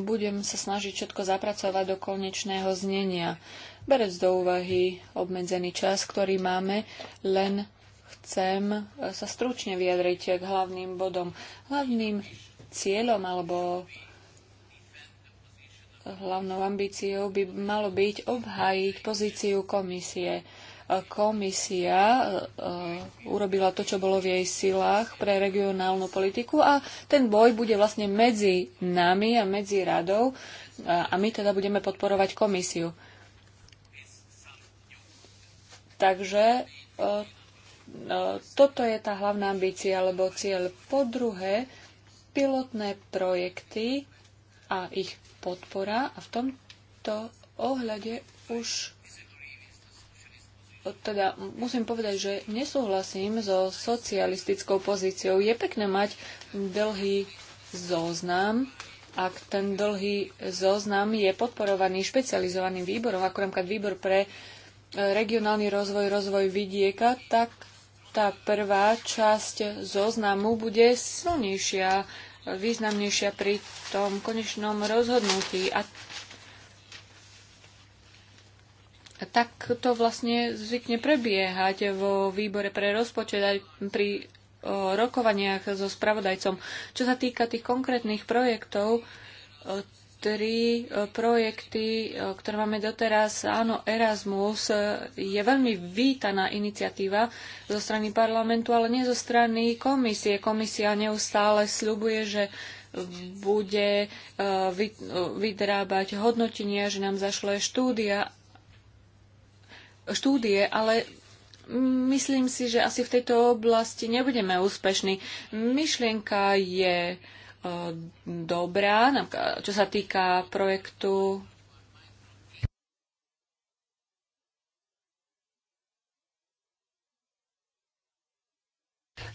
budem sa snažiť všetko zapracovať do konečného znenia. Berec do úvahy obmedzený čas, ktorý máme, len chcem sa stručne vyjadriť k hlavným bodom. Hlavným cieľom alebo hlavnou ambíciou by malo byť obhajiť pozíciu komisie komisia eh, eh, urobila to, čo bolo v jej silách pre regionálnu politiku a ten boj bude vlastne medzi nami a medzi radou eh, a my teda budeme podporovať komisiu. Takže toto je tá hlavná ambícia alebo cieľ. Po druhé, pilotné projekty a ich podpora a v tomto ohľade už teda musím povedať, že nesúhlasím so socialistickou pozíciou. Je pekné mať dlhý zoznam, ak ten dlhý zoznam je podporovaný špecializovaným výborom, ako napríklad výbor pre e, regionálny rozvoj, rozvoj vidieka, tak tá prvá časť zoznamu bude silnejšia, významnejšia pri tom konečnom rozhodnutí. A tak to vlastne zvykne prebiehať vo výbore pre rozpočet aj pri o, rokovaniach so spravodajcom. Čo sa týka tých konkrétnych projektov, o, tri o, projekty, ktoré máme doteraz, áno, Erasmus e, je veľmi vítaná iniciatíva zo strany parlamentu, ale nie zo strany komisie. Komisia neustále sľubuje, že bude e, vydrábať hodnotenia, že nám zašle štúdia štúdie, ale myslím si, že asi v tejto oblasti nebudeme úspešní. Myšlienka je e, dobrá, čo sa týka projektu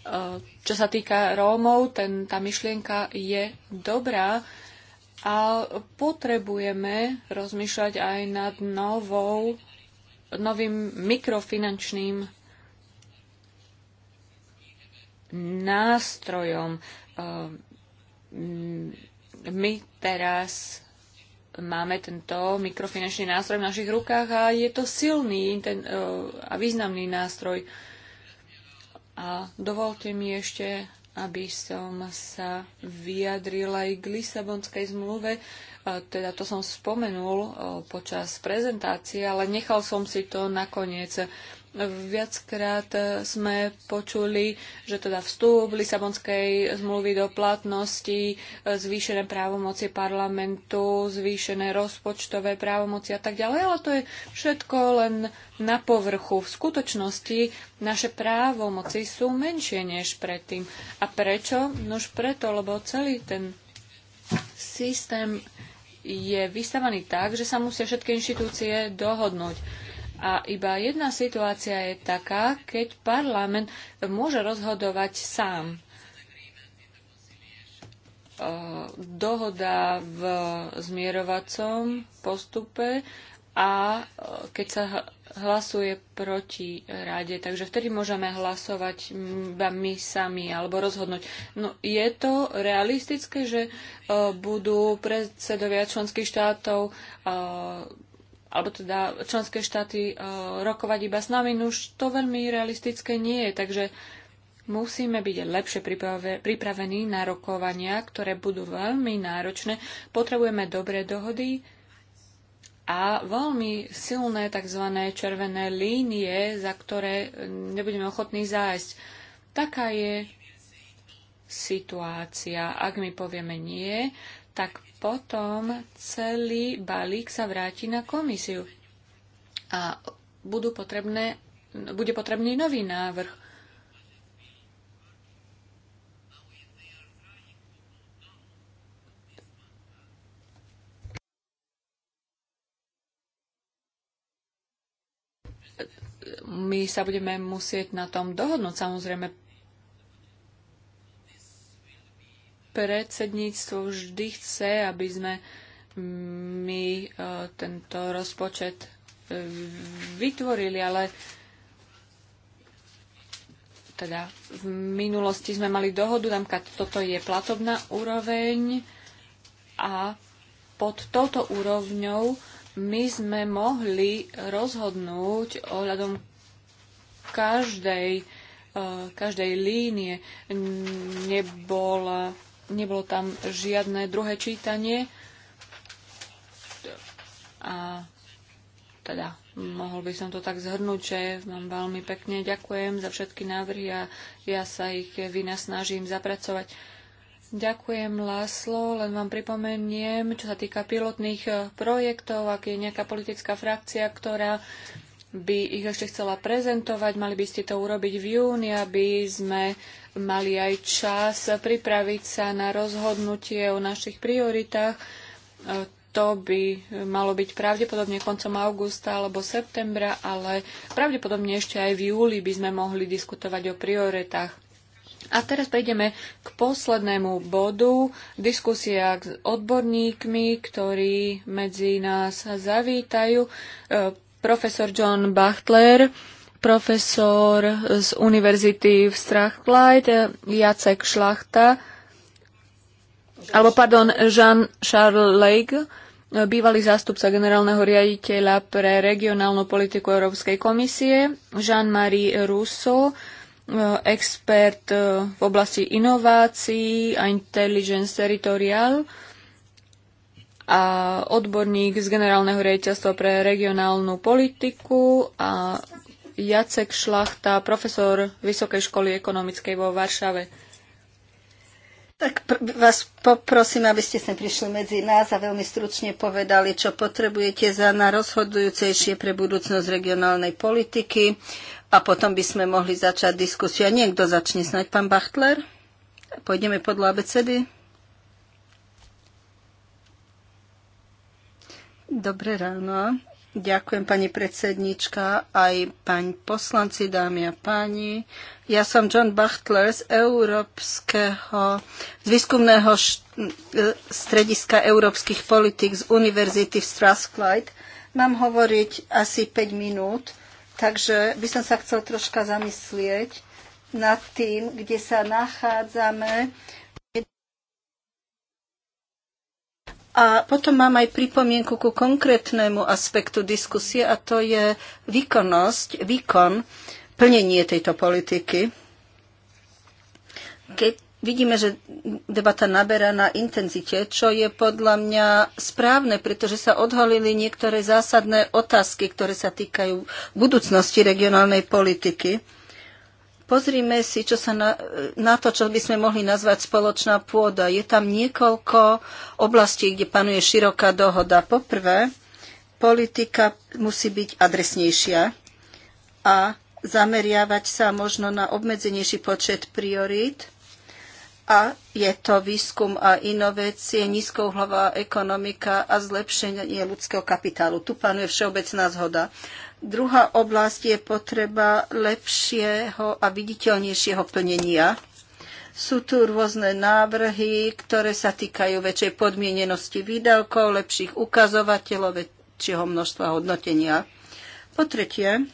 e, Čo sa týka Rómov, ten, tá myšlienka je dobrá a potrebujeme rozmýšľať aj nad novou novým mikrofinančným nástrojom. Ehm, my teraz máme tento mikrofinančný nástroj v našich rukách a je to silný ehm, a významný nástroj. A dovolte mi ešte aby som sa vyjadrila aj k Lisabonskej zmluve. Teda to som spomenul počas prezentácie, ale nechal som si to nakoniec. Viackrát eh, sme počuli, že teda vstup Lisabonskej zmluvy do platnosti, eh, zvýšené právomoci parlamentu, zvýšené rozpočtové právomoci a tak ďalej, ale to je všetko len na povrchu. V skutočnosti naše právomoci sú menšie než predtým. A prečo? Nož preto, lebo celý ten systém je vystavaný tak, že sa musia všetky inštitúcie dohodnúť a iba jedna situácia je taká, keď parlament môže rozhodovať sám. E, dohoda v zmierovacom postupe a e, keď sa hlasuje proti rade. Takže vtedy môžeme hlasovať iba my sami alebo rozhodnúť. No, je to realistické, že e, budú predsedovia členských štátov alebo teda členské štáty e, rokovať iba s nami, no už to veľmi realistické nie je, takže musíme byť lepšie pripravení na rokovania, ktoré budú veľmi náročné. Potrebujeme dobré dohody a veľmi silné tzv. červené línie, za ktoré nebudeme ochotní zájsť. Taká je situácia. Ak my povieme nie, tak potom celý balík sa vráti na komisiu a budú potrebné, bude potrebný nový návrh. My sa budeme musieť na tom dohodnúť. Samozrejme, Predsedníctvo vždy chce, aby sme my e, tento rozpočet e, vytvorili, ale teda v minulosti sme mali dohodu, tamka toto je platobná úroveň a pod touto úrovňou my sme mohli rozhodnúť ohľadom každej, e, každej línie. Nebola nebolo tam žiadne druhé čítanie a teda mohol by som to tak zhrnúť, že vám veľmi pekne ďakujem za všetky návrhy a ja sa ich vynasnažím zapracovať. Ďakujem, Láslo. Len vám pripomeniem, čo sa týka pilotných projektov, ak je nejaká politická frakcia, ktorá by ich ešte chcela prezentovať. Mali by ste to urobiť v júni, aby sme mali aj čas pripraviť sa na rozhodnutie o našich prioritách. E, to by malo byť pravdepodobne koncom augusta alebo septembra, ale pravdepodobne ešte aj v júli by sme mohli diskutovať o prioritách. A teraz prejdeme k poslednému bodu. Diskusia s odborníkmi, ktorí medzi nás zavítajú. E, profesor John Bachtler, profesor z univerzity v Strathclyde, Jacek Šlachta, alebo pardon, Jean-Charles Lake, bývalý zástupca generálneho riaditeľa pre regionálnu politiku Európskej komisie, Jean-Marie Rousseau, expert v oblasti inovácií a intelligence territorial, a odborník z generálneho riaditeľstva pre regionálnu politiku a Jacek Šlachta, profesor Vysokej školy ekonomickej vo Varšave. Tak pr- vás poprosím, aby ste sem prišli medzi nás a veľmi stručne povedali, čo potrebujete za na rozhodujúcejšie pre budúcnosť regionálnej politiky a potom by sme mohli začať diskusiu. A niekto začne snať, pán Bachtler? Pôjdeme podľa abecedy? Dobré ráno. Ďakujem pani predsednička, aj pani poslanci, dámy a páni. Ja som John Bachtler z Európskeho z výskumného strediska európskych politik z Univerzity v Strathclyde. Mám hovoriť asi 5 minút, takže by som sa chcel troška zamyslieť nad tým, kde sa nachádzame A potom mám aj pripomienku ku konkrétnemu aspektu diskusie a to je výkonnosť, výkon, plnenie tejto politiky. Keď vidíme, že debata naberá na intenzite, čo je podľa mňa správne, pretože sa odhalili niektoré zásadné otázky, ktoré sa týkajú budúcnosti regionálnej politiky. Pozrime si čo sa na, na to, čo by sme mohli nazvať spoločná pôda. Je tam niekoľko oblastí, kde panuje široká dohoda. Poprvé, politika musí byť adresnejšia a zameriavať sa možno na obmedzenejší počet priorít a je to výskum a inovácie, nízkouhlová ekonomika a zlepšenie ľudského kapitálu. Tu panuje všeobecná zhoda. Druhá oblasť je potreba lepšieho a viditeľnejšieho plnenia. Sú tu rôzne návrhy, ktoré sa týkajú väčšej podmienenosti výdavkov, lepších ukazovateľov, väčšieho množstva hodnotenia. Po tretie,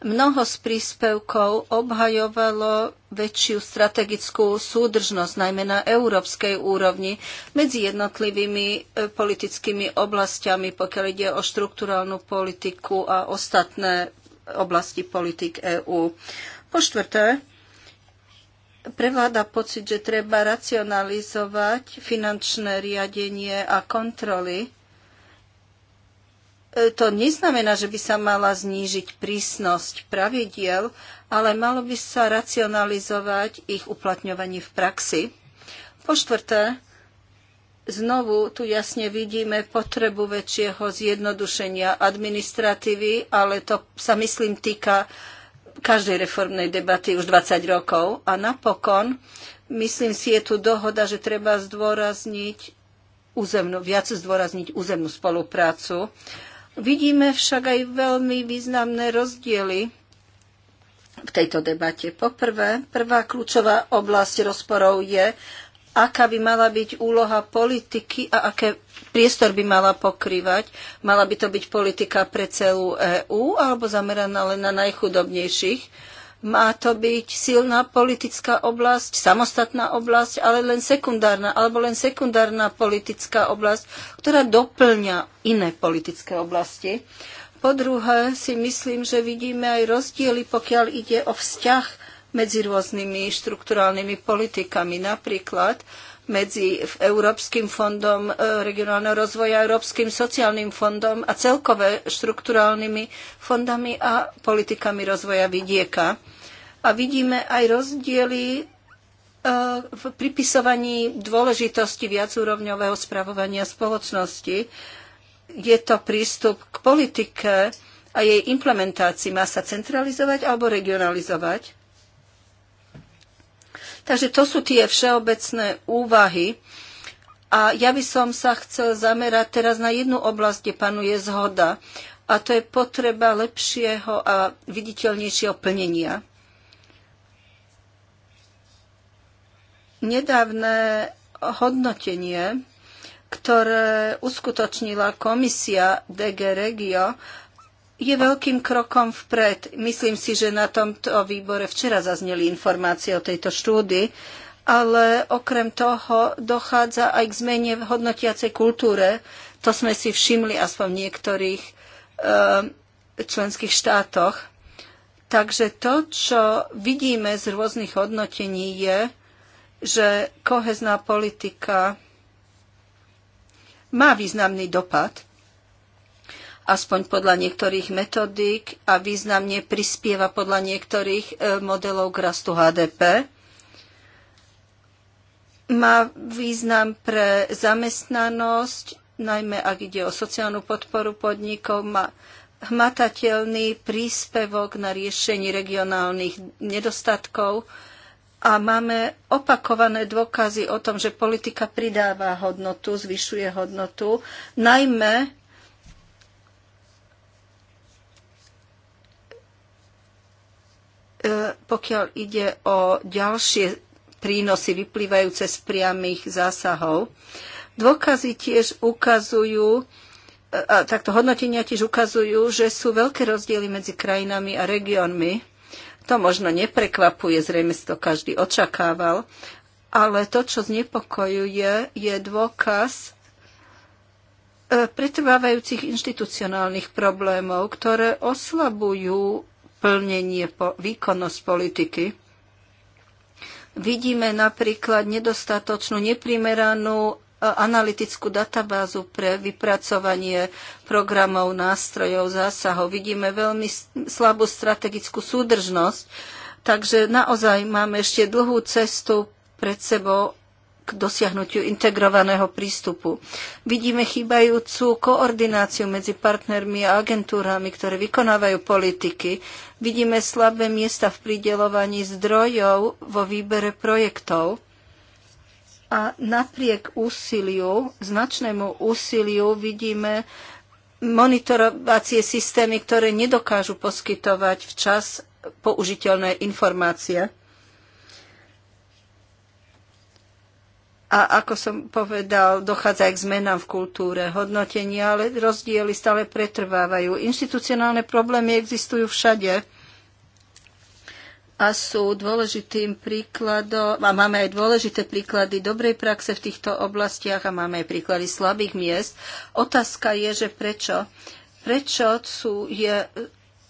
Mnoho z príspevkov obhajovalo väčšiu strategickú súdržnosť, najmä na európskej úrovni, medzi jednotlivými e, politickými oblastiami, pokiaľ ide o štruktúrálnu politiku a ostatné oblasti politik EÚ. Po štvrté, prevláda pocit, že treba racionalizovať finančné riadenie a kontroly to neznamená, že by sa mala znížiť prísnosť pravidiel, ale malo by sa racionalizovať ich uplatňovanie v praxi. Po štvrté, znovu tu jasne vidíme potrebu väčšieho zjednodušenia administratívy, ale to sa myslím týka každej reformnej debaty už 20 rokov. A napokon, myslím si, je tu dohoda, že treba zdôrazniť územnú, viac zdôrazniť územnú spoluprácu Vidíme však aj veľmi významné rozdiely v tejto debate. Poprvé, prvá kľúčová oblasť rozporov je, aká by mala byť úloha politiky a aké priestor by mala pokrývať. Mala by to byť politika pre celú EÚ alebo zameraná len na najchudobnejších. Má to byť silná politická oblasť, samostatná oblasť, ale len sekundárna, alebo len sekundárna politická oblasť, ktorá doplňa iné politické oblasti. Po druhé si myslím, že vidíme aj rozdiely, pokiaľ ide o vzťah medzi rôznymi štrukturálnymi politikami. Napríklad medzi Európskym fondom e, regionálneho rozvoja, Európskym sociálnym fondom a celkové štrukturálnymi fondami a politikami rozvoja vidieka. A vidíme aj rozdiely e, v pripisovaní dôležitosti viacúrovňového spravovania spoločnosti. Je to prístup k politike a jej implementácii. Má sa centralizovať alebo regionalizovať? Takže to sú tie všeobecné úvahy. A ja by som sa chcel zamerať teraz na jednu oblasť, kde panuje zhoda. A to je potreba lepšieho a viditeľnejšieho plnenia Nedávne hodnotenie, ktoré uskutočnila komisia DG Regio, je veľkým krokom vpred. Myslím si, že na tomto výbore včera zazneli informácie o tejto štúdii, ale okrem toho dochádza aj k zmene v hodnotiacej kultúre. To sme si všimli aspoň v niektorých e, členských štátoch. Takže to, čo vidíme z rôznych hodnotení, je, že kohezná politika má významný dopad, aspoň podľa niektorých metodík a významne prispieva podľa niektorých e, modelov k rastu HDP. Má význam pre zamestnanosť, najmä ak ide o sociálnu podporu podnikov, má hmatateľný príspevok na riešenie regionálnych nedostatkov, a máme opakované dôkazy o tom, že politika pridáva hodnotu, zvyšuje hodnotu, najmä e, pokiaľ ide o ďalšie prínosy vyplývajúce z priamých zásahov. Dôkazy tiež ukazujú, e, a takto hodnotenia tiež ukazujú, že sú veľké rozdiely medzi krajinami a regiónmi to možno neprekvapuje, zrejme si to každý očakával, ale to, čo znepokojuje, je dôkaz e, pretrvávajúcich inštitucionálnych problémov, ktoré oslabujú plnenie, po, výkonnosť politiky. Vidíme napríklad nedostatočnú, neprimeranú analytickú databázu pre vypracovanie programov, nástrojov, zásahov. Vidíme veľmi slabú strategickú súdržnosť, takže naozaj máme ešte dlhú cestu pred sebou k dosiahnutiu integrovaného prístupu. Vidíme chýbajúcu koordináciu medzi partnermi a agentúrami, ktoré vykonávajú politiky. Vidíme slabé miesta v pridelovaní zdrojov vo výbere projektov a napriek úsiliu, značnému úsiliu, vidíme monitorovacie systémy, ktoré nedokážu poskytovať včas použiteľné informácie. A ako som povedal, dochádza aj k zmenám v kultúre hodnotenia, ale rozdiely stále pretrvávajú. Inštitucionálne problémy existujú všade a sú dôležitým príkladom, a máme aj dôležité príklady dobrej praxe v týchto oblastiach a máme aj príklady slabých miest. Otázka je, že prečo? Prečo sú, je,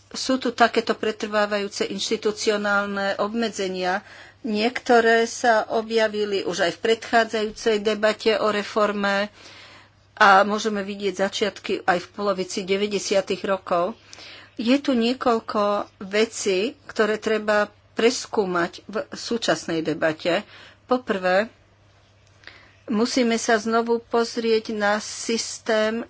sú tu takéto pretrvávajúce inštitucionálne obmedzenia? Niektoré sa objavili už aj v predchádzajúcej debate o reforme a môžeme vidieť začiatky aj v polovici 90. rokov. Je tu niekoľko vecí, ktoré treba preskúmať v súčasnej debate. Poprvé, musíme sa znovu pozrieť na systém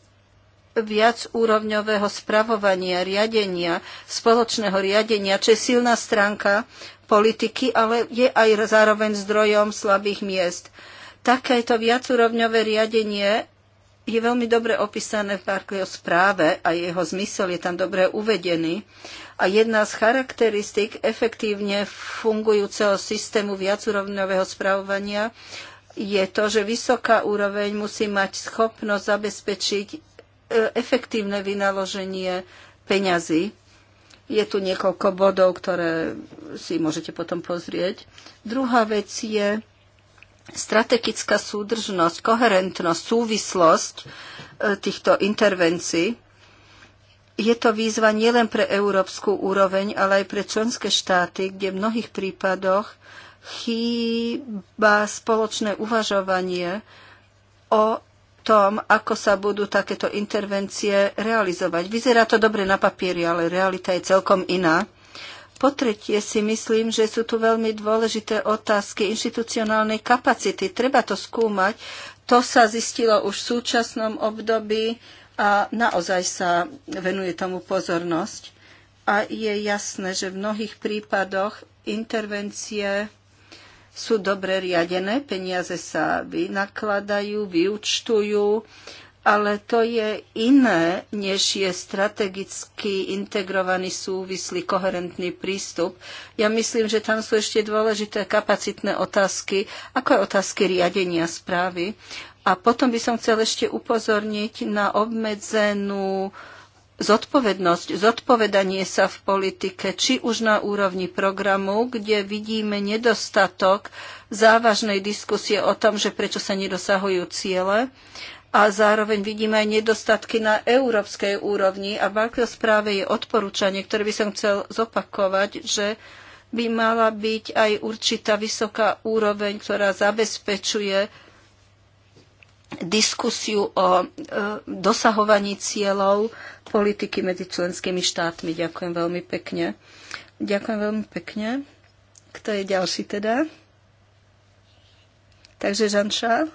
viacúrovňového spravovania, riadenia, spoločného riadenia, čo je silná stránka politiky, ale je aj zároveň zdrojom slabých miest. Takéto viacúrovňové riadenie je veľmi dobre opísané v Barclayho správe a jeho zmysel je tam dobre uvedený. A jedna z charakteristik efektívne fungujúceho systému viacúrovňového správovania je to, že vysoká úroveň musí mať schopnosť zabezpečiť e, efektívne vynaloženie peňazí. Je tu niekoľko bodov, ktoré si môžete potom pozrieť. Druhá vec je strategická súdržnosť, koherentnosť, súvislosť e, týchto intervencií je to výzva nielen pre európsku úroveň, ale aj pre členské štáty, kde v mnohých prípadoch chýba spoločné uvažovanie o tom, ako sa budú takéto intervencie realizovať. Vyzerá to dobre na papieri, ale realita je celkom iná. Po tretie si myslím, že sú tu veľmi dôležité otázky inštitucionálnej kapacity. Treba to skúmať. To sa zistilo už v súčasnom období a naozaj sa venuje tomu pozornosť. A je jasné, že v mnohých prípadoch intervencie sú dobre riadené, peniaze sa vynakladajú, vyučtujú, ale to je iné, než je strategicky integrovaný, súvislý, koherentný prístup. Ja myslím, že tam sú ešte dôležité kapacitné otázky, ako je otázky riadenia správy. A potom by som chcel ešte upozorniť na obmedzenú zodpovednosť, zodpovedanie sa v politike, či už na úrovni programu, kde vidíme nedostatok závažnej diskusie o tom, že prečo sa nedosahujú ciele, a zároveň vidíme aj nedostatky na európskej úrovni a v Barclays správe je odporúčanie, ktoré by som chcel zopakovať, že by mala byť aj určitá vysoká úroveň, ktorá zabezpečuje diskusiu o e, dosahovaní cieľov politiky medzi členskými štátmi. Ďakujem veľmi pekne. Ďakujem veľmi pekne. Kto je ďalší teda? Takže -Charles.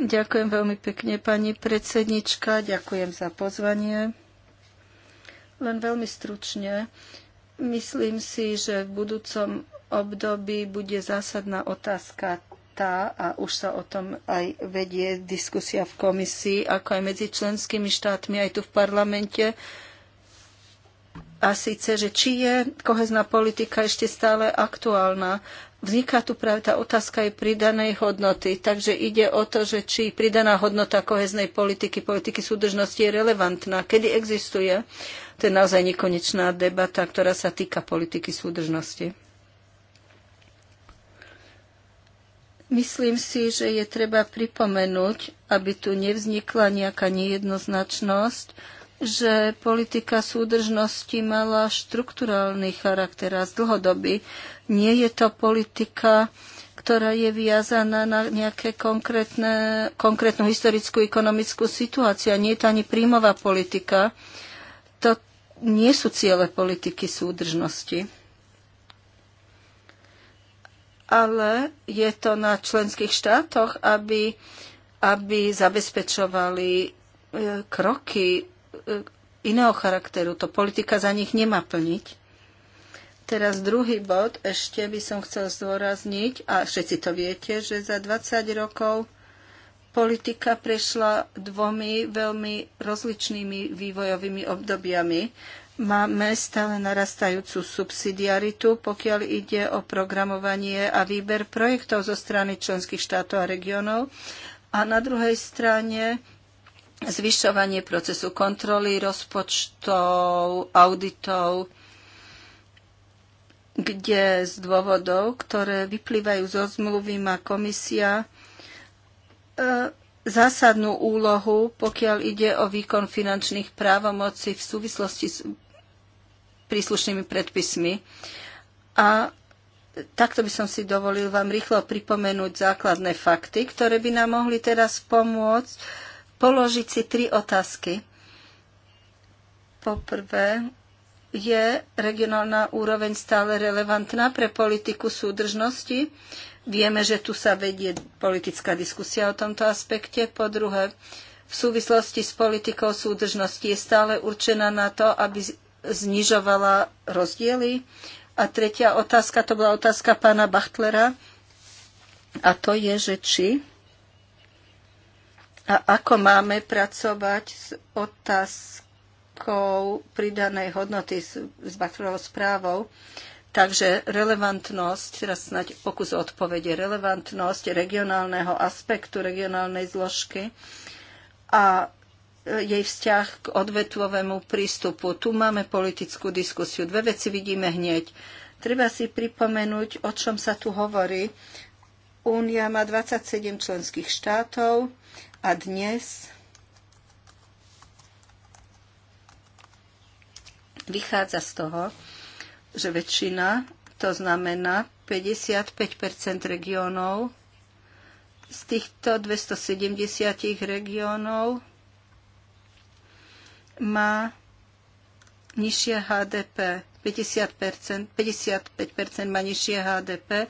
Ďakujem veľmi pekne, pani predsednička. Ďakujem za pozvanie. Len veľmi stručne. Myslím si, že v budúcom období bude zásadná otázka tá, a už sa o tom aj vedie diskusia v komisii, ako aj medzi členskými štátmi, aj tu v parlamente, a síce, že či je kohezná politika ešte stále aktuálna. Vzniká tu práve tá otázka aj pridanej hodnoty. Takže ide o to, že či pridaná hodnota koheznej politiky, politiky súdržnosti je relevantná. Kedy existuje? To je naozaj nekonečná debata, ktorá sa týka politiky súdržnosti. Myslím si, že je treba pripomenúť, aby tu nevznikla nejaká nejednoznačnosť, že politika súdržnosti mala štrukturálny charakter a z dlhodoby. Nie je to politika, ktorá je viazaná na nejaké konkrétne, konkrétnu historickú ekonomickú situáciu. A nie je to ani príjmová politika. To nie sú ciele politiky súdržnosti ale je to na členských štátoch, aby, aby zabezpečovali e, kroky e, iného charakteru. To politika za nich nemá plniť. Teraz druhý bod, ešte by som chcel zdôrazniť, a všetci to viete, že za 20 rokov politika prešla dvomi veľmi rozličnými vývojovými obdobiami. Máme stále narastajúcu subsidiaritu, pokiaľ ide o programovanie a výber projektov zo strany členských štátov a regionov. A na druhej strane zvyšovanie procesu kontroly, rozpočtov, auditov, kde z dôvodov, ktoré vyplývajú zo zmluvy, má komisia e zásadnú úlohu, pokiaľ ide o výkon finančných právomocí v súvislosti s príslušnými predpismi. A takto by som si dovolil vám rýchlo pripomenúť základné fakty, ktoré by nám mohli teraz pomôcť položiť si tri otázky. Poprvé, je regionálna úroveň stále relevantná pre politiku súdržnosti? Vieme, že tu sa vedie politická diskusia o tomto aspekte. Po druhé, v súvislosti s politikou súdržnosti je stále určená na to, aby znižovala rozdiely. A tretia otázka, to bola otázka pána Bachtlera, a to je, že či a ako máme pracovať s otázkou pridanej hodnoty s, s Bachtlerovou správou. Takže relevantnosť, teraz snáď pokus o odpovede, relevantnosť regionálneho aspektu, regionálnej zložky a jej vzťah k odvetvovému prístupu. Tu máme politickú diskusiu. Dve veci vidíme hneď. Treba si pripomenúť, o čom sa tu hovorí. Únia má 27 členských štátov a dnes vychádza z toho, že väčšina, to znamená 55 regiónov, z týchto 270 regiónov má nižšie HDP. 50%, 55% má nižšie HDP.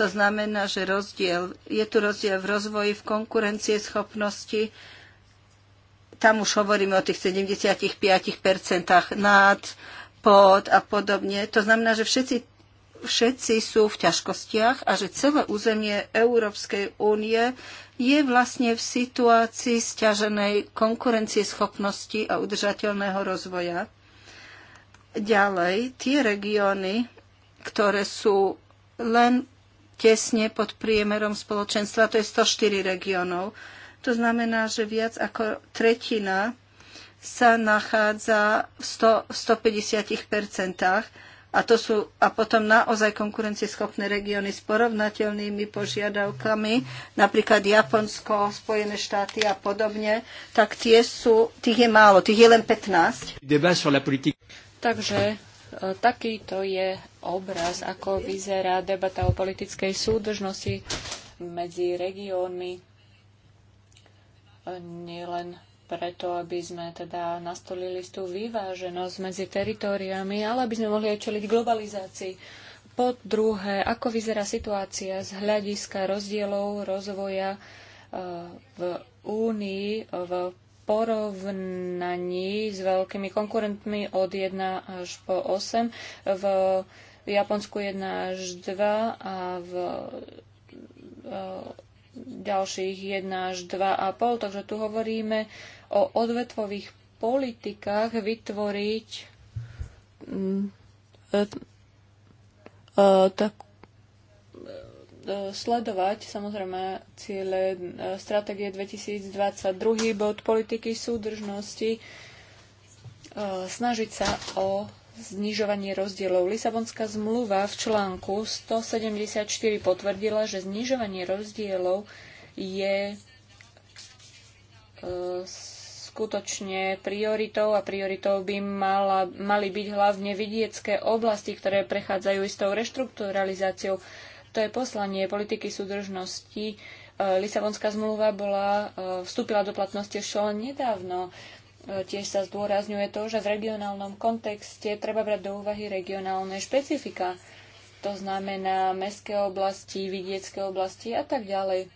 To znamená, že rozdiel, je tu rozdiel v rozvoji, v schopnosti. Tam už hovoríme o tých 75% nad, pod a podobne. To znamená, že všetci všetci sú v ťažkostiach a že celé územie Európskej únie je vlastne v situácii stiaženej konkurencieschopnosti a udržateľného rozvoja. Ďalej, tie regióny, ktoré sú len tesne pod priemerom spoločenstva, to je 104 regiónov. To znamená, že viac ako tretina sa nachádza v 100, 150 a, to sú, a potom naozaj konkurencieschopné regióny s porovnateľnými požiadavkami, napríklad Japonsko, Spojené štáty a podobne, tak tie sú, tých je málo, tých je len 15. Takže e, takýto je obraz, ako vyzerá debata o politickej súdržnosti medzi regiónmi e, nielen preto, aby sme teda nastolili tú vyváženosť medzi teritóriami, ale aby sme mohli aj čeliť globalizácii. Po druhé, ako vyzerá situácia z hľadiska rozdielov rozvoja e, v Únii v porovnaní s veľkými konkurentmi od 1 až po 8, v Japonsku 1 až 2 a v e, ďalších 1 až 2,5, takže tu hovoríme o odvetvových politikách vytvoriť mm, e, e, tak e, sledovať samozrejme ciele stratégie 2022. bod politiky súdržnosti, snažiť sa o znižovanie rozdielov. Lisabonská zmluva v článku 174 potvrdila, že znižovanie rozdielov je skutočne prioritou a prioritou by mala, mali byť hlavne vidiecké oblasti, ktoré prechádzajú istou reštrukturalizáciou. To je poslanie politiky súdržnosti. E, Lisabonská zmluva bola, e, vstúpila do platnosti ešte len nedávno. E, tiež sa zdôrazňuje to, že v regionálnom kontexte treba brať do úvahy regionálne špecifika. To znamená mestské oblasti, vidiecké oblasti a tak ďalej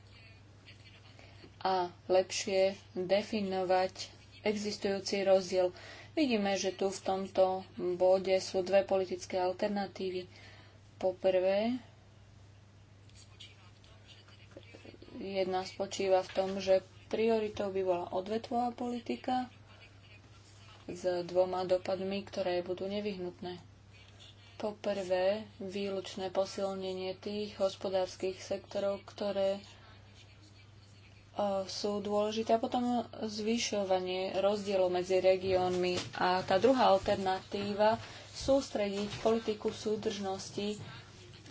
a lepšie definovať existujúci rozdiel. Vidíme, že tu v tomto bode sú dve politické alternatívy. Poprvé, jedna spočíva v tom, že prioritou by bola odvetvová politika s dvoma dopadmi, ktoré budú nevyhnutné. Poprvé, výlučné posilnenie tých hospodárskych sektorov, ktoré sú dôležité. A potom zvyšovanie rozdielov medzi regiónmi. A tá druhá alternatíva sústrediť politiku súdržnosti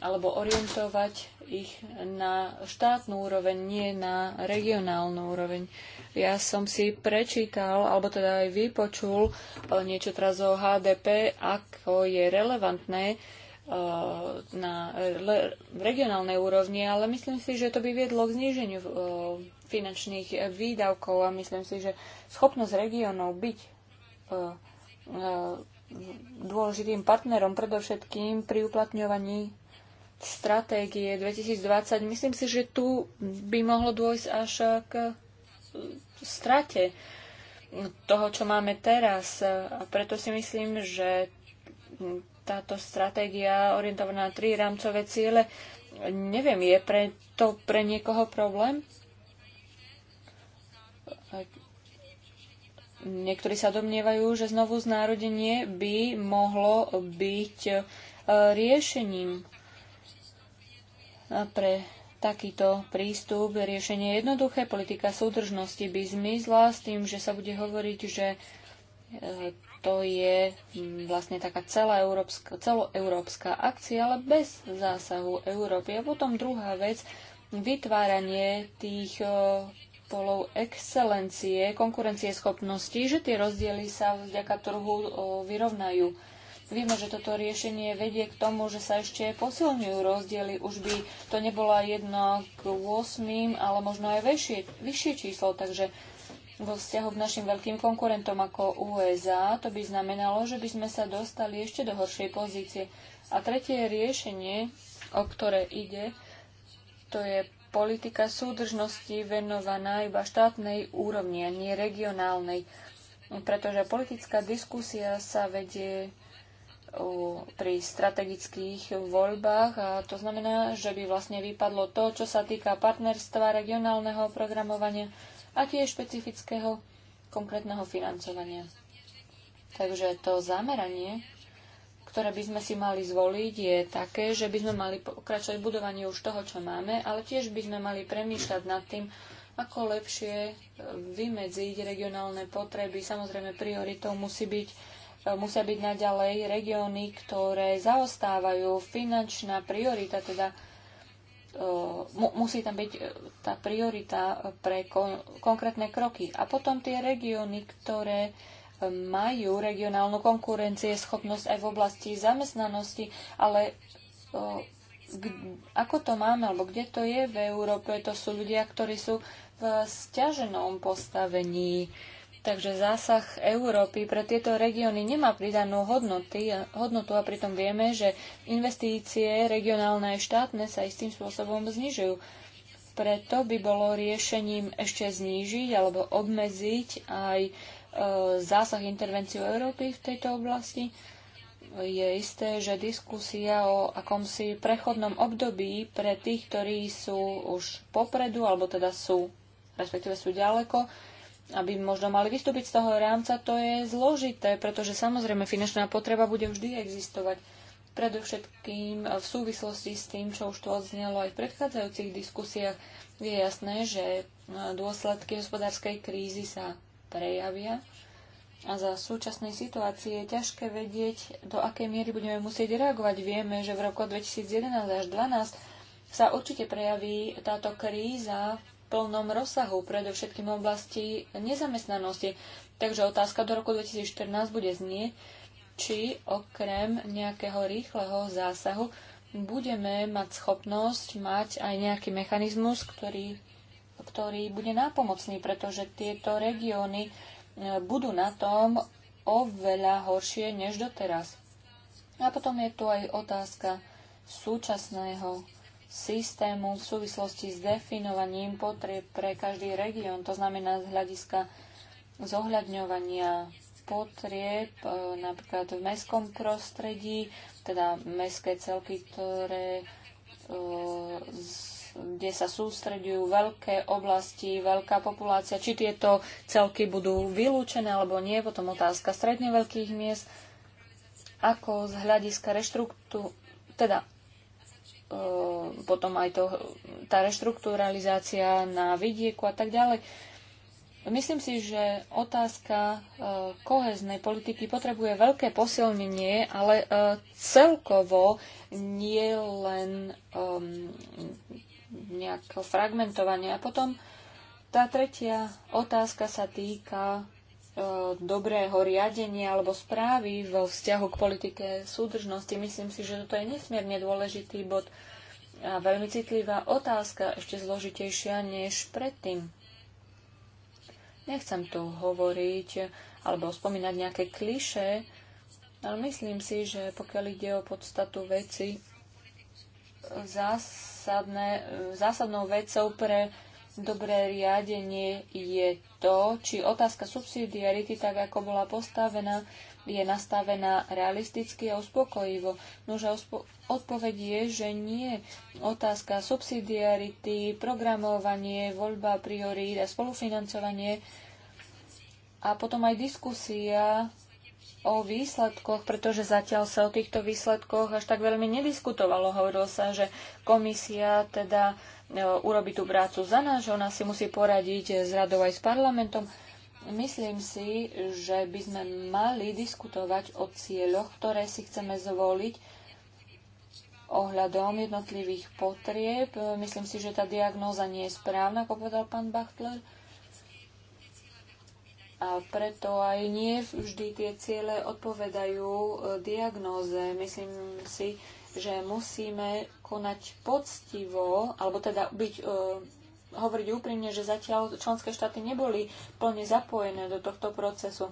alebo orientovať ich na štátnu úroveň, nie na regionálnu úroveň. Ja som si prečítal, alebo teda aj vypočul eh, niečo teraz o HDP, ako je relevantné Eh, na regionálnej úrovni, ale myslím si, že to by viedlo k zníženiu eh, finančných výdavkov a myslím si, že schopnosť regionov byť eh, dôležitým partnerom predovšetkým pri uplatňovaní stratégie 2020. Myslím si, že tu by mohlo dôjsť až k strate toho, čo máme teraz. A preto si myslím, že táto stratégia orientovaná na tri rámcové ciele. Neviem, je pre to pre niekoho problém? Niektorí sa domnievajú, že znovu znárodenie by mohlo byť e, riešením pre takýto prístup. Riešenie je jednoduché. Politika súdržnosti by zmizla s tým, že sa bude hovoriť, že e, to je mm, vlastne taká celá európska, celoeurópska akcia, ale bez zásahu Európy. A potom druhá vec, vytváranie tých e, polov excelencie, konkurencieschopnosti, že tie rozdiely sa vďaka trhu e, vyrovnajú. Vieme, že toto riešenie vedie k tomu, že sa ešte posilňujú rozdiely. Už by to nebola jedno k 8, ale možno aj vyššie, vyššie číslo. Takže vo vzťahu k našim veľkým konkurentom ako USA, to by znamenalo, že by sme sa dostali ešte do horšej pozície. A tretie riešenie, o ktoré ide, to je politika súdržnosti venovaná iba štátnej úrovni a nie regionálnej, pretože politická diskusia sa vedie pri strategických voľbách a to znamená, že by vlastne vypadlo to, čo sa týka partnerstva regionálneho programovania a tiež špecifického konkrétneho financovania. Takže to zameranie, ktoré by sme si mali zvoliť, je také, že by sme mali pokračovať v už toho, čo máme, ale tiež by sme mali premýšľať nad tým, ako lepšie e, vymedziť regionálne potreby. Samozrejme, prioritou musí byť, e, musia byť naďalej regióny, ktoré zaostávajú. Finančná priorita teda E, musí tam byť e, tá priorita pre kon konkrétne kroky. A potom tie regióny, ktoré e, majú regionálnu konkurencie, schopnosť aj v oblasti zamestnanosti, ale ako to máme, alebo kde to je v Európe, to sú ľudia, ktorí sú v stiaženom postavení Takže zásah Európy pre tieto regióny nemá pridanú hodnoty, hodnotu a pritom vieme, že investície regionálne a štátne sa istým spôsobom znižujú. Preto by bolo riešením ešte znížiť alebo obmedziť aj e, zásah intervenciu Európy v tejto oblasti. Je isté, že diskusia o akomsi prechodnom období pre tých, ktorí sú už popredu, alebo teda sú, respektíve sú ďaleko, aby možno mali vystúpiť z toho rámca, to je zložité, pretože samozrejme finančná potreba bude vždy existovať. Predovšetkým v súvislosti s tým, čo už tu odznelo aj v predchádzajúcich diskusiách, je jasné, že e, dôsledky hospodárskej krízy sa prejavia a za súčasnej situácie je ťažké vedieť, do akej miery budeme musieť reagovať. Vieme, že v roku 2011 až 2012 sa určite prejaví táto kríza plnom rozsahu, predovšetkým v oblasti nezamestnanosti. Takže otázka do roku 2014 bude znieť, či okrem nejakého rýchleho zásahu budeme mať schopnosť mať aj nejaký mechanizmus, ktorý, ktorý bude nápomocný, pretože tieto regióny e, budú na tom oveľa horšie než doteraz. A potom je tu aj otázka súčasného systému v súvislosti s definovaním potrieb pre každý región, to znamená z hľadiska zohľadňovania potrieb e, napríklad v mestskom prostredí, teda mestské celky, ktoré, e, kde sa sústredujú veľké oblasti, veľká populácia, či tieto celky budú vylúčené alebo nie, potom otázka stredne veľkých miest, ako z hľadiska reštruktúry, teda E, potom aj to, tá reštrukturalizácia na vidieku a tak ďalej. Myslím si, že otázka e, koheznej politiky potrebuje veľké posilnenie, ale e, celkovo nie len nejako fragmentovanie. A potom tá tretia otázka sa týka E, dobrého riadenia alebo správy vo vzťahu k politike súdržnosti. Myslím si, že toto je nesmierne dôležitý bod a veľmi citlivá otázka, ešte zložitejšia než predtým. Nechcem tu hovoriť alebo spomínať nejaké kliše, ale myslím si, že pokiaľ ide o podstatu veci, zásadné, zásadnou vecou pre dobré riadenie je to, či otázka subsidiarity, tak ako bola postavená, je nastavená realisticky a uspokojivo. Nože odpoveď je, že nie. Otázka subsidiarity, programovanie, voľba priorít a spolufinancovanie a potom aj diskusia o výsledkoch, pretože zatiaľ sa o týchto výsledkoch až tak veľmi nediskutovalo. Hovorilo sa, že komisia teda e, urobí tú prácu za nás, že ona si musí poradiť e, s radou aj s parlamentom. Myslím si, že by sme mali diskutovať o cieľoch, ktoré si chceme zvoliť ohľadom jednotlivých potrieb. E, myslím si, že tá diagnóza nie je správna, ako povedal pán Bachtler. A preto aj nie vždy tie ciele odpovedajú e, diagnóze. Myslím si, že musíme konať poctivo, alebo teda byť, e, hovoriť úprimne, že zatiaľ členské štáty neboli plne zapojené do tohto procesu.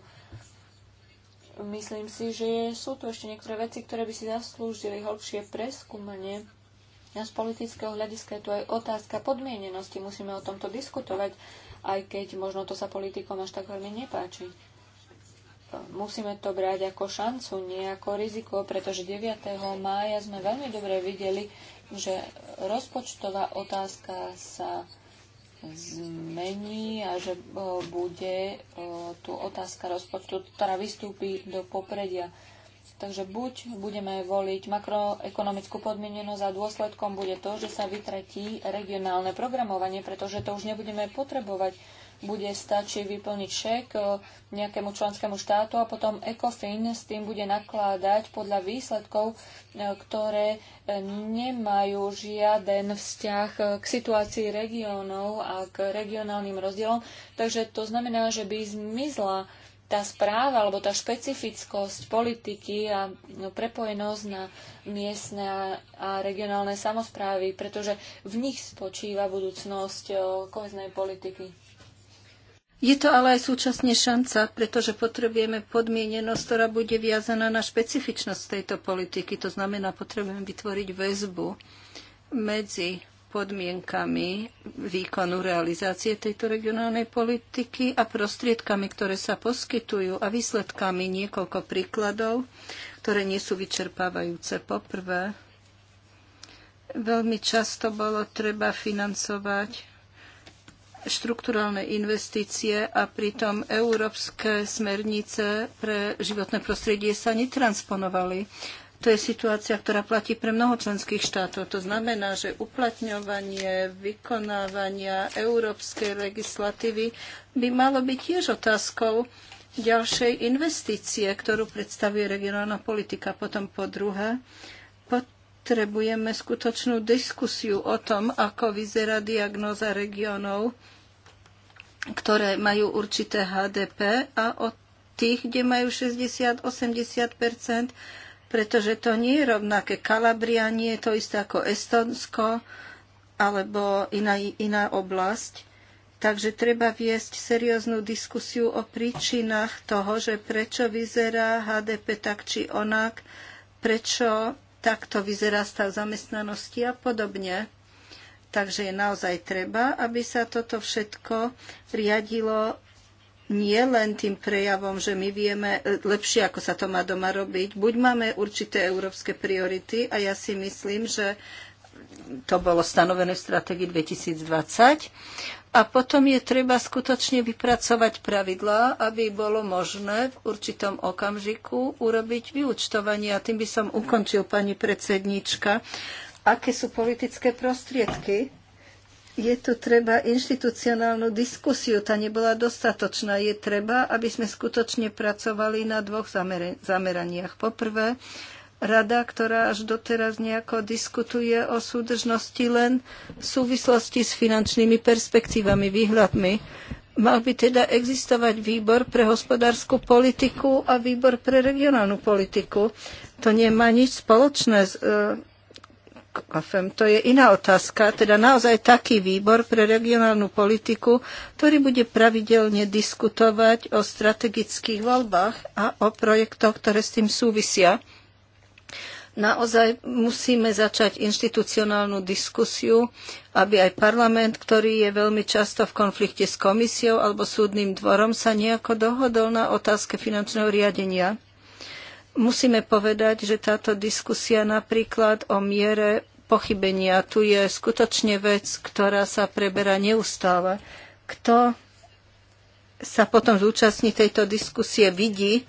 Myslím si, že sú tu ešte niektoré veci, ktoré by si zaslúžili hĺbšie preskúmanie. A z politického hľadiska je tu aj otázka podmienenosti. Musíme o tomto diskutovať aj keď možno to sa politikom až tak veľmi nepáči. Musíme to brať ako šancu, nie ako riziko, pretože 9. mája sme veľmi dobre videli, že rozpočtová otázka sa zmení a že bude tu otázka rozpočtu, ktorá vystúpi do popredia. Takže buď budeme voliť makroekonomickú podmienenosť a dôsledkom bude to, že sa vytratí regionálne programovanie, pretože to už nebudeme potrebovať. Bude stačiť vyplniť šek eh, nejakému členskému štátu a potom ECOFIN s tým bude nakládať podľa výsledkov, eh, ktoré eh, nemajú žiaden vzťah k situácii regiónov a k regionálnym rozdielom. Takže to znamená, že by zmizla tá správa alebo tá špecifickosť politiky a no, prepojenosť na miestne a, a regionálne samozprávy, pretože v nich spočíva budúcnosť koheznej politiky. Je to ale aj súčasne šanca, pretože potrebujeme podmienenosť, ktorá bude viazaná na špecifičnosť tejto politiky. To znamená, potrebujeme vytvoriť väzbu medzi podmienkami výkonu realizácie tejto regionálnej politiky a prostriedkami, ktoré sa poskytujú a výsledkami niekoľko príkladov, ktoré nie sú vyčerpávajúce. Poprvé, veľmi často bolo treba financovať štrukturálne investície a pritom európske smernice pre životné prostredie sa netransponovali. To je situácia, ktorá platí pre mnoho členských štátov. To znamená, že uplatňovanie vykonávania európskej legislatívy by malo byť tiež otázkou ďalšej investície, ktorú predstavuje regionálna politika. Potom po druhé, potrebujeme skutočnú diskusiu o tom, ako vyzerá diagnóza regionov, ktoré majú určité HDP a o tých, kde majú 60-80 pretože to nie je rovnaké. Kalabria nie je to isté ako Estonsko alebo iná, iná oblasť. Takže treba viesť serióznu diskusiu o príčinách toho, že prečo vyzerá HDP tak či onak, prečo takto vyzerá stav zamestnanosti a podobne. Takže je naozaj treba, aby sa toto všetko riadilo nie len tým prejavom, že my vieme e, lepšie, ako sa to má doma robiť. Buď máme určité európske priority a ja si myslím, že to bolo stanovené v stratégii 2020. A potom je treba skutočne vypracovať pravidlá, aby bolo možné v určitom okamžiku urobiť vyučtovanie. A tým by som ukončil, pani predsednička. Aké sú politické prostriedky? je tu treba inštitucionálnu diskusiu, tá nebola dostatočná. Je treba, aby sme skutočne pracovali na dvoch zamer- zameraniach. Poprvé, rada, ktorá až doteraz nejako diskutuje o súdržnosti len v súvislosti s finančnými perspektívami, výhľadmi. Mal by teda existovať výbor pre hospodárskú politiku a výbor pre regionálnu politiku. To nemá nič spoločné s e, KFM. To je iná otázka, teda naozaj taký výbor pre regionálnu politiku, ktorý bude pravidelne diskutovať o strategických voľbách a o projektoch, ktoré s tým súvisia. Naozaj musíme začať inštitucionálnu diskusiu, aby aj parlament, ktorý je veľmi často v konflikte s komisiou alebo súdnym dvorom, sa nejako dohodol na otázke finančného riadenia Musíme povedať, že táto diskusia napríklad o miere pochybenia tu je skutočne vec, ktorá sa preberá neustále. Kto sa potom zúčastní tejto diskusie vidí,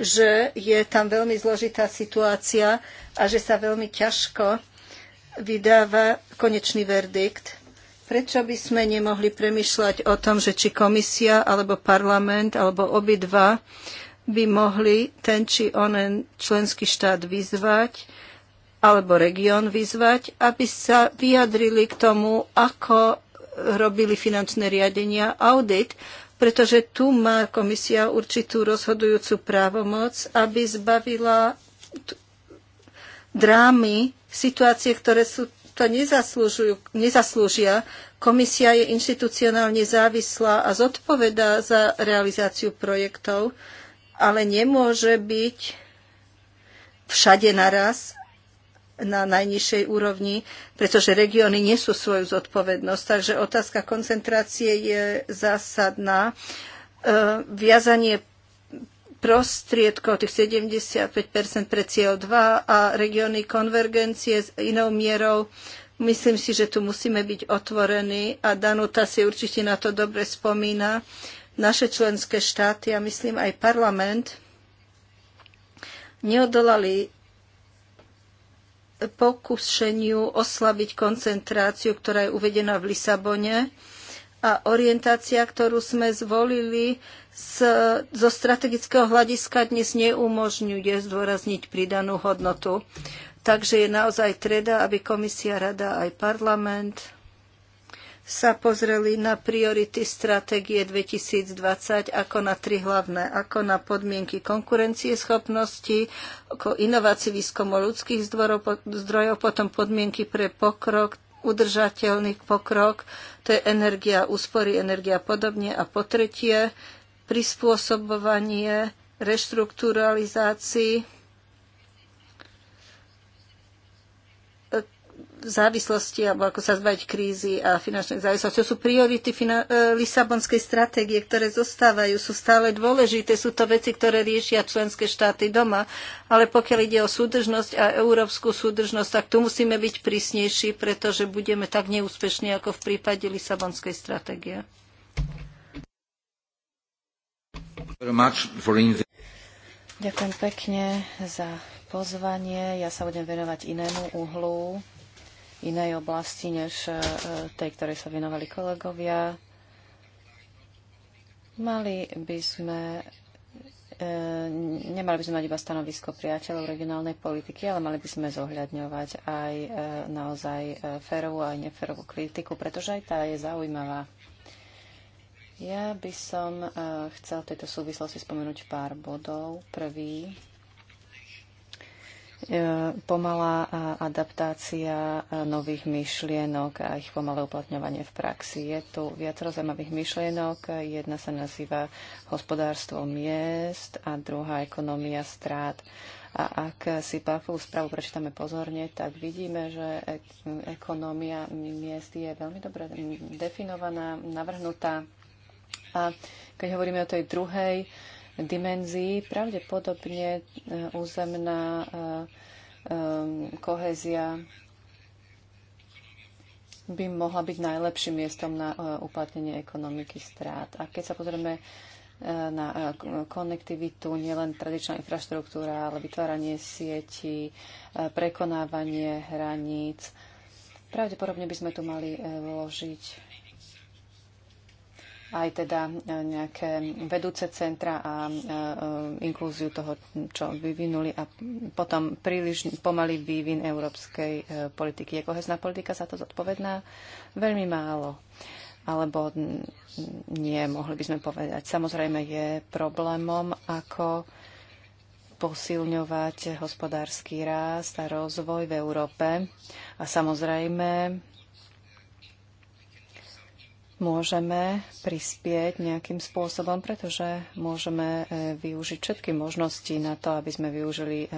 že je tam veľmi zložitá situácia a že sa veľmi ťažko vydáva konečný verdikt. Prečo by sme nemohli premyšľať o tom, že či komisia alebo parlament alebo obidva by mohli ten či onen členský štát vyzvať alebo región vyzvať, aby sa vyjadrili k tomu, ako robili finančné riadenia audit, pretože tu má komisia určitú rozhodujúcu právomoc, aby zbavila drámy, situácie, ktoré sú to nezaslúžia. Komisia je inštitucionálne závislá a zodpovedá za realizáciu projektov ale nemôže byť všade naraz na najnižšej úrovni, pretože regióny nesú svoju zodpovednosť. Takže otázka koncentrácie je zásadná. E, viazanie prostriedkov, tých 75 pre CO2 a regióny konvergencie s inou mierou. Myslím si, že tu musíme byť otvorení a Danuta si určite na to dobre spomína naše členské štáty a myslím aj parlament neodolali pokušeniu oslabiť koncentráciu, ktorá je uvedená v Lisabone a orientácia, ktorú sme zvolili z, zo strategického hľadiska dnes neumožňuje zdôrazniť pridanú hodnotu. Takže je naozaj treda, aby komisia, rada aj parlament sa pozreli na priority stratégie 2020 ako na tri hlavné, ako na podmienky konkurencieschopnosti, ako inovácii výskumu ľudských zdrojov, potom podmienky pre pokrok, udržateľný pokrok, to je energia, úspory energia a podobne. A po tretie, prispôsobovanie, reštrukturalizácii závislosti alebo ako sa zbaviť krízy a finančnej závislosti. To sú priority fina- e, Lisabonskej stratégie, ktoré zostávajú, sú stále dôležité. Sú to veci, ktoré riešia členské štáty doma. Ale pokiaľ ide o súdržnosť a európsku súdržnosť, tak tu musíme byť prísnejší, pretože budeme tak neúspešní ako v prípade Lisabonskej stratégie. Ďakujem pekne za pozvanie. Ja sa budem venovať inému uhlu inej oblasti, než e, tej, ktorej sa venovali kolegovia. Mali by sme e, nemali by sme mať iba stanovisko priateľov regionálnej politiky, ale mali by sme zohľadňovať aj e, naozaj férovú a neférovú kritiku, pretože aj tá je zaujímavá. Ja by som chcel v tejto súvislosti spomenúť pár bodov. Prvý E, pomalá adaptácia e, nových myšlienok a ich pomalé uplatňovanie v praxi. Je tu viacero zaujímavých myšlienok. Jedna sa nazýva hospodárstvo miest a druhá ekonomia strát. A ak si Pafovú správu prečítame pozorne, tak vidíme, že ekonomia miest je veľmi dobre definovaná, navrhnutá. A keď hovoríme o tej druhej, dimenzií. Pravdepodobne eh, územná eh, eh, kohézia by mohla byť najlepším miestom na uplatnenie ekonomiky strát. A keď sa pozrieme na konektivitu, nielen tradičná infraštruktúra, ale vytváranie sieti, prekonávanie hraníc. Pravdepodobne by sme tu mali vložiť aj teda e, nejaké vedúce centra a e, e, inklúziu toho, čo vyvinuli a potom príliš pomalý vývin európskej politiky. Je kohezná politika za to zodpovedná? Veľmi málo. Alebo nie, mohli by sme povedať. Samozrejme je problémom, ako posilňovať hospodársky rast a rozvoj v Európe. A samozrejme môžeme prispieť nejakým spôsobom, pretože môžeme e, využiť všetky možnosti na to, aby sme využili e, e,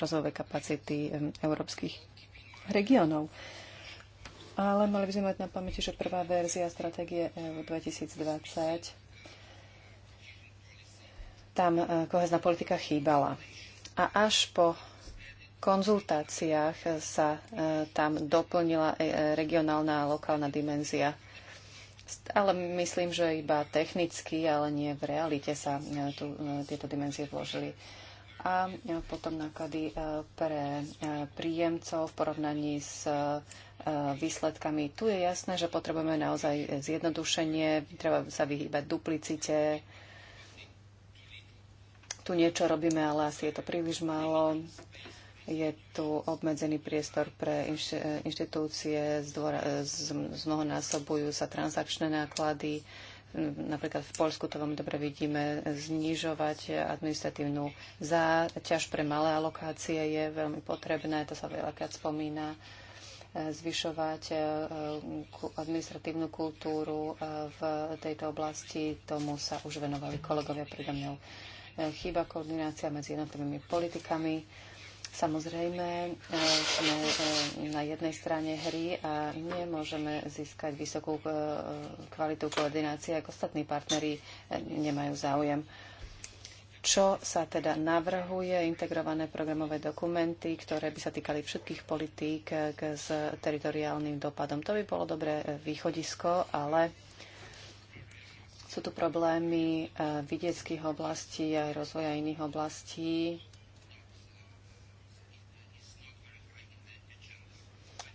rozvojové kapacity európskych regionov. Ale mali by sme mať na pamäti, že prvá verzia stratégie EU 2020 tam kohezná politika chýbala. A až po konzultáciách sa tam doplnila regionálna a lokálna dimenzia ale myslím, že iba technicky, ale nie v realite sa e, tu, e, tieto dimenzie vložili. A e, potom náklady pre príjemcov v porovnaní s výsledkami. Tu je jasné, že potrebujeme naozaj zjednodušenie, treba sa vyhýbať duplicite. Tu niečo robíme, ale asi je to príliš málo. Je tu obmedzený priestor pre inštitúcie, zmnohonásobujú sa transakčné náklady. Napríklad v Polsku to veľmi dobre vidíme, znižovať administratívnu záťaž pre malé alokácie je veľmi potrebné, to sa veľakrát spomína zvyšovať eh, administratívnu kultúru eh, v tejto oblasti. Tomu sa už venovali kolegovia predo mnou. Eh, Chýba koordinácia medzi jednotlivými politikami Samozrejme, e, sme e, na jednej strane hry a nemôžeme získať vysokú e, kvalitu koordinácie, ak ostatní partneri nemajú záujem čo sa teda navrhuje, integrované programové dokumenty, ktoré by sa týkali všetkých politík s teritoriálnym dopadom. To by bolo dobré východisko, ale sú tu problémy vidieckých oblastí aj rozvoja iných oblastí.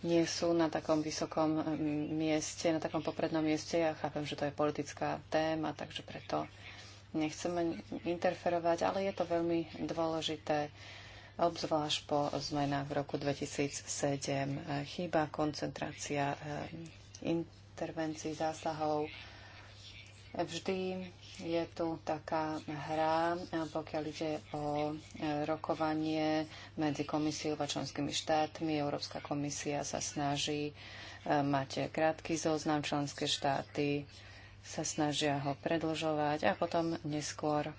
nie sú na takom vysokom eh, mieste, na takom poprednom mieste. Ja chápem, že to je politická téma, takže preto nechceme interferovať, ale je to veľmi dôležité, obzvlášť po zmenách v roku 2007. Eh, Chýba koncentrácia eh, intervencií, zásahov. Vždy je tu taká hra, pokiaľ ide o e, rokovanie medzi komisiou a členskými štátmi. Európska komisia sa snaží e, mať krátky zoznam, členské štáty sa snažia ho predlžovať a potom neskôr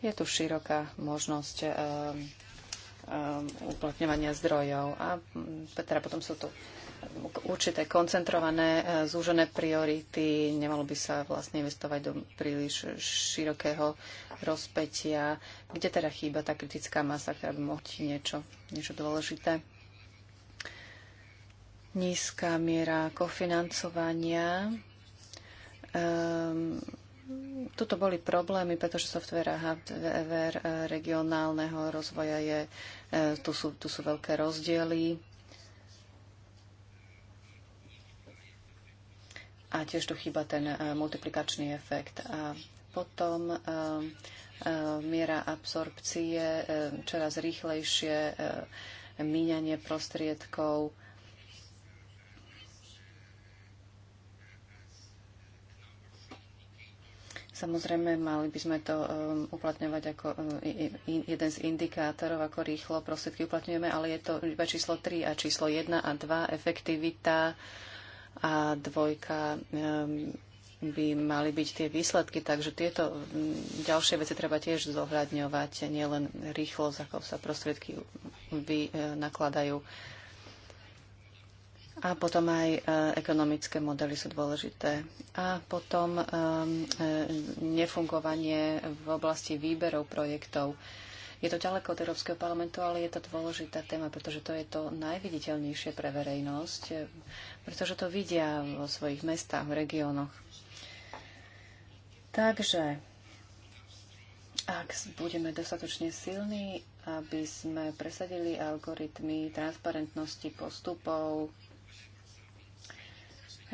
je tu široká možnosť e, uplatňovania zdrojov a teda potom sú tu určité koncentrované, e, zúžené priority, nemalo by sa vlastne investovať do príliš širokého rozpetia. Kde teda chýba tá kritická masa, ktorá by mohla niečo, niečo dôležité? Nízka miera kofinancovania. Um, tuto boli problémy, pretože software a hardware regionálneho rozvoja je, e, tu sú, tu sú veľké rozdiely A tiež tu chýba ten e, multiplikačný efekt. A potom e, e, miera absorpcie, čoraz rýchlejšie míňanie prostriedkov. Samozrejme, mali by sme to uplatňovať ako jeden z indikátorov, ako rýchlo prostriedky uplatňujeme, ale je to iba číslo 3 a číslo 1 a 2, efektivita, a dvojka ehm, by mali byť tie výsledky, takže tieto mm, ďalšie veci treba tiež zohľadňovať, nielen rýchlosť, ako sa prostriedky vy, e, nakladajú. A potom aj e, ekonomické modely sú dôležité. A potom e, nefungovanie v oblasti výberov projektov. Je to ďaleko od Európskeho parlamentu, ale je to dôležitá téma, pretože to je to najviditeľnejšie pre verejnosť pretože to vidia vo svojich mestách, v regiónoch. Takže, ak budeme dostatočne silní, aby sme presadili algoritmy transparentnosti postupov,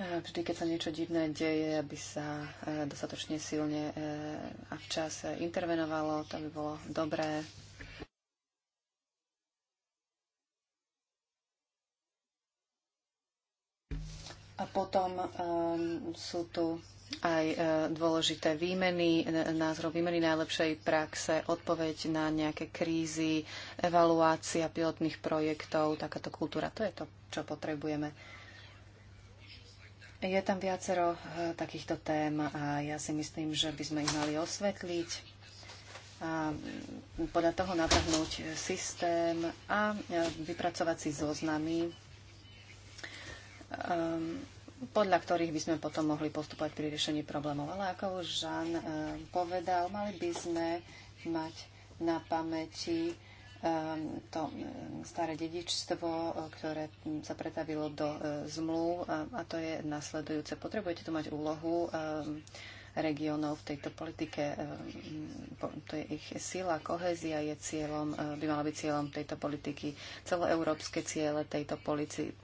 vždy, keď sa niečo divné deje, aby sa e, dostatočne silne e, a včas intervenovalo, to by bolo dobré. A potom um, sú tu aj e, dôležité výmeny, e, názor výmeny najlepšej praxe, odpoveď na nejaké krízy, evaluácia pilotných projektov, takáto kultúra. To je to, čo potrebujeme. Je tam viacero e, takýchto tém a ja si myslím, že by sme ich mali osvetliť a podľa toho natáhnuť systém a e, vypracovať si zoznamy Ehm, podľa ktorých by sme potom mohli postupovať pri riešení problémov. Ale ako už Žan ehm, povedal, mali by sme mať na pamäti ehm, to staré dedičstvo, e, ktoré sa pretavilo do e, zmluv a to je nasledujúce. Potrebujete tu mať úlohu regiónov v tejto politike. Ehm, to je ich sila, kohézia je cieľom, eh, by mala byť cieľom tejto politiky. Celoeurópske ciele tejto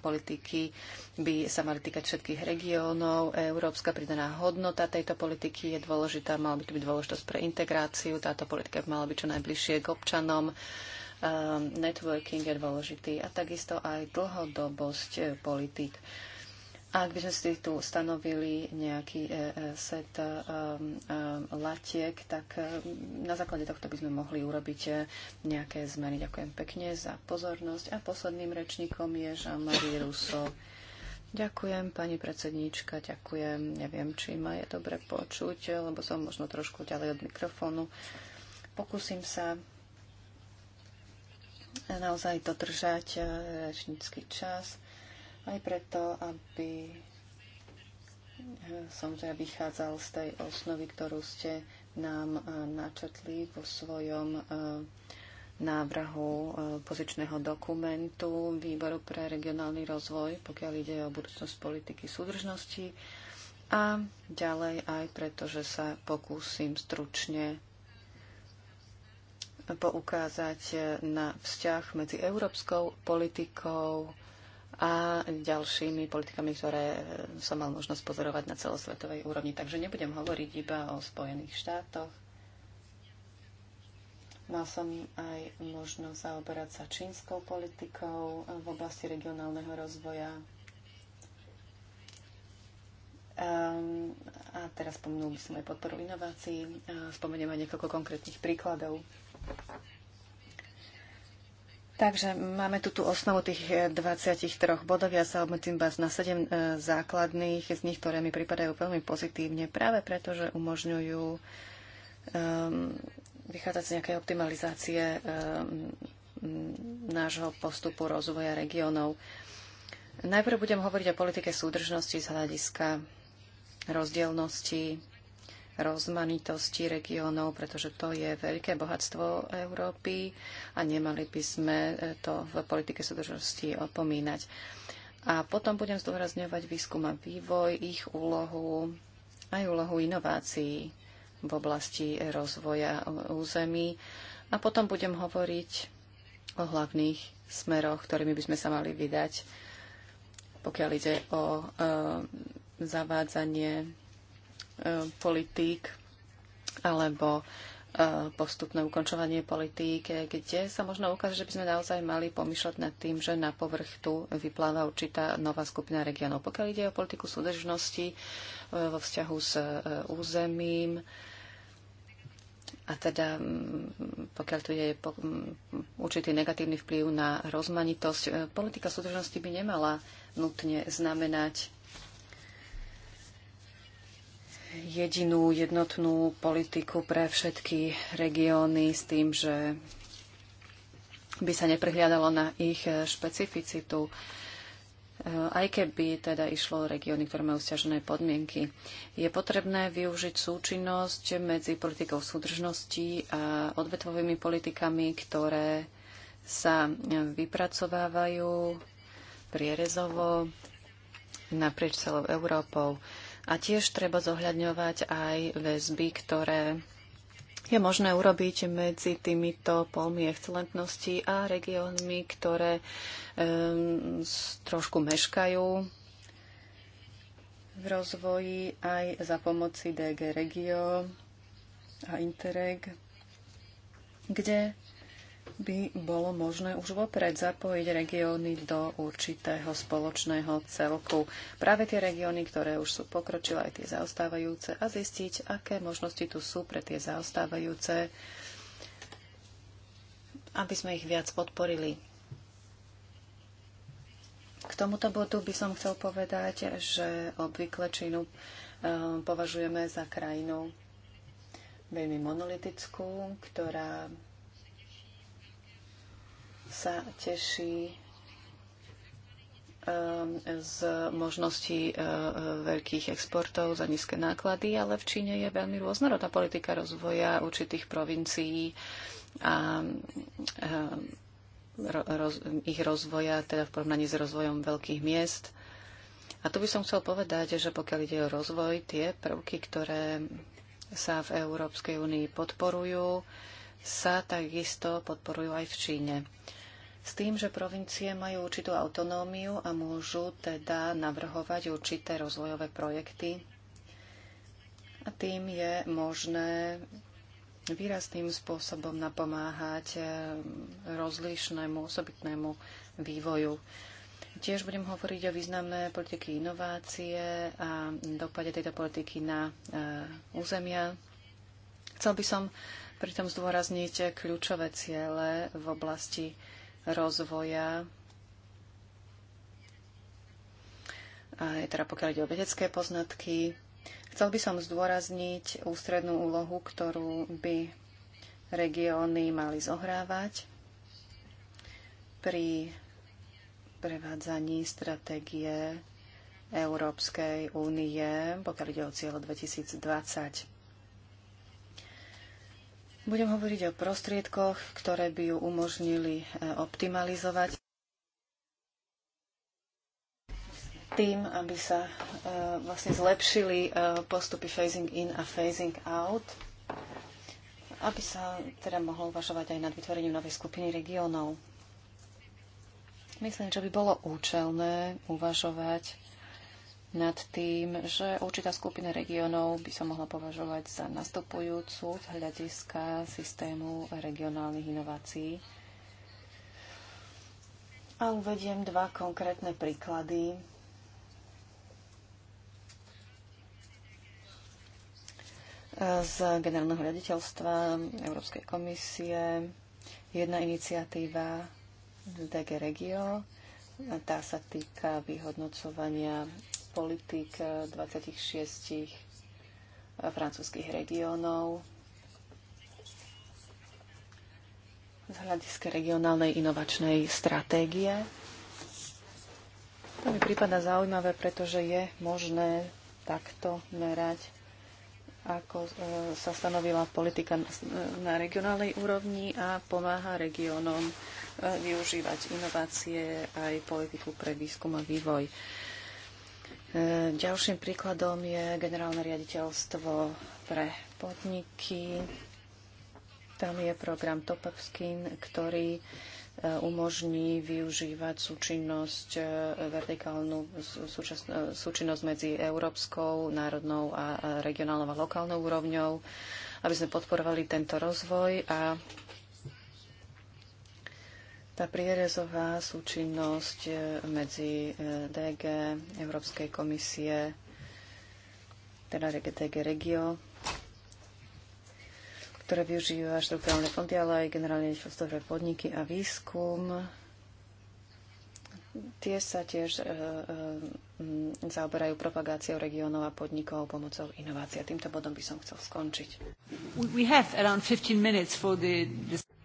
politiky by sa mali týkať všetkých regiónov. Európska pridaná hodnota tejto politiky je dôležitá, mala by to byť dôležitosť pre integráciu. Táto politika by mala byť čo najbližšie k občanom ehm, networking je dôležitý a takisto aj dlhodobosť eh, politik. Ak by sme si tu stanovili nejaký e, e, set e, latiek, tak na základe tohto by sme mohli urobiť nejaké zmeny. Ďakujem pekne za pozornosť. A posledným rečníkom je Jean-Marie Rousseau. Ďakujem, pani predsedníčka, ďakujem. Neviem, či ma je dobre počuť, lebo som možno trošku ďalej od mikrofónu. Pokúsim sa naozaj dodržať rečnícky čas aj preto, aby eh, som teda vychádzal z tej osnovy, ktorú ste nám eh, načetli vo svojom eh, návrhu pozičného dokumentu Výboru pre regionálny rozvoj, pokiaľ ide o budúcnosť politiky súdržnosti. A ďalej aj preto, že sa pokúsim stručne poukázať na vzťah medzi európskou politikou, a ďalšími politikami, ktoré e, som mal možnosť pozorovať na celosvetovej úrovni. Takže nebudem hovoriť iba o Spojených štátoch. Mal som aj možnosť zaoberať sa čínskou politikou v oblasti regionálneho rozvoja. Um, a teraz spomenul by som aj podporu inovácií. Ehm, spomeniem aj niekoľko konkrétnych príkladov. Takže máme tu tú osnovu tých 23 eh, bodov. Ja sa obmedzím vás na 7 eh, základných, z nich, ktoré mi pripadajú veľmi pozitívne, práve preto, že umožňujú um, vychádzať z nejakej optimalizácie um, nášho postupu rozvoja regiónov. Najprv budem hovoriť o politike súdržnosti z hľadiska rozdielnosti rozmanitosti regiónov, pretože to je veľké bohatstvo Európy a nemali by sme eh, to v politike súdržnosti opomínať. A potom budem zdôrazňovať výskum a vývoj, ich úlohu, aj úlohu inovácií v oblasti rozvoja území. A potom budem hovoriť o hlavných smeroch, ktorými by sme sa mali vydať, pokiaľ ide o e, zavádzanie politík alebo e, postupné ukončovanie politík, e, kde sa možno ukáže, že by sme naozaj mali pomýšľať nad tým, že na povrch tu vypláva určitá nová skupina regiónov. Pokiaľ ide o politiku súdržnosti e, vo vzťahu s územím, a teda pokiaľ tu je určitý negatívny vplyv na rozmanitosť, politika súdržnosti by nemala nutne znamenať jedinú jednotnú politiku pre všetky regióny s tým, že by sa neprehliadalo na ich e, špecificitu, e, aj keby teda išlo o regióny, ktoré majú stiažené podmienky. Je potrebné využiť súčinnosť medzi politikou súdržnosti a odvetvovými politikami, ktoré sa e, vypracovávajú prierezovo naprieč celou Európou. A tiež treba zohľadňovať aj väzby, ktoré je možné urobiť medzi týmito polmi excelentnosti a regiónmi, ktoré um, trošku meškajú v rozvoji aj za pomoci DG Regio a Interreg, kde by bolo možné už vopred zapojiť regióny do určitého spoločného celku. Práve tie regióny, ktoré už sú pokročilé, aj tie zaostávajúce, a zistiť, aké možnosti tu sú pre tie zaostávajúce, aby sme ich viac podporili. K tomuto bodu by som chcel povedať, že obvykle Čínu e, považujeme za krajinu veľmi monolitickú, ktorá sa teší um, z možností uh, veľkých exportov za nízke náklady, ale v Číne je veľmi rôznorodná politika rozvoja určitých provincií a um, roz, ich rozvoja, teda v porovnaní s rozvojom veľkých miest. A tu by som chcel povedať, že pokiaľ ide o rozvoj, tie prvky, ktoré sa v Európskej únii podporujú, sa takisto podporujú aj v Číne s tým, že provincie majú určitú autonómiu a môžu teda navrhovať určité rozvojové projekty. A tým je možné výrazným spôsobom napomáhať eh, rozlišnému osobitnému vývoju. Tiež budem hovoriť o významné politiky inovácie a dopade tejto politiky na eh, územia. Chcel by som pritom zdôrazniť eh, kľúčové ciele v oblasti rozvoja. A je teda pokiaľ ide o vedecké poznatky. Chcel by som zdôrazniť ústrednú úlohu, ktorú by regióny mali zohrávať pri prevádzaní stratégie Európskej únie, pokiaľ ide o cieľ 2020. Budem hovoriť o prostriedkoch, ktoré by ju umožnili e, optimalizovať tým, aby sa e, vlastne zlepšili e, postupy phasing in a phasing out, aby sa teda mohlo uvažovať aj nad vytvorením novej skupiny regiónov. Myslím, že by bolo účelné uvažovať nad tým, že určitá skupina regiónov by sa mohla považovať za nastupujúcu z hľadiska systému regionálnych inovácií. A uvediem dva konkrétne príklady. z generálneho riaditeľstva Európskej komisie, jedna iniciatíva DG Regio, tá sa týka vyhodnocovania politik 26 eh, eh, francúzských regiónov z hľadiska regionálnej inovačnej stratégie. To mi prípada zaujímavé, pretože je možné takto merať, ako eh, sa stanovila politika na regionálnej úrovni a pomáha regiónom využívať inovácie aj politiku pre výskum a vývoj. E, ďalším príkladom je generálne riaditeľstvo pre podniky. Tam je program Topovskin, ktorý e, umožní využívať súčinnosť, e, vertikálnu súčinnosť medzi európskou, národnou a regionálnou a lokálnou úrovňou, aby sme podporovali tento rozvoj a tá prierezová súčinnosť e, medzi e, DG Európskej komisie, teda DG Regio, ktoré využíva štruktúrálne fondy, ale aj generálne pre podniky a výskum. Tie sa tiež e, e, zaoberajú propagáciou regionov a podnikov pomocou inovácií. Týmto bodom by som chcel skončiť. We have around 15 minutes for the...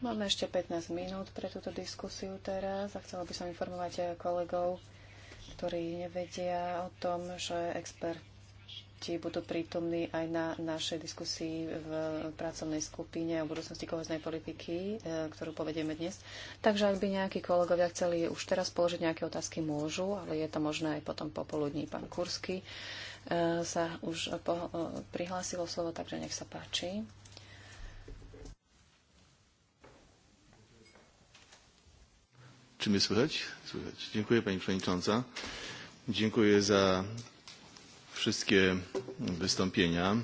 Máme ešte 15 minút pre túto diskusiu teraz a chcela by som informovať kolegov, ktorí nevedia o tom, že experti budú prítomní aj na našej diskusii v pracovnej skupine o budúcnosti kohoznej politiky, e, ktorú povedieme dnes. Takže ak by nejakí kolegovia chceli už teraz položiť nejaké otázky, môžu, ale je to možné aj potom popoludní. Pán Kursky e, sa už e, prihlásil o slovo, takže nech sa páči. Czy mnie słychać? Słychać. Dziękuję Pani Przewodnicząca. Dziękuję za wszystkie wystąpienia.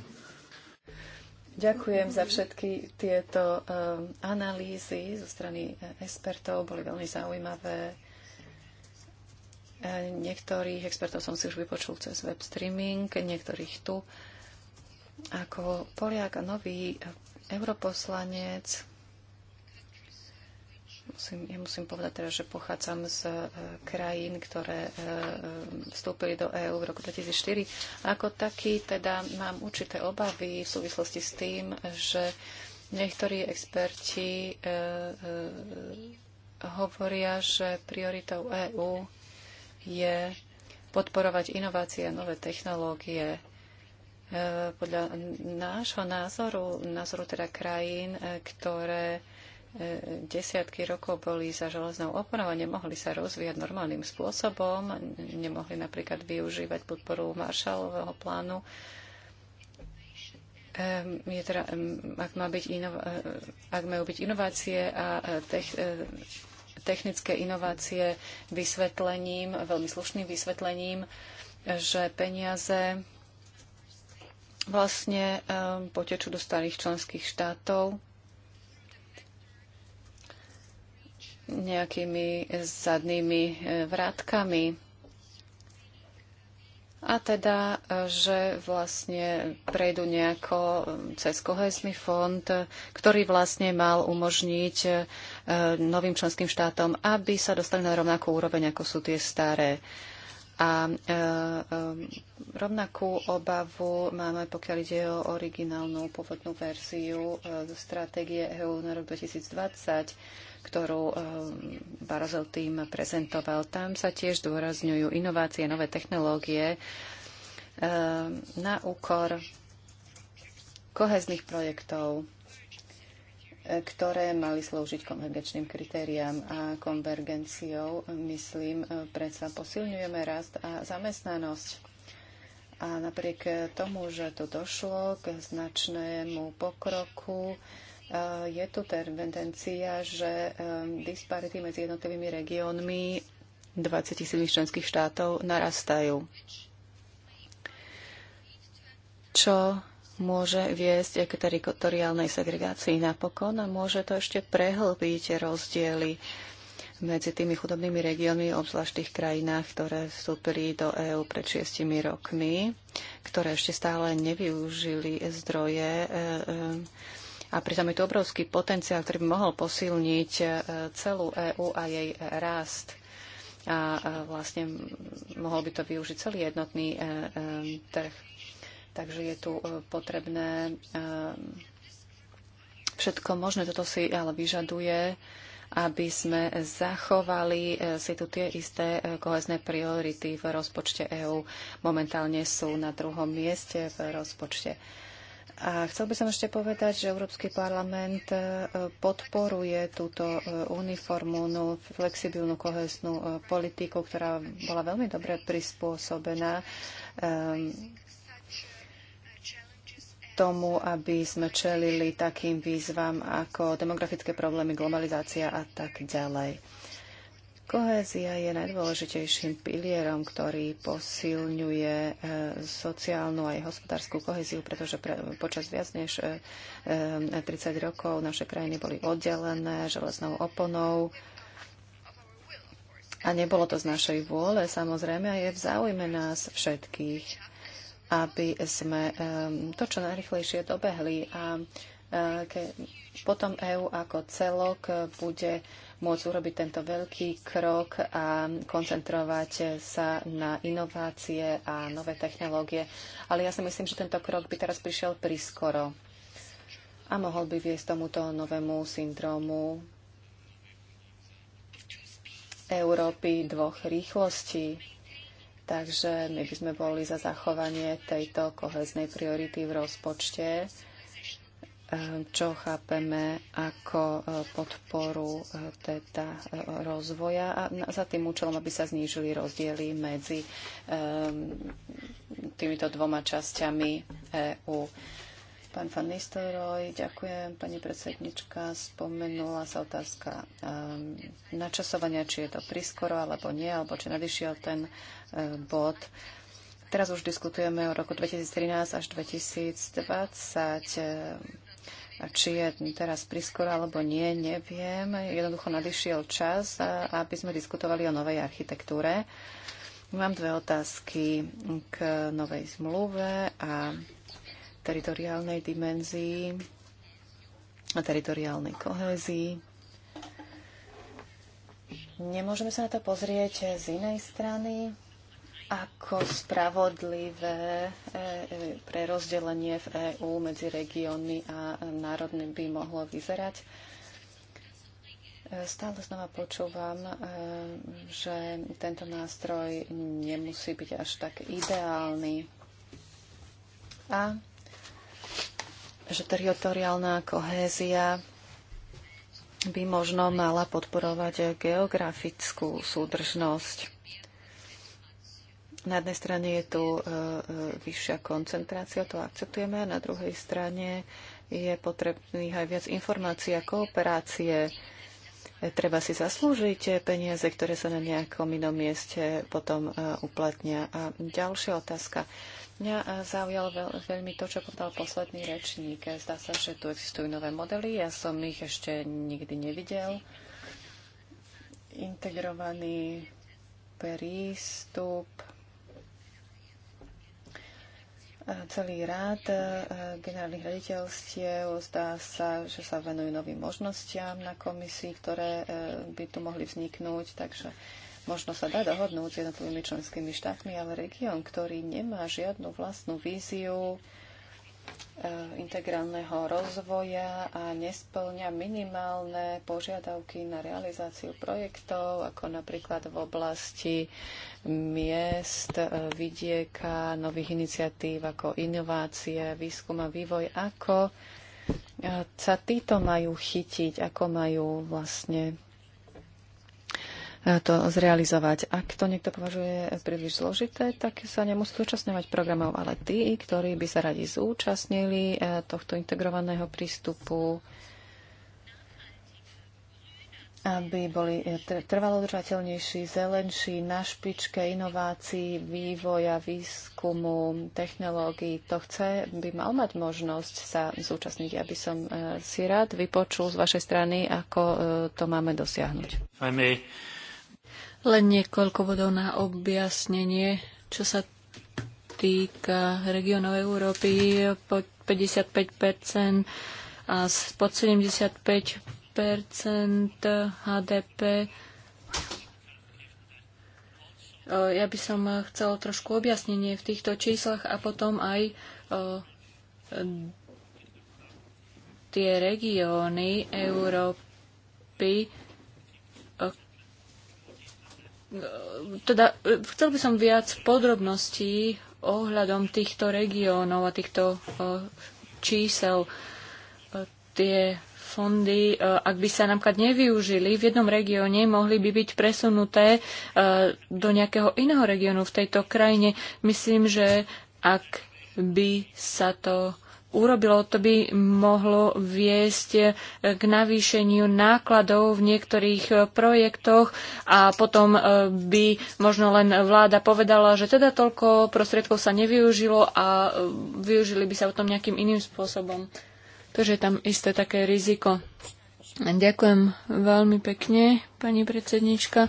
Ďakujem za všetky tieto um, analýzy zo strany e, expertov, boli veľmi zaujímavé. E, niektorých expertov som si už vypočul cez web streaming, niektorých tu. Ako Poliak a nový europoslanec Musím, ja musím povedať teraz, že pochádzam z e, krajín, ktoré e, e, vstúpili do EÚ v roku 2004. A ako taký teda mám určité obavy v súvislosti s tým, že niektorí experti hovoria, že prioritou EÚ je podporovať inovácie a nové technológie. Podľa nášho názoru, názoru teda krajín, ktoré desiatky rokov boli za železnou oponou a nemohli sa rozvíjať normálnym spôsobom, nemohli napríklad využívať podporu Marshallového plánu. Ehm, je teda, ehm, ak, má byť inova, eh, ak majú byť inovácie a eh, tech, eh, technické inovácie vysvetlením, veľmi slušným vysvetlením, že peniaze vlastne ehm, potečú do starých členských štátov nejakými zadnými e, vrátkami. A teda, e, že vlastne prejdú nejako e, cez kohezný fond, ktorý vlastne mal umožniť novým členským štátom, aby sa dostali na rovnakú úroveň, ako sú tie staré. A rovnakú obavu máme, pokiaľ ide o originálnu pôvodnú verziu e, stratégie EU na rok 2020 ktorú eh, Barazov tým prezentoval. Tam sa tiež dôrazňujú inovácie, nové technológie eh, na úkor kohezných projektov, eh, ktoré mali slúžiť konvergenčným kritériám a konvergenciou. Myslím, predsa posilňujeme rast a zamestnanosť. A napriek tomu, že tu došlo k značnému pokroku, Eh, je tu tendencia, že eh, disparity medzi jednotlivými regiónmi 27 členských štátov narastajú, čo môže viesť k teritoriálnej segregácii napokon a môže to ešte prehlbiť rozdiely medzi tými chudobnými regiónmi, obzvlášť tých krajinách, ktoré vstúpili do EÚ pred šiestimi rokmi, ktoré ešte stále nevyužili zdroje e, e, a pritom je tu obrovský potenciál, ktorý by mohol posilniť e, celú EÚ a jej rast. A e, vlastne mohol by to využiť celý jednotný e, trh. Takže je tu potrebné všetko možné. Toto si ale vyžaduje aby sme zachovali si tu tie isté kohezné priority v rozpočte EÚ. Momentálne sú na druhom mieste v rozpočte a chcel by som ešte povedať, že Európsky parlament e, podporuje túto e, uniformnú, no, flexibilnú, kohesnú e, politiku, ktorá bola veľmi dobre prispôsobená ehm, tomu, aby sme čelili takým výzvam ako demografické problémy, globalizácia a tak ďalej. Kohézia je najdôležitejším pilierom, ktorý posilňuje e, sociálnu aj hospodárskú kohéziu, pretože pre, počas viac než 30 e, e, rokov naše krajiny boli oddelené železnou oponou. A nebolo to z našej vôle, samozrejme, a je v záujme nás všetkých, aby sme to čo najrychlejšie dobehli. A ke, potom EÚ ako celok bude môcť urobiť tento veľký krok a koncentrovať sa na inovácie a nové technológie. Ale ja si myslím, že tento krok by teraz prišiel priskoro a mohol by viesť tomuto novému syndromu Európy dvoch rýchlostí. Takže my by sme boli za zachovanie tejto koheznej priority v rozpočte čo chápeme ako e, podporu e, teda e, rozvoja a za tým účelom, aby sa znížili rozdiely medzi týmito dvoma časťami EÚ. Pán Van Nistelrooy, ďakujem. Pani predsednička, spomenula sa otázka um, načasovania, či je to priskoro alebo nie, alebo či nadišiel ten uh, bod. Teraz už diskutujeme o roku 2013 až 2020 či je teraz priskoro alebo nie, neviem. Jednoducho nadišiel čas, aby sme diskutovali o novej architektúre. Mám dve otázky k novej zmluve a teritoriálnej dimenzii a teritoriálnej kohézii. Nemôžeme sa na to pozrieť z inej strany ako spravodlivé e, e, pre rozdelenie v EÚ medzi regiónmi a národmi by mohlo vyzerať. E, stále znova počúvam, že tento nástroj nemusí byť až tak ideálny a že teritoriálna kohézia by možno mala podporovať geografickú súdržnosť. Na jednej strane je tu e, e, vyššia koncentrácia, to akceptujeme, a na druhej strane je potrebných aj viac informácií a kooperácie. E, treba si zaslúžiť peniaze, ktoré sa na nejakom inom mieste potom uplatnia. A ďalšia otázka. Mňa zaujalo veľ, veľmi to, čo povedal posledný rečník. Zdá sa, že tu existujú nové modely. Ja som ich ešte nikdy nevidel. Integrovaný prístup celý rád e, generálnych raditeľstiev. Zdá sa, že sa venujú novým možnostiam na komisii, ktoré e, by tu mohli vzniknúť, takže možno sa dá dohodnúť s jednotlivými členskými štátmi, ale región, ktorý nemá žiadnu vlastnú víziu, Eh, integrálneho rozvoja a nesplňa minimálne požiadavky na realizáciu projektov, ako napríklad v oblasti miest, eh, vidieka, nových iniciatív ako inovácie, výskum a vývoj, ako eh, sa títo majú chytiť, ako majú vlastne E, to zrealizovať. Ak to niekto považuje príliš zložité, tak sa nemusí zúčastňovať programov, ale tí, ktorí by sa radi zúčastnili e, tohto integrovaného prístupu, aby boli e, trvalo držateľnejší, zelenší, na špičke inovácií, vývoja, výskumu, technológií. To chce, by mal mať možnosť sa zúčastniť. aby som si rád vypočul z vašej strany, ako to máme dosiahnuť. I len niekoľko bodov na objasnenie, čo sa týka regionov Európy pod 55% a pod 75% HDP. Ja by som chcel trošku objasnenie v týchto číslach a potom aj tie regióny Európy, teda e, chcel by som viac podrobností ohľadom týchto regiónov a týchto e, čísel. E, tie fondy, ak by sa napríklad nevyužili v jednom regióne, mohli by byť presunuté do nejakého iného regiónu v tejto krajine. Myslím, že ak by sa to urobilo, to by mohlo viesť eh, k navýšeniu nákladov v niektorých eh, projektoch a potom eh, by možno len vláda povedala, že teda toľko prostriedkov sa nevyužilo a využili by sa o tom nejakým iným spôsobom. Takže je tam isté také riziko. Ďakujem veľmi pekne, pani predsednička.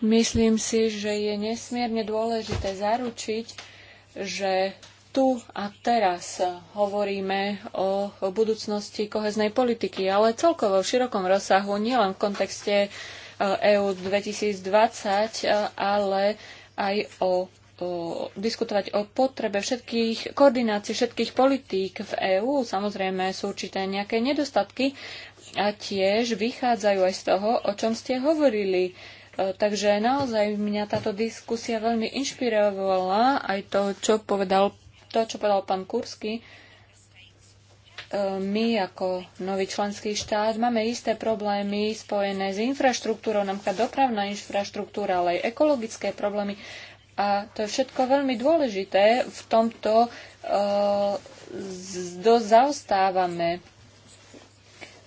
Myslím si, že je nesmierne dôležité zaručiť, že tu a teraz hovoríme o, budúcnosti koheznej politiky, ale celkovo v širokom rozsahu, nielen v kontexte EU eh, e 2020, eh, ale aj o, o diskutovať o potrebe všetkých koordinácií všetkých politík v EÚ. Samozrejme sú určité nejaké nedostatky a tiež vychádzajú aj z toho, o čom ste hovorili. Eh, takže naozaj mňa táto diskusia veľmi inšpirovala aj to, čo povedal to, čo povedal pán Kursky, e, my ako nový členský štát máme isté problémy spojené s infraštruktúrou, napríklad dopravná infraštruktúra, ale aj ekologické problémy. A to je všetko veľmi dôležité. V tomto e, dosť zaostávame.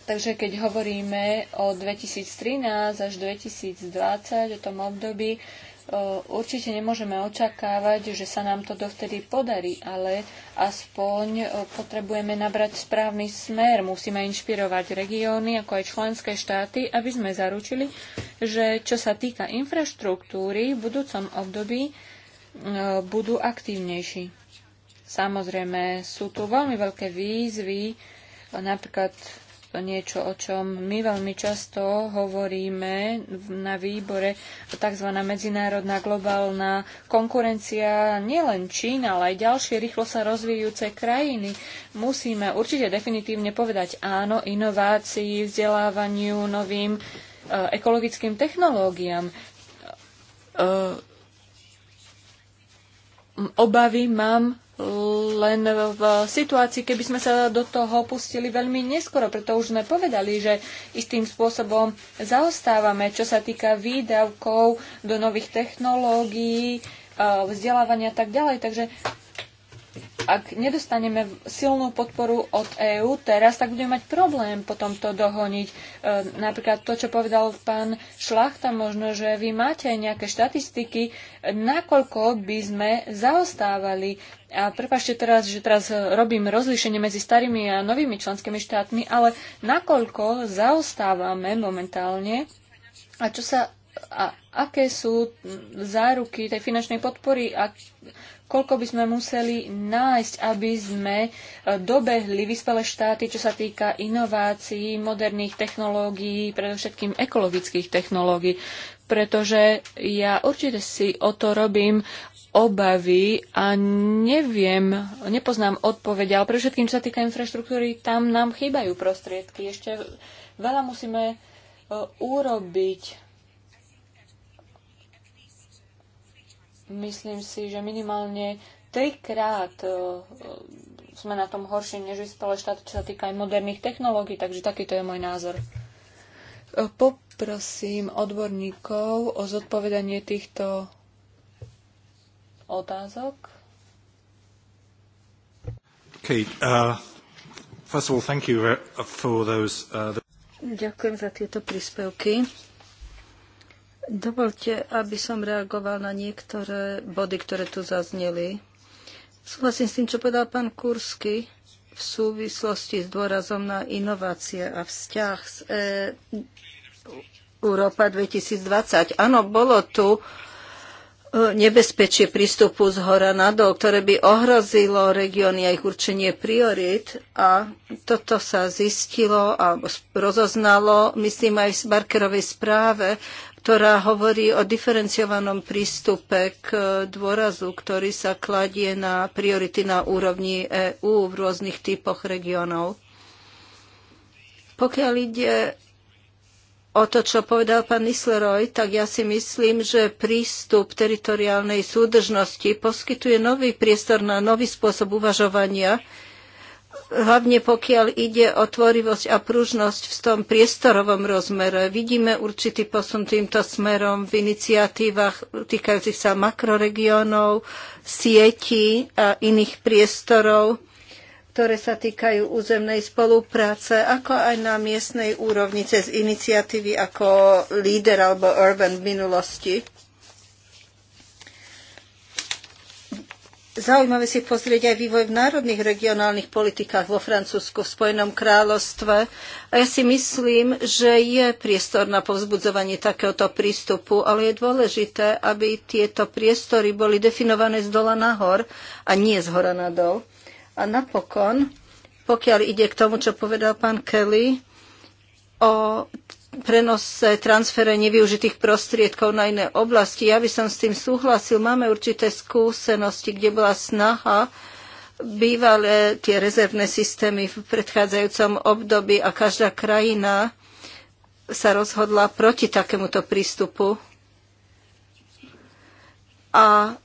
Takže keď hovoríme o 2013 až 2020, o tom období, Eh, určite nemôžeme očakávať, že sa nám to dovtedy podarí, ale aspoň eh, potrebujeme nabrať správny smer. Musíme inšpirovať regióny, ako aj členské štáty, aby sme zaručili, že čo sa týka infraštruktúry, v budúcom období eh, budú aktívnejší. Samozrejme, sú tu veľmi veľké výzvy, napríklad to niečo, o čom my veľmi často hovoríme na výbore, tzv. medzinárodná globálna konkurencia, nielen Čína, ale aj ďalšie rýchlo sa rozvíjúce krajiny. Musíme určite definitívne povedať áno inovácii, vzdelávaniu, novým eh, ekologickým technológiám. Eh, obavy mám len v situácii, keby sme sa do toho pustili veľmi neskoro, preto už sme povedali, že istým spôsobom zaostávame, čo sa týka výdavkov do nových technológií, vzdelávania a tak ďalej. Takže ak nedostaneme silnú podporu od EÚ teraz, tak budeme mať problém potom to dohoniť. E, napríklad to, čo povedal pán Šlachta, možno, že vy máte nejaké štatistiky, nakoľko by sme zaostávali. A prepašte teraz, že teraz robím rozlíšenie medzi starými a novými členskými štátmi, ale nakoľko zaostávame momentálne a čo sa a aké sú záruky tej finančnej podpory a koľko by sme museli nájsť, aby sme e, dobehli vyspelé štáty, čo sa týka inovácií, moderných technológií, predovšetkým ekologických technológií. Pretože ja určite si o to robím obavy a neviem, nepoznám odpovede, ale pre všetkým, čo sa týka infraštruktúry, tam nám chýbajú prostriedky. Ešte veľa musíme e, urobiť myslím si, že minimálne trikrát e, e, sme na tom horšie než vyspelé štáty, čo sa týka aj moderných technológií, takže takýto je môj názor. E, poprosím odborníkov o zodpovedanie týchto otázok. uh, first of all, thank you uh, for those, uh, the... Ďakujem za tieto príspevky. Dovolte, aby som reagoval na niektoré body, ktoré tu zazneli. Súhlasím s tým, čo povedal pán Kursky v súvislosti s dôrazom na inovácie a vzťah s e, Európa 2020. Áno, bolo tu e, nebezpečie prístupu z hora nadol, ktoré by ohrozilo regióny a ich určenie priorit. A toto sa zistilo a rozoznalo, myslím, aj v Barkerovej správe ktorá hovorí o diferenciovanom prístupe k dôrazu, ktorý sa kladie na priority na úrovni EÚ v rôznych typoch regionov. Pokiaľ ide o to, čo povedal pán Nisleroy, tak ja si myslím, že prístup teritoriálnej súdržnosti poskytuje nový priestor na nový spôsob uvažovania, hlavne pokiaľ ide o tvorivosť a pružnosť v tom priestorovom rozmere. Vidíme určitý posun týmto smerom v iniciatívach týkajúcich sa makroregiónov, sietí a iných priestorov, ktoré sa týkajú územnej spolupráce, ako aj na miestnej úrovni cez iniciatívy ako líder alebo urban v minulosti. Zaujímavé si pozrieť aj vývoj v národných regionálnych politikách vo Francúzsku, v Spojenom kráľovstve. A ja si myslím, že je priestor na povzbudzovanie takéhoto prístupu, ale je dôležité, aby tieto priestory boli definované z dola nahor a nie z hora nadol. A napokon, pokiaľ ide k tomu, čo povedal pán Kelly, o prenose, transfere nevyužitých prostriedkov na iné oblasti. Ja by som s tým súhlasil. Máme určité skúsenosti, kde bola snaha bývalé tie rezervné systémy v predchádzajúcom období a každá krajina sa rozhodla proti takémuto prístupu. A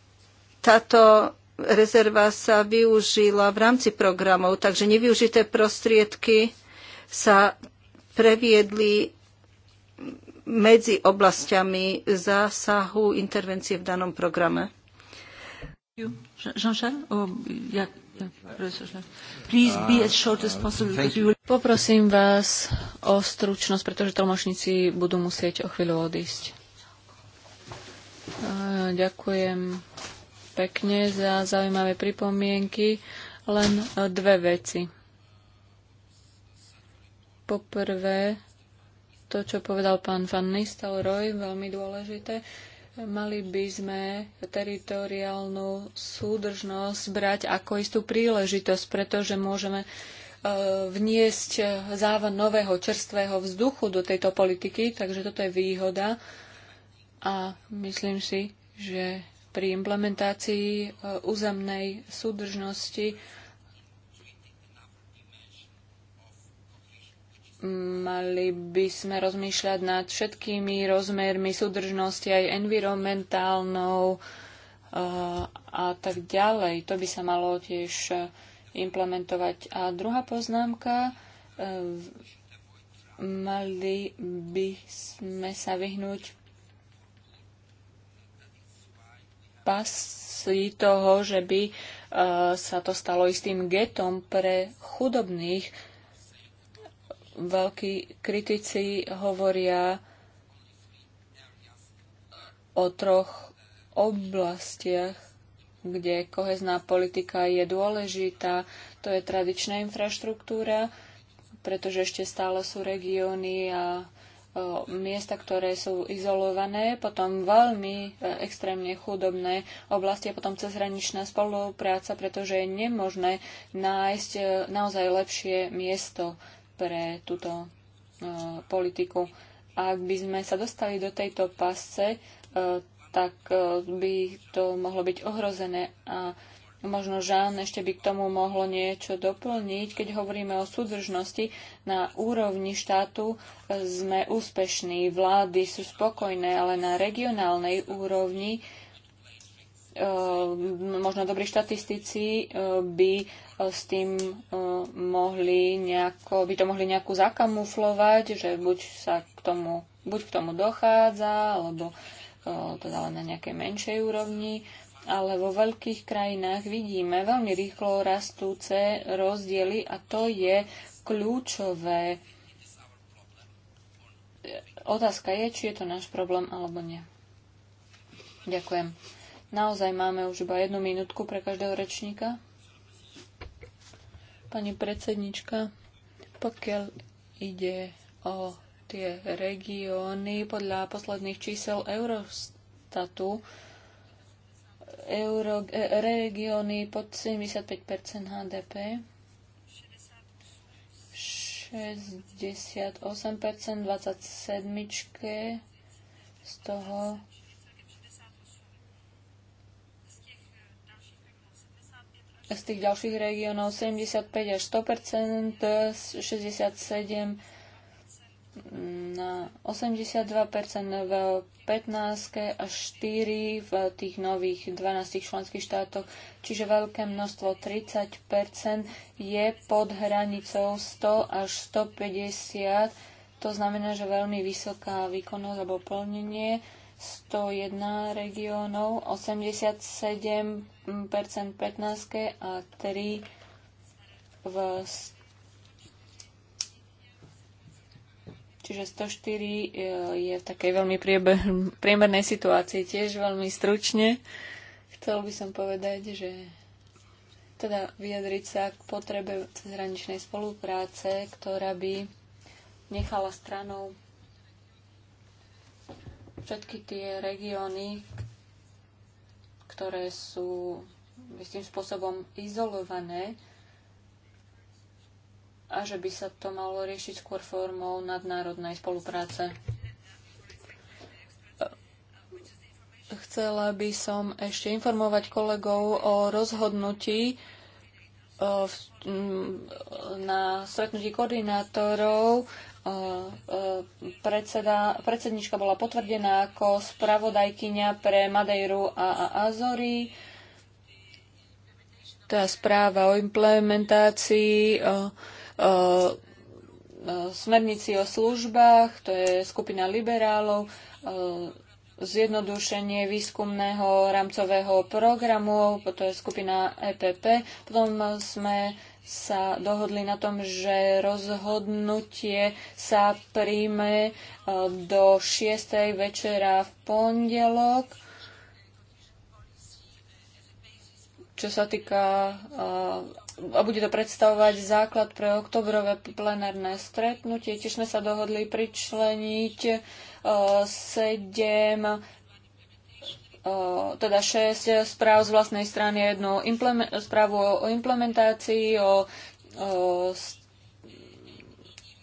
táto rezerva sa využila v rámci programov, takže nevyužité prostriedky sa previedli medzi oblastiami zásahu intervencie v danom programe. Oh, uh, Poprosím vás o stručnosť, pretože tlmočníci budú musieť o chvíľu odísť. Uh, ďakujem pekne za zaujímavé pripomienky. Len uh, dve veci. Poprvé, to, čo povedal pán Van Nistelrooy, veľmi dôležité. Mali by sme teritoriálnu súdržnosť brať ako istú príležitosť, pretože môžeme e, vniesť závan nového čerstvého vzduchu do tejto politiky, takže toto je výhoda a myslím si, že pri implementácii e, územnej súdržnosti Mali by sme rozmýšľať nad všetkými rozmermi súdržnosti, aj environmentálnou eh, a tak ďalej. To by sa malo tiež eh, implementovať. A druhá poznámka, eh, mali by sme sa vyhnúť pasy toho, že by sa to stalo istým getom pre chudobných, veľkí kritici hovoria o troch oblastiach, kde kohezná politika je dôležitá. To je tradičná infraštruktúra, pretože ešte stále sú regióny a miesta, ktoré sú izolované, potom veľmi e, extrémne chudobné oblasti a potom cezhraničná spolupráca, pretože je nemožné nájsť e, naozaj lepšie miesto pre túto e, politiku. Ak by sme sa dostali do tejto pasce, e, tak e, by to mohlo byť ohrozené a možno Žán ešte by k tomu mohlo niečo doplniť. Keď hovoríme o súdržnosti, na úrovni štátu sme úspešní, vlády sú spokojné, ale na regionálnej úrovni Ehm, možno dobrí štatistici ehm, by e, s tým e, mohli nejako, by to mohli nejako zakamuflovať, že buď sa k tomu, buď k tomu dochádza, alebo teda len na nejakej menšej úrovni, ale vo veľkých krajinách vidíme veľmi rýchlo rastúce rozdiely a to je kľúčové. Otázka je, či je to náš problém alebo nie. Ďakujem. Naozaj máme už iba jednu minútku pre každého rečníka. Pani predsednička, pokiaľ ide o tie regióny, podľa posledných čísel Eurostatu, euro, e, regióny pod 75 HDP, 68 27 z toho z tých ďalších regiónov 75 až 100 67 na 82 v 15 až 4 v tých nových 12 členských štátoch, čiže veľké množstvo 30 je pod hranicou 100 až 150 to znamená, že veľmi vysoká výkonnosť alebo plnenie 101 regiónov, 87 15 a 3 v Čiže 104 e, je v takej veľmi priemernej situácii tiež veľmi stručne. Chcel by som povedať, že teda vyjadriť sa k potrebe cezhraničnej spolupráce, ktorá by nechala stranou všetky tie regióny, ktoré sú istým spôsobom izolované a že by sa to malo riešiť skôr formou nadnárodnej spolupráce. Chcela by som ešte informovať kolegov o rozhodnutí na stretnutí koordinátorov E, e, predseda, predsednička bola potvrdená ako spravodajkyňa pre Madejru a, Azory. Tá správa o implementácii o, o, smernici o službách, to je skupina liberálov, o, zjednodušenie výskumného rámcového programu, to je skupina EPP. Potom sme sa dohodli na tom, že rozhodnutie sa príjme e, do 6. večera v pondelok. Čo sa týka e, a bude to predstavovať základ pre oktobrové plenárne stretnutie. Tiež sme sa dohodli pričleniť 7 e, teda 6 správ z vlastnej strany, jednu správu o implementácii, o, o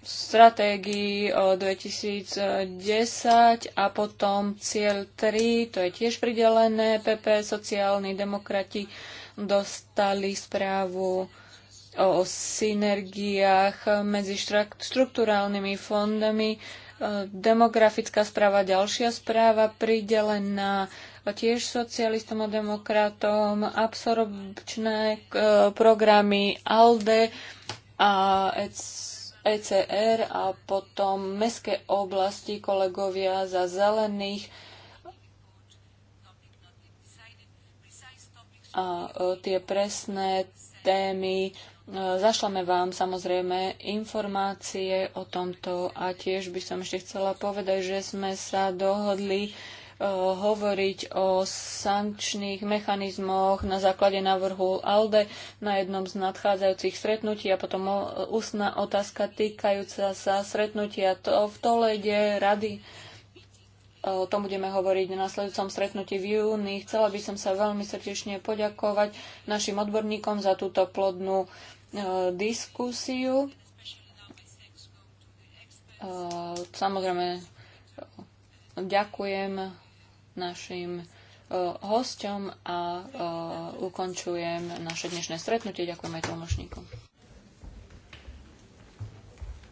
stratégii 2010 a potom cieľ 3, to je tiež pridelené. PP, sociálni demokrati dostali správu o synergiách medzi štruktúrálnymi fondami. Demografická správa, ďalšia správa pridelená tiež socialistom a demokratom, absorbčné e, programy ALDE a ECR e a potom mestské oblasti kolegovia za zelených a e, tie presné témy Zašleme vám samozrejme informácie o tomto a tiež by som ešte chcela povedať, že sme sa dohodli Eh, hovoriť o sankčných mechanizmoch na základe návrhu ALDE na jednom z nadchádzajúcich stretnutí a potom ústna otázka týkajúca sa stretnutia to v Tolede rady. Eh, o tom budeme hovoriť na nasledujúcom stretnutí v júni. Chcela by som sa veľmi srdečne poďakovať našim odborníkom za túto plodnú e, diskusiu. E, samozrejme, ďakujem našim e, hosťom a e, ukončujem naše dnešné stretnutie. Ďakujem aj tlmočníkom.